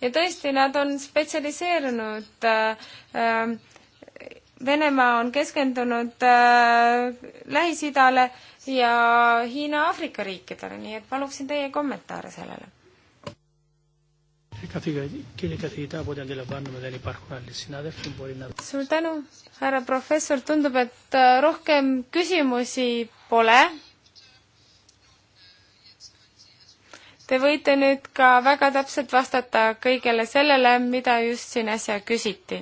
ja tõesti, nad on spetsialiseerunud äh, äh, Venemaa on keskendunud äh, Lähis-Idale ja Hiina-Aafrika riikidele, nii et paluksin teie kommentaare sellele. suur tänu, härra professor, tundub, et äh, rohkem küsimusi pole Te võite nüüd ka väga täpselt vastata kõigele sellele, mida just siin äsja küsiti.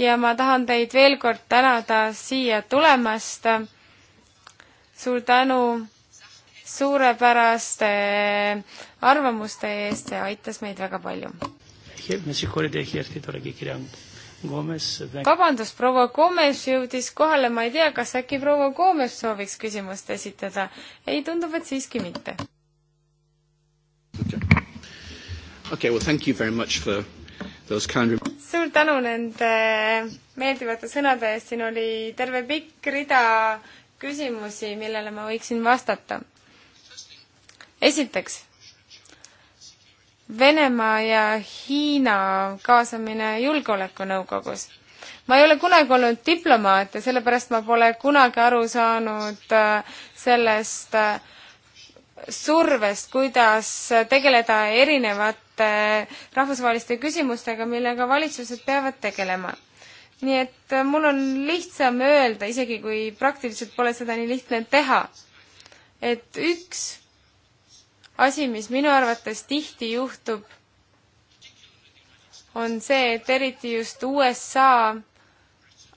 ja ma tahan teid veel kord tänada siia tulemast. suur tänu suurepäraste arvamuste eest, see aitas meid väga palju. vabandust, proua Gomes jõudis kohale, ma ei tea, kas äkki proua Gomes sooviks küsimust esitada? ei, tundub, et siiski mitte okay.. Okay, well, thank you very much for those kind of... suur tänu nende meeldivate sõnade eest, siin oli terve pikk rida küsimusi, millele ma võiksin vastata. esiteks, Venemaa ja Hiina kaasamine Julgeolekunõukogus ma ei ole kunagi olnud diplomaat ja sellepärast ma pole kunagi aru saanud äh, sellest, äh, survest, kuidas tegeleda erinevate rahvusvaheliste küsimustega, millega valitsused peavad tegelema. nii et mul on lihtsam öelda, isegi kui praktiliselt pole seda nii lihtne teha, et üks asi, mis minu arvates tihti juhtub, on see, et eriti just USA,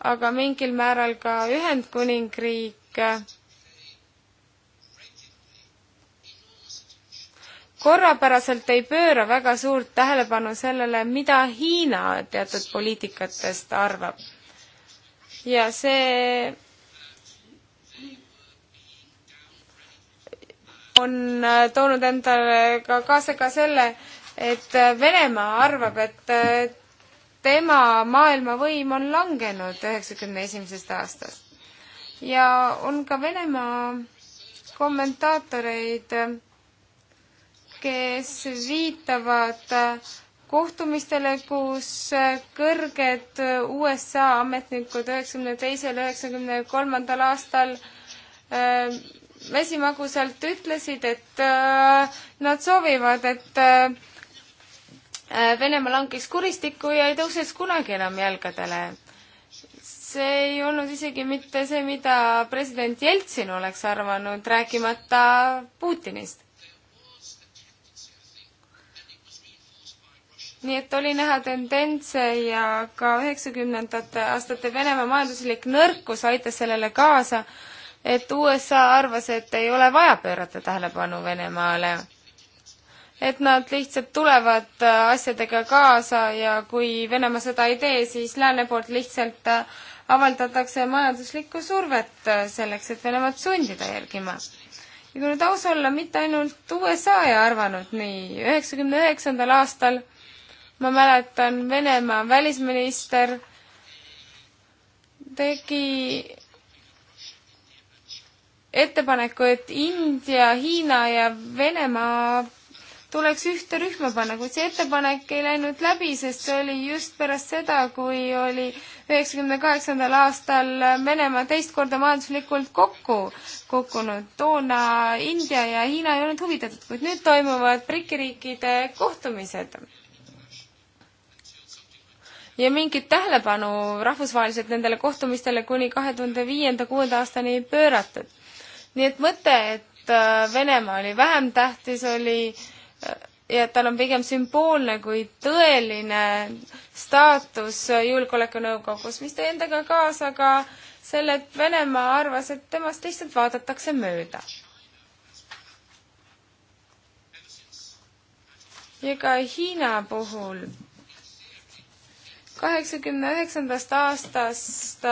aga mingil määral ka Ühendkuningriik korrapäraselt ei pööra väga suurt tähelepanu sellele, mida Hiina teatud poliitikatest arvab. ja see on äh, toonud endale ka kaasa ka selle, et äh, Venemaa arvab, et äh, tema maailmavõim on langenud üheksakümne esimesest aastast. ja on ka Venemaa kommentaatoreid, kes viitavad kohtumistele, kus kõrged USA ametnikud üheksakümne teisel, üheksakümne kolmandal aastal äh, väsimagusalt ütlesid, et äh, nad soovivad, et äh, äh, Venemaa langeks kuristikku ja ei tõuseks kunagi enam jalgadele. see ei olnud isegi mitte see, mida president Jeltsin oleks arvanud, rääkimata Putinist nii et oli näha tendentse ja ka üheksakümnendate aastate Venemaa majanduslik nõrkus aitas sellele kaasa, et USA arvas, et ei ole vaja pöörata tähelepanu Venemaale. et nad lihtsalt tulevad asjadega kaasa ja kui Venemaa seda ei tee, siis lääne poolt lihtsalt avaldatakse majanduslikku survet selleks, et Venemaad sundida järgima ja kui nüüd aus olla, mitte ainult USA ei arvanud nii. üheksakümne üheksandal aastal ma mäletan, Venemaa välisminister tegi ettepaneku, et India, Hiina ja Venemaa tuleks ühte rühma panna, kuid see ettepanek ei läinud läbi, sest see oli just pärast seda, kui oli üheksakümne kaheksandal aastal Venemaa teist korda majanduslikult kokku kukkunud. toona India ja Hiina ei olnud huvitatud, kuid nüüd toimuvad BRICS riikide kohtumised ja mingit tähelepanu rahvusvaheliselt nendele kohtumistele kuni kahe tuhande viienda, kuuenda aastani ei pööratud. nii et mõte, et äh, Venemaa oli vähem tähtis, oli äh, ja et tal on pigem sümboolne kui tõeline staatus äh, Julgeolekunõukogus, mis tõi endaga kaasa ka selle, et Venemaa arvas, et temast lihtsalt vaadatakse mööda. ja ka Hiina puhul kaheksakümne üheksandast aastast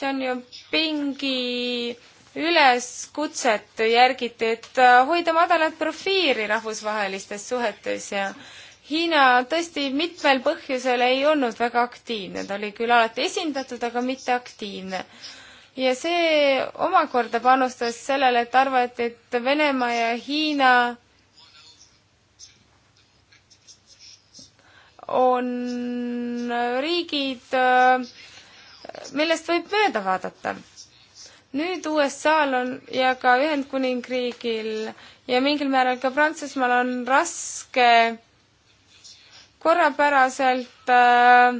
John äh, Pingi üleskutset järgiti, et äh, hoida madalat profiili rahvusvahelistes suhetes ja Hiina tõesti mitmel põhjusel ei olnud väga aktiivne, ta oli küll alati esindatud, aga mitte aktiivne. ja see omakorda panustas sellele, et arvati, et Venemaa ja Hiina on riigid, millest võib mööda vaadata. nüüd USA-l on ja ka Ühendkuningriigil ja mingil määral ka Prantsusmaal on raske korrapäraselt äh,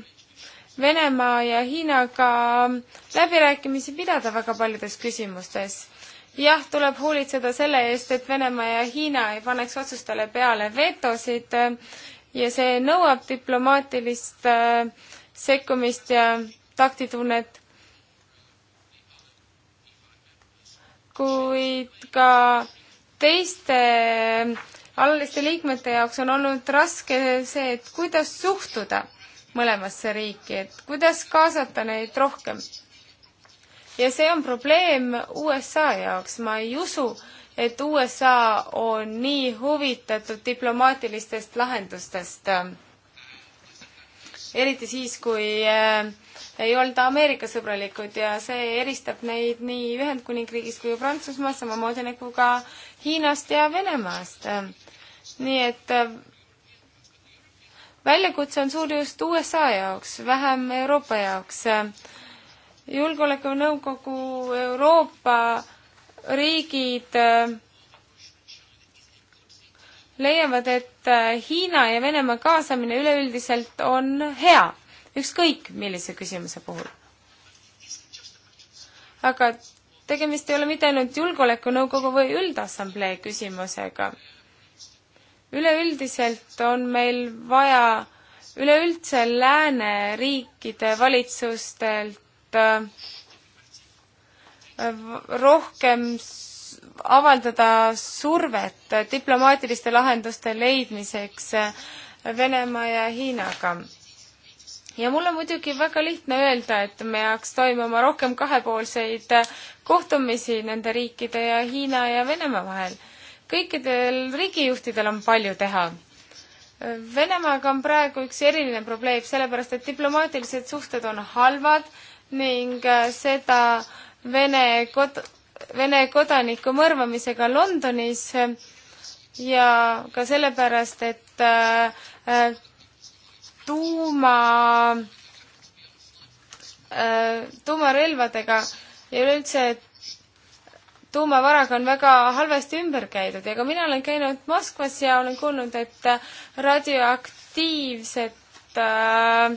Venemaa ja Hiinaga läbirääkimisi pidada väga paljudes küsimustes jah, tuleb hoolitseda selle eest, et Venemaa ja Hiina ei paneks otsustele peale vetosid ja see nõuab diplomaatilist äh, sekkumist ja taktitunnet. kuid ka teiste äh, alaliste liikmete jaoks on olnud raske see, et kuidas suhtuda mõlemasse riiki, et kuidas kaasata neid rohkem. ja see on probleem USA jaoks, ma ei usu, et USA on nii huvitatud diplomaatilistest lahendustest. eriti siis, kui äh, ei olda Ameerika sõbralikud ja see eristab neid nii Ühendkuningriigist kui Prantsusmaast, samamoodi nagu ka Hiinast ja Venemaast. nii et äh, väljakutse on suur just USA jaoks, vähem Euroopa jaoks. Äh, julgeolekunõukogu Euroopa riigid äh, leiavad, et äh, Hiina ja Venemaa kaasamine üleüldiselt on hea, ükskõik millise küsimuse puhul. aga tegemist ei ole mitte ainult Julgeolekunõukogu või Üldassamblee küsimusega. üleüldiselt on meil vaja üleüldse lääneriikide valitsustelt äh, rohkem avaldada survet diplomaatiliste lahenduste leidmiseks Venemaa ja Hiinaga. ja mul on muidugi väga lihtne öelda, et me peaks toimuma rohkem kahepoolseid kohtumisi nende riikide ja Hiina ja Venemaa vahel. kõikidel riigijuhtidel on palju teha Venemaaga on praegu üks eriline probleem, sellepärast et diplomaatilised suhted on halvad ning seda Vene kod-, Vene kodaniku mõrvamisega Londonis ja ka sellepärast, et äh, tuuma äh,, tuumarelvadega ja üleüldse tuumavaraga on väga halvasti ümber käidud ja ka mina olen käinud Moskvas ja olen kuulnud, et radioaktiivset äh,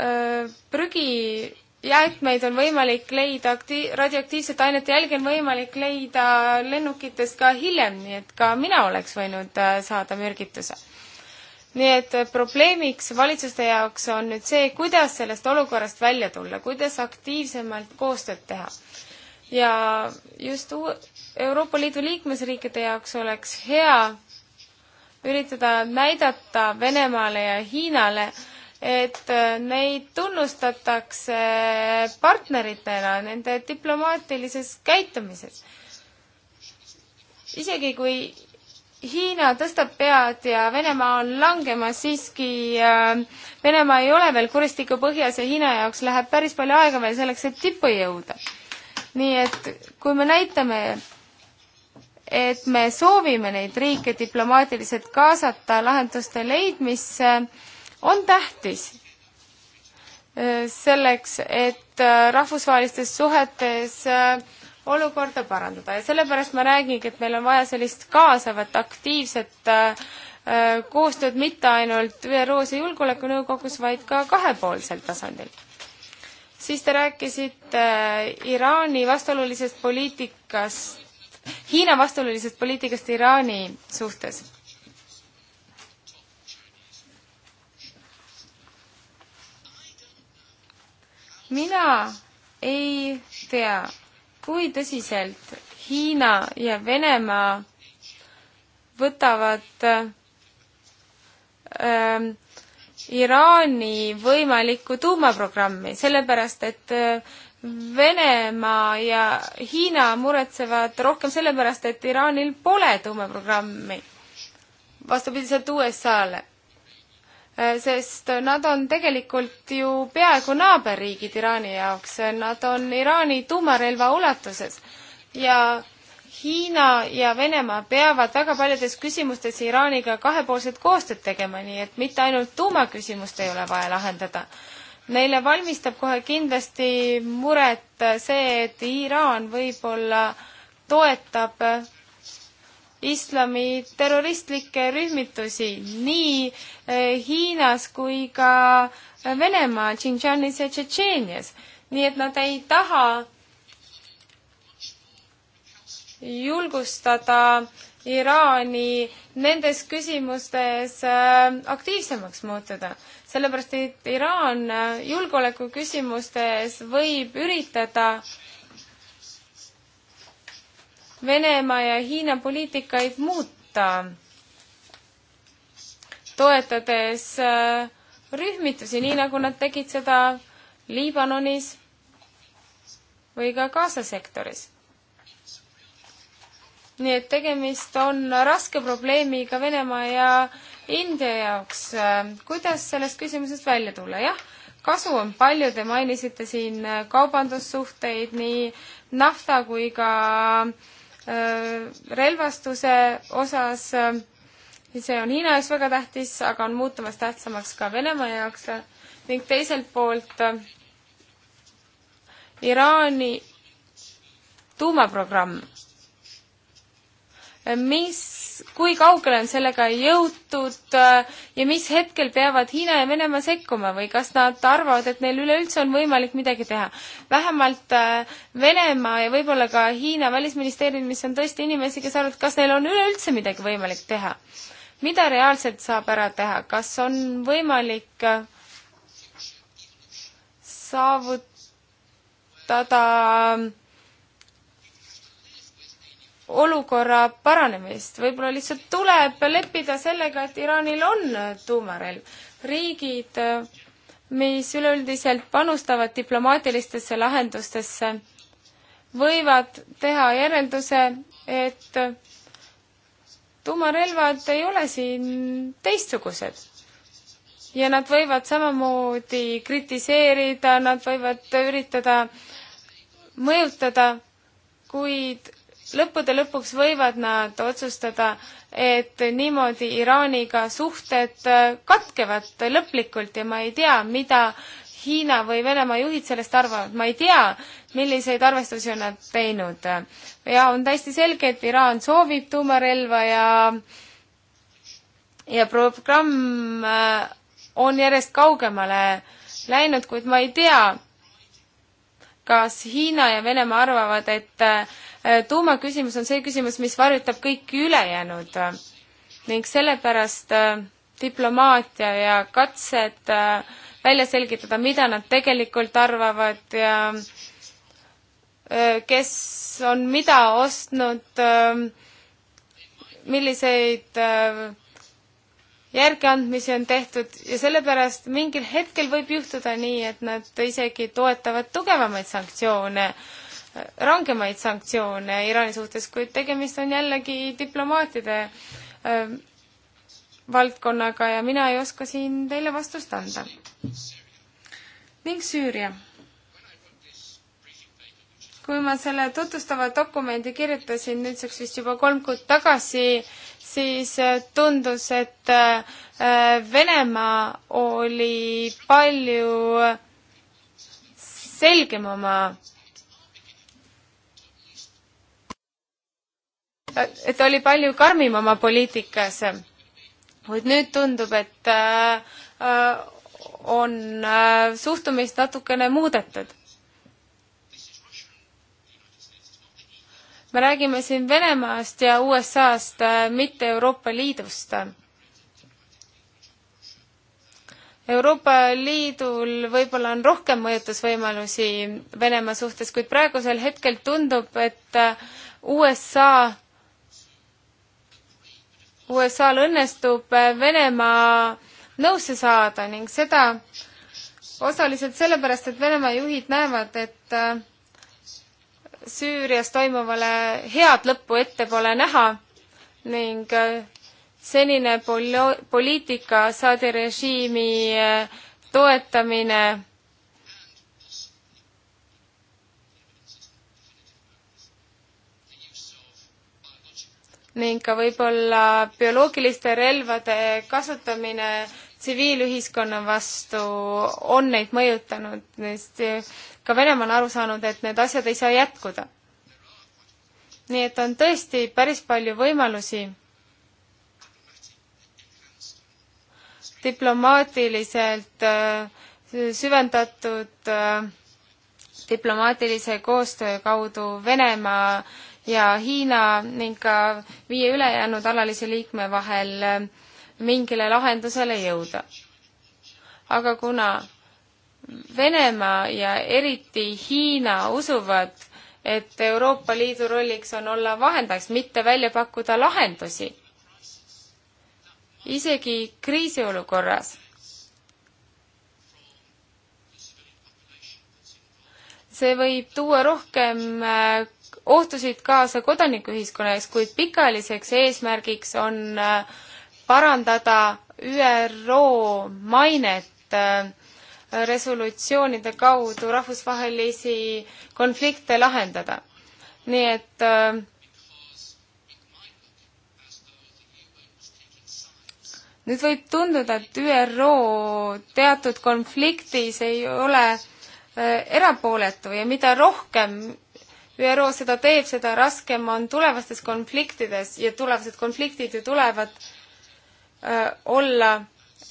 äh, prügi jäätmeid on võimalik leida, akti-, radioaktiivsete ainete jälgi on võimalik leida lennukitest ka hiljem, nii et ka mina oleks võinud äh, saada mürgituse. nii et äh, probleemiks valitsuste jaoks on nüüd see, kuidas sellest olukorrast välja tulla, kuidas aktiivsemalt koostööd teha. ja just uu-, Euroopa Liidu liikmesriikide jaoks oleks hea üritada näidata Venemaale ja Hiinale, et äh, neid tunnustatakse partneritena nende diplomaatilises käitumises. isegi kui Hiina tõstab pead ja Venemaa on langemas, siiski äh, Venemaa ei ole veel kuristiku põhjas ja Hiina jaoks läheb päris palju aega veel selleks, et tippu jõuda. nii et kui me näitame, et me soovime neid riike diplomaatiliselt kaasata lahenduste leidmisse, on tähtis äh, selleks, et äh, rahvusvahelistes suhetes äh, olukorda parandada ja sellepärast ma räägingi, et meil on vaja sellist kaasavat, aktiivset koostööd mitte ainult ÜRO-s ja Julgeolekunõukogus, vaid ka kahepoolsel tasandil. siis te rääkisite Iraani vastuolulisest poliitikast, Hiina vastuolulisest poliitikast Iraani suhtes mina ei tea, kui tõsiselt Hiina ja Venemaa võtavad äh, Iraani võimalikku tuumaprogrammi, sellepärast et äh, Venemaa ja Hiina muretsevad rohkem sellepärast, et Iraanil pole tuumaprogrammi, vastupidiselt USA-le Äh, sest nad on tegelikult ju peaaegu naaberriigid Iraani jaoks, nad on Iraani tuumarelva ulatuses ja Hiina ja Venemaa peavad väga paljudes küsimustes Iraaniga kahepoolset koostööd tegema, nii et mitte ainult tuumaküsimust ei ole vaja lahendada. Neile valmistab kohe kindlasti muret see, et Iraan võib-olla toetab islami terroristlikke rühmitusi nii eh, Hiinas kui ka eh, Venemaal, Tšintšanis ja Tšetšeenias. nii et nad ei taha julgustada Iraani nendes küsimustes eh, aktiivsemaks muutuda, sellepärast et Iraan julgeoleku küsimustes võib üritada äh, Venemaa ja Hiina poliitikaid muuta, toetades äh, rühmitusi, nii nagu nad tegid seda Liibanonis või ka Gaza sektoris. nii et tegemist on raske probleemiga Venemaa ja India jaoks. kuidas sellest küsimusest välja tulla, jah? kasu on palju, te mainisite siin kaubandussuhteid, nii nafta kui ka äh, Äh, relvastuse osas, äh, see on Hiina jaoks väga tähtis, aga on muutumas tähtsamaks ka Venemaa jaoks ning teiselt poolt äh, Iraani tuumaprogramm, mis kui kaugele on sellega jõutud äh, ja mis hetkel peavad Hiina ja Venemaa sekkuma või kas nad arvavad, et neil üleüldse on võimalik midagi teha? vähemalt äh, Venemaa ja võib-olla ka Hiina välisministeeriumis on tõesti inimesi, kes arvavad, kas neil on üleüldse midagi võimalik teha. mida reaalselt saab ära teha, kas on võimalik äh, saavutada olukorra paranemist, võib-olla lihtsalt tuleb leppida sellega, et Iraanil on tuumarelv. riigid, mis üleüldiselt panustavad diplomaatilistesse lahendustesse, võivad teha järelduse, et tuumarelvad ei ole siin teistsugused. ja nad võivad samamoodi kritiseerida, nad võivad üritada mõjutada, kuid lõppude lõpuks võivad nad otsustada, et niimoodi Iraaniga suhted äh, katkevad lõplikult ja ma ei tea, mida Hiina või Venemaa juhid sellest arvavad, ma ei tea, milliseid arvestusi on nad teinud. ja on täiesti selge, et Iraan soovib tuumarelva ja ja programm äh, on järjest kaugemale läinud, kuid ma ei tea, kas Hiina ja Venemaa arvavad, et äh, Äh, tuumaküsimus on see küsimus, mis varjutab kõiki ülejäänud ning sellepärast äh, diplomaatia ja katsed äh, välja selgitada, mida nad tegelikult arvavad ja kes on mida ostnud, milliseid järgiandmisi on tehtud ja sellepärast mingil hetkel võib juhtuda nii, et nad isegi toetavad tugevamaid sanktsioone rangemaid sanktsioone Iraani suhtes, kuid tegemist on jällegi diplomaatide äh, valdkonnaga ja mina ei oska siin teile vastust anda. ning Süüria. kui ma selle tutvustava dokumendi kirjutasin nüüdseks vist juba kolm kuud tagasi, siis tundus, et Venemaa oli palju selgem oma Äh, et oli palju karmim oma poliitikas. kuid nüüd tundub, et äh, äh, on suhtumist natukene muudetud. me räägime siin Venemaast ja USA-st, mitte Euroopa Liidust Euroopa Liidul võib-olla on rohkem mõjutusvõimalusi Venemaa suhtes, kuid praegusel hetkel tundub, et USA USA-l õnnestub äh, Venemaa nõusse saada ning seda osaliselt sellepärast, et Venemaa juhid näevad, et äh, Süürias toimuvale head lõppu ette pole näha ning äh, senine poli-, poliitika Saadi režiimi toetamine ning ka võib-olla bioloogiliste relvade kasutamine tsiviilühiskonna vastu on neid mõjutanud, sest ka Venemaa on aru saanud, et need asjad ei saa jätkuda. nii et on tõesti päris palju võimalusi diplomaatiliselt äh, süvendatud äh, diplomaatilise koostöö kaudu Venemaa ja Hiina ning ka viie ülejäänud alalise liikme vahel äh, mingile lahendusele jõuda. aga kuna Venemaa ja eriti Hiina usuvad, et Euroopa Liidu rolliks on olla vahendajaks, mitte välja pakkuda lahendusi, isegi kriisiolukorras see võib tuua rohkem äh, ohtusid kaasa kodanikuühiskonna ees, kuid pikaajaliseks eesmärgiks on äh, parandada ÜRO mainet äh, resolutsioonide kaudu rahvusvahelisi konflikte lahendada. nii et äh, nüüd võib tunduda, et ÜRO teatud konfliktis ei ole äh, erapooletu ja mida rohkem ÜRO seda teeb, seda raskem on tulevastes konfliktides ja tulevased konfliktid ju tulevad öö, äh, olla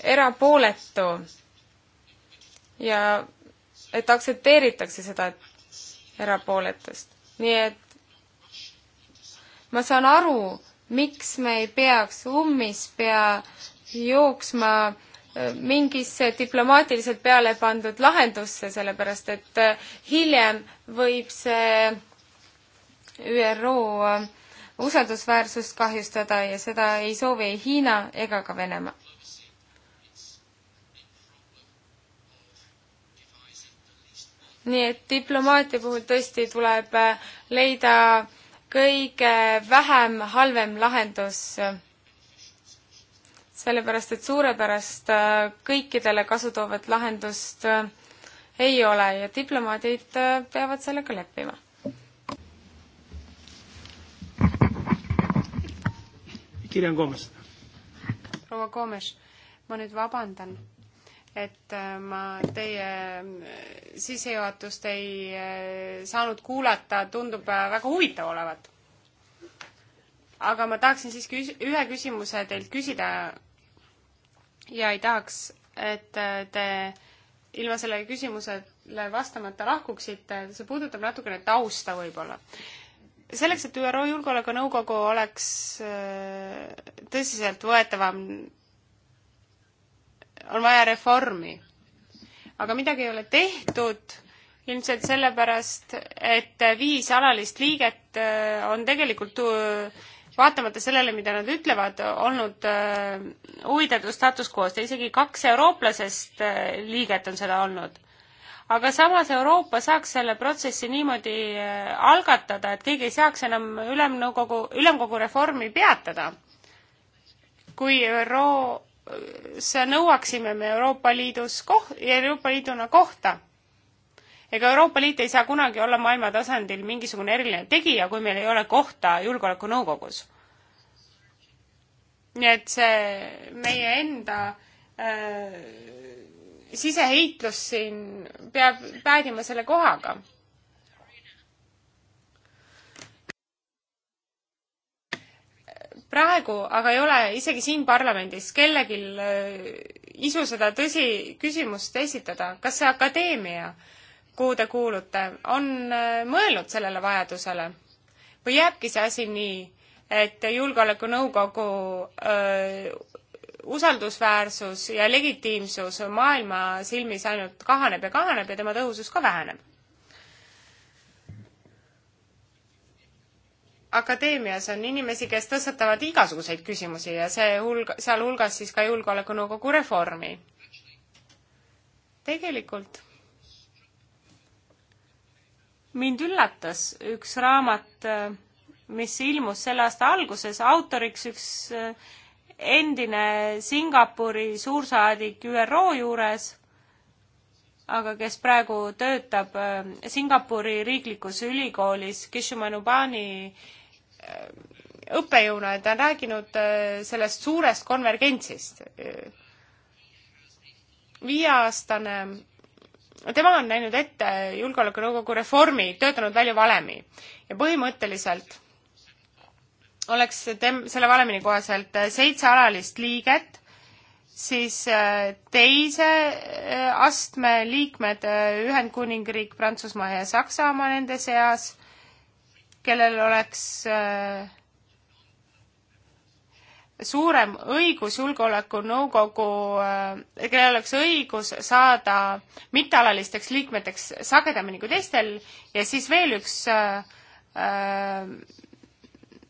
erapooletu. ja et aktsepteeritakse seda erapooletust. nii et ma saan aru, miks me ei peaks ummispea jooksma äh, mingisse diplomaatiliselt peale pandud lahendusse, sellepärast et äh, hiljem võib see ÜRO äh, usaldusväärsust kahjustada ja seda ei soovi ei Hiina ega ka Venemaa. nii et diplomaatia puhul tõesti tuleb äh, leida kõige vähem halvem lahendus, äh, sellepärast et suurepärast kõikidele kasu toovat lahendust ei ole ja diplomaadid peavad sellega leppima Kirjan Koomes. proua Koomes, ma nüüd vabandan, et äh, ma teie äh, sissejuhatust ei äh, saanud kuulata, tundub väga huvitav olevat. aga ma tahaksin siiski ühe küsimuse teilt küsida ja ei tahaks, et te ilma sellele küsimusele vastamata lahkuksite, see puudutab natukene tausta võib-olla selleks, et ÜRO Julgeolekunõukogu oleks äh, tõsiseltvõetavam, on vaja reformi. aga midagi ei ole tehtud, ilmselt sellepärast, et viis alalist liiget äh, on tegelikult äh, vaatamata sellele, mida nad ütlevad, olnud huvitatud status quo'st ja isegi kaks eurooplasest liiget on seda olnud aga samas Euroopa saaks selle protsessi niimoodi äh, algatada, et keegi ei saaks enam ülemnõukogu, ülemkogu reformi peatada. kui ÜRO, äh, see nõuaksime me Euroopa Liidus koht, Euroopa Liiduna kohta. ega Euroopa Liit ei saa kunagi olla maailma tasandil mingisugune eriline tegija, kui meil ei ole kohta Julgeolekunõukogus. nii et see meie enda äh, siseheitlus siin peab päädima selle kohaga. praegu aga ei ole isegi siin parlamendis kellelgi äh, isu seda tõsi küsimust esitada, kas see akadeemia, kuhu te kuulute, on äh, mõelnud sellele vajadusele või jääbki see asi nii, et Julgeolekunõukogu äh, usaldusväärsus ja legitiimsus maailma silmis ainult kahaneb ja kahaneb ja tema tõhusus ka väheneb. akadeemias on inimesi, kes tõstatavad igasuguseid küsimusi ja see hulg, sealhulgas siis ka Julgeolekunõukogu reformi. tegelikult mind üllatas üks raamat, mis ilmus selle aasta alguses, autoriks üks endine Singapuri suursaadik ÜRO juures, aga kes praegu töötab äh, Singapuri riiklikus ülikoolis Kishumanubani äh, õppejõuna ja ta on rääkinud äh, sellest suurest konvergentsist. viieaastane, tema on näinud ette Julgeolekunõukogu reformi, töötanud välja valemi ja põhimõtteliselt oleks tem-, selle valemini kohaselt äh, seitse alalist liiget, siis äh, teise äh, astme liikmed Ühendkuningriik, Prantsusmaa ja Saksamaa nende seas, kellel oleks suurem õigus Julgeolekunõukogu, kellel oleks õigus saada mittealalisteks liikmeteks sagedamini kui teistel ja siis veel üks äh,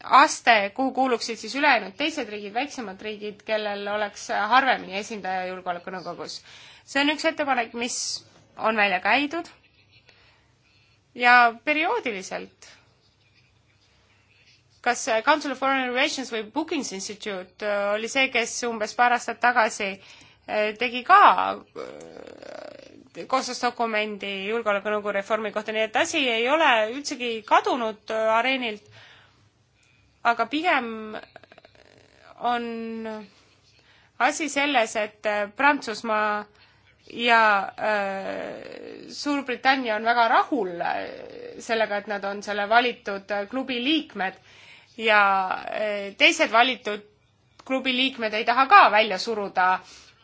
aste, kuhu kuuluksid siis ülejäänud teised riigid, väiksemad riigid, kellel oleks harvemini esindaja Julgeolekunõukogus. see on üks ettepanek, mis on välja käidud ja perioodiliselt kas Council of Foreign Relations või Bookings Institute äh, oli see, kes umbes paar aastat tagasi äh, tegi ka äh, koostöösdokumendi julgeolekunõukogu reformi kohta, nii et asi ei ole üldsegi kadunud areenilt aga pigem on asi selles, et äh, Prantsusmaa ja äh, Suurbritannia on väga rahul äh, sellega, et nad on selle valitud äh, klubi liikmed ja äh, teised valitud klubi liikmed ei taha ka välja suruda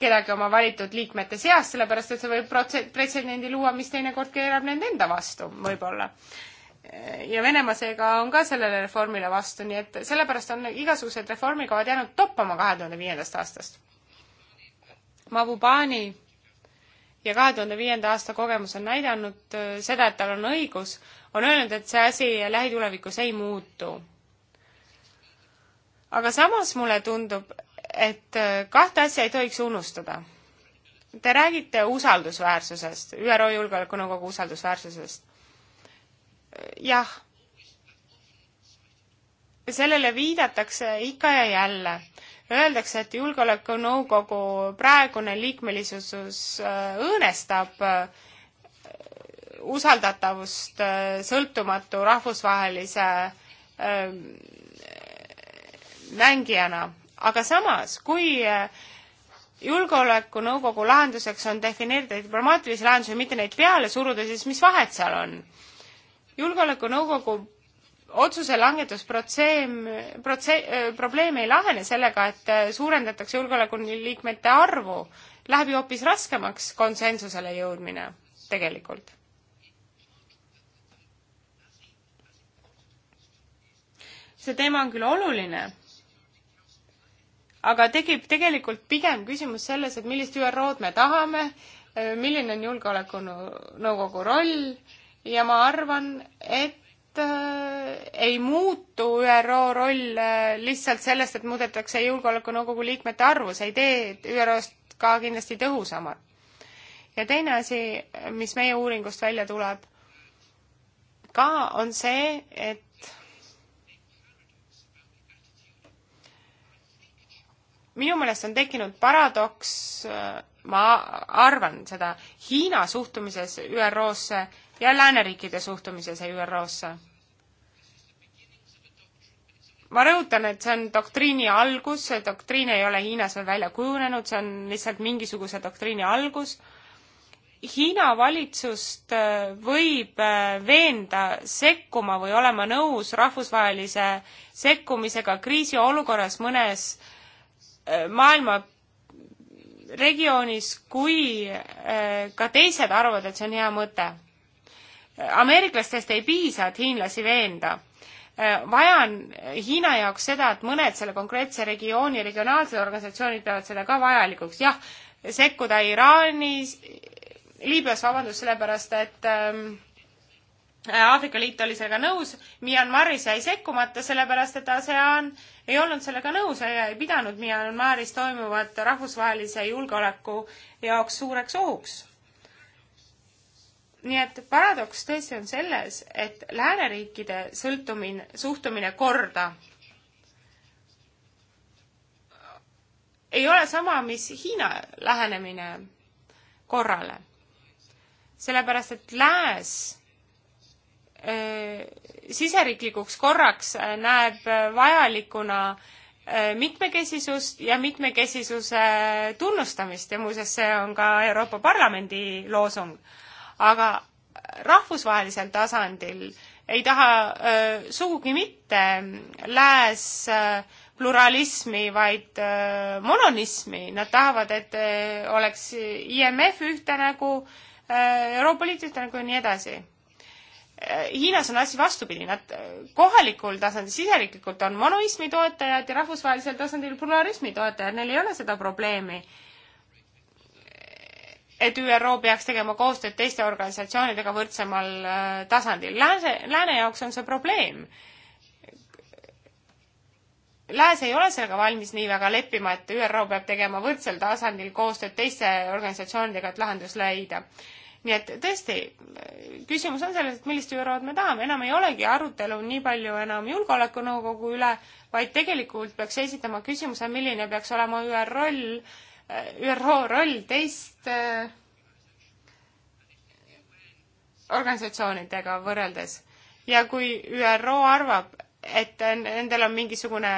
kedagi oma valitud liikmete seast, sellepärast et see võib protse-, pretsedendi luua, mis teinekord keerab nende enda vastu võib-olla ja Venemaa seega on ka sellele reformile vastu, nii et sellepärast on igasugused reformikavad jäänud toppama kahe tuhande viiendast aastast. Mabubani ja kahe tuhande viienda aasta kogemus on näidanud äh, seda, et tal on õigus, on öelnud, et see asi lähitulevikus ei muutu. aga samas mulle tundub, et äh, kahte asja ei tohiks unustada. Te räägite usaldusväärsusest, ÜRO Julgeolekunõukogu usaldusväärsusest jah, sellele viidatakse ikka ja jälle. Öeldakse, et Julgeolekunõukogu praegune liikmelisusus äh, õõnestab äh, usaldatavust äh, sõltumatu rahvusvahelise ähm, mängijana. aga samas, kui julgeolekunõukogu lahenduseks on defineerida diplomaatilisi lahendusi, mitte neid peale suruda, siis mis vahet seal on? julgeolekunõukogu otsuse langetusprotsem-, protse-, äh, probleem ei lahene sellega, et äh, suurendatakse julgeolekuliikmete arvu, läheb ju hoopis raskemaks konsensusele jõudmine tegelikult. see teema on küll oluline, aga tekib tegelikult pigem küsimus selles, et millist ÜRO-d me tahame, äh, milline on julgeolekunõukogu roll, ja ma arvan, et äh, ei muutu ÜRO roll äh, lihtsalt sellest, et muudetakse Julgeolekunõukogu liikmete arvu, see ei tee ÜRO-st ka kindlasti tõhusamat. ja teine asi, mis meie uuringust välja tuleb ka, on see, et minu meelest on tekkinud paradoks, äh, ma arvan seda, Hiina suhtumises ÜRO-sse ja lääneriikide suhtumises ÜRO-sse. E ma rõhutan, et see on doktriini algus, see doktriin ei ole Hiinas veel välja kujunenud, see on lihtsalt mingisuguse doktriini algus. Hiina valitsust äh, võib äh, veenda sekkuma või olema nõus rahvusvahelise sekkumisega kriisiolukorras mõnes äh, maailma regioonis, kui ka teised arvavad, et see on hea mõte ameeriklastest ei piisa, et hiinlasi veenda. vaja on Hiina jaoks seda, et mõned selle konkreetse regiooni regionaalsed organisatsioonid peavad seda ka vajalikuks. jah, sekkuda Iraanis, Liibüas, vabandust, sellepärast et ähm, Aafrika Liit oli sellega nõus, Myanmaris jäi sekkumata, sellepärast et ASEAN ei olnud sellega nõus ja ei pidanud Myanmaris toimuvat rahvusvahelise julgeoleku jaoks suureks ohuks nii et paradoks tõesti on selles, et lääneriikide sõltumine, suhtumine korda ei ole sama, mis Hiina lähenemine korrale. sellepärast, et lääs äh, siseriiklikuks korraks näeb vajalikuna äh, mitmekesisust ja mitmekesisuse tunnustamist ja muuseas, see on ka Euroopa Parlamendi loosung äh, aga rahvusvahelisel tasandil ei taha äh, sugugi mitte lääs äh, pluralismi, vaid äh, mononismi, nad tahavad, et äh, oleks IMF ühte nägu äh,, Euroopa Liit ühte nägu ja nii edasi äh,. Hiinas on asi vastupidi, nad kohalikul tasandil, siseriiklikult on monoismi toetajad ja rahvusvahelisel tasandil pluralismi toetajad, neil ei ole seda probleemi äh, et ÜRO peaks tegema koostööd teiste organisatsioonidega võrdsemal äh, tasandil. Lääne, lääne jaoks on see probleem. Lääs ei ole sellega valmis nii väga leppima, et ÜRO peab tegema võrdsel tasandil koostööd teiste organisatsioonidega, et lahendus leida. nii et tõesti, küsimus on selles, et millist ÜRO-d me tahame, enam ei olegi arutelu nii palju enam Julgeolekunõukogu üle, vaid tegelikult peaks esitama küsimuse, milline peaks olema ÜRO roll ÜRO roll teist äh, organisatsioonidega võrreldes ja kui ÜRO arvab, et nendel on mingisugune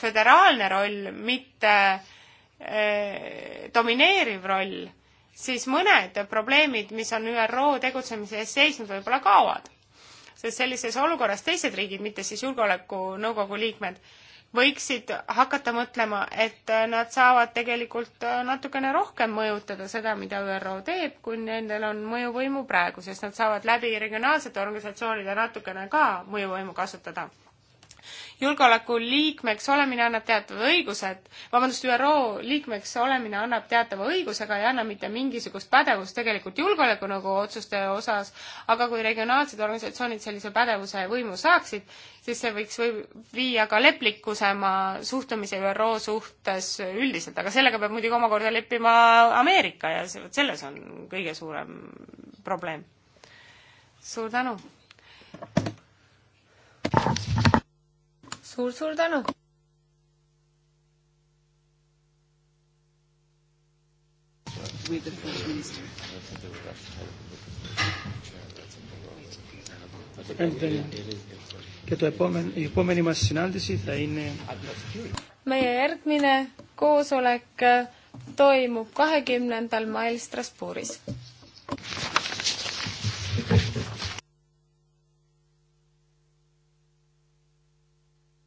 föderaalne roll, mitte äh, domineeriv roll, siis mõned probleemid, mis on ÜRO tegutsemise eest seisnud, võib-olla kaovad. sest sellises olukorras teised riigid, mitte siis Julgeolekunõukogu liikmed, võiksid hakata mõtlema, et nad saavad tegelikult natukene rohkem mõjutada seda, mida ÜRO teeb, kui nendel on mõjuvõimu praegu, sest nad saavad läbi regionaalsete organisatsioonide natukene ka mõjuvõimu kasutada julgeoleku liikmeks olemine annab teatava õigused, vabandust, ÜRO liikmeks olemine annab teatava õiguse, aga ei anna mitte mingisugust pädevust tegelikult julgeolekunõukogu otsuste osas, aga kui regionaalsed organisatsioonid sellise pädevuse ja võimu saaksid, siis see võiks või viia ka leplikkusema suhtumise ÜRO suhtes üldiselt, aga sellega peab muidugi omakorda leppima Ameerika ja see, vot selles on kõige suurem probleem. suur tänu! suur-suur tänu! with the French minister. Και το επόμενο, η επόμενη μας συνάντηση θα είναι... Meie järgmine koosolek toimub kahekümnendal mail Strasbourgis.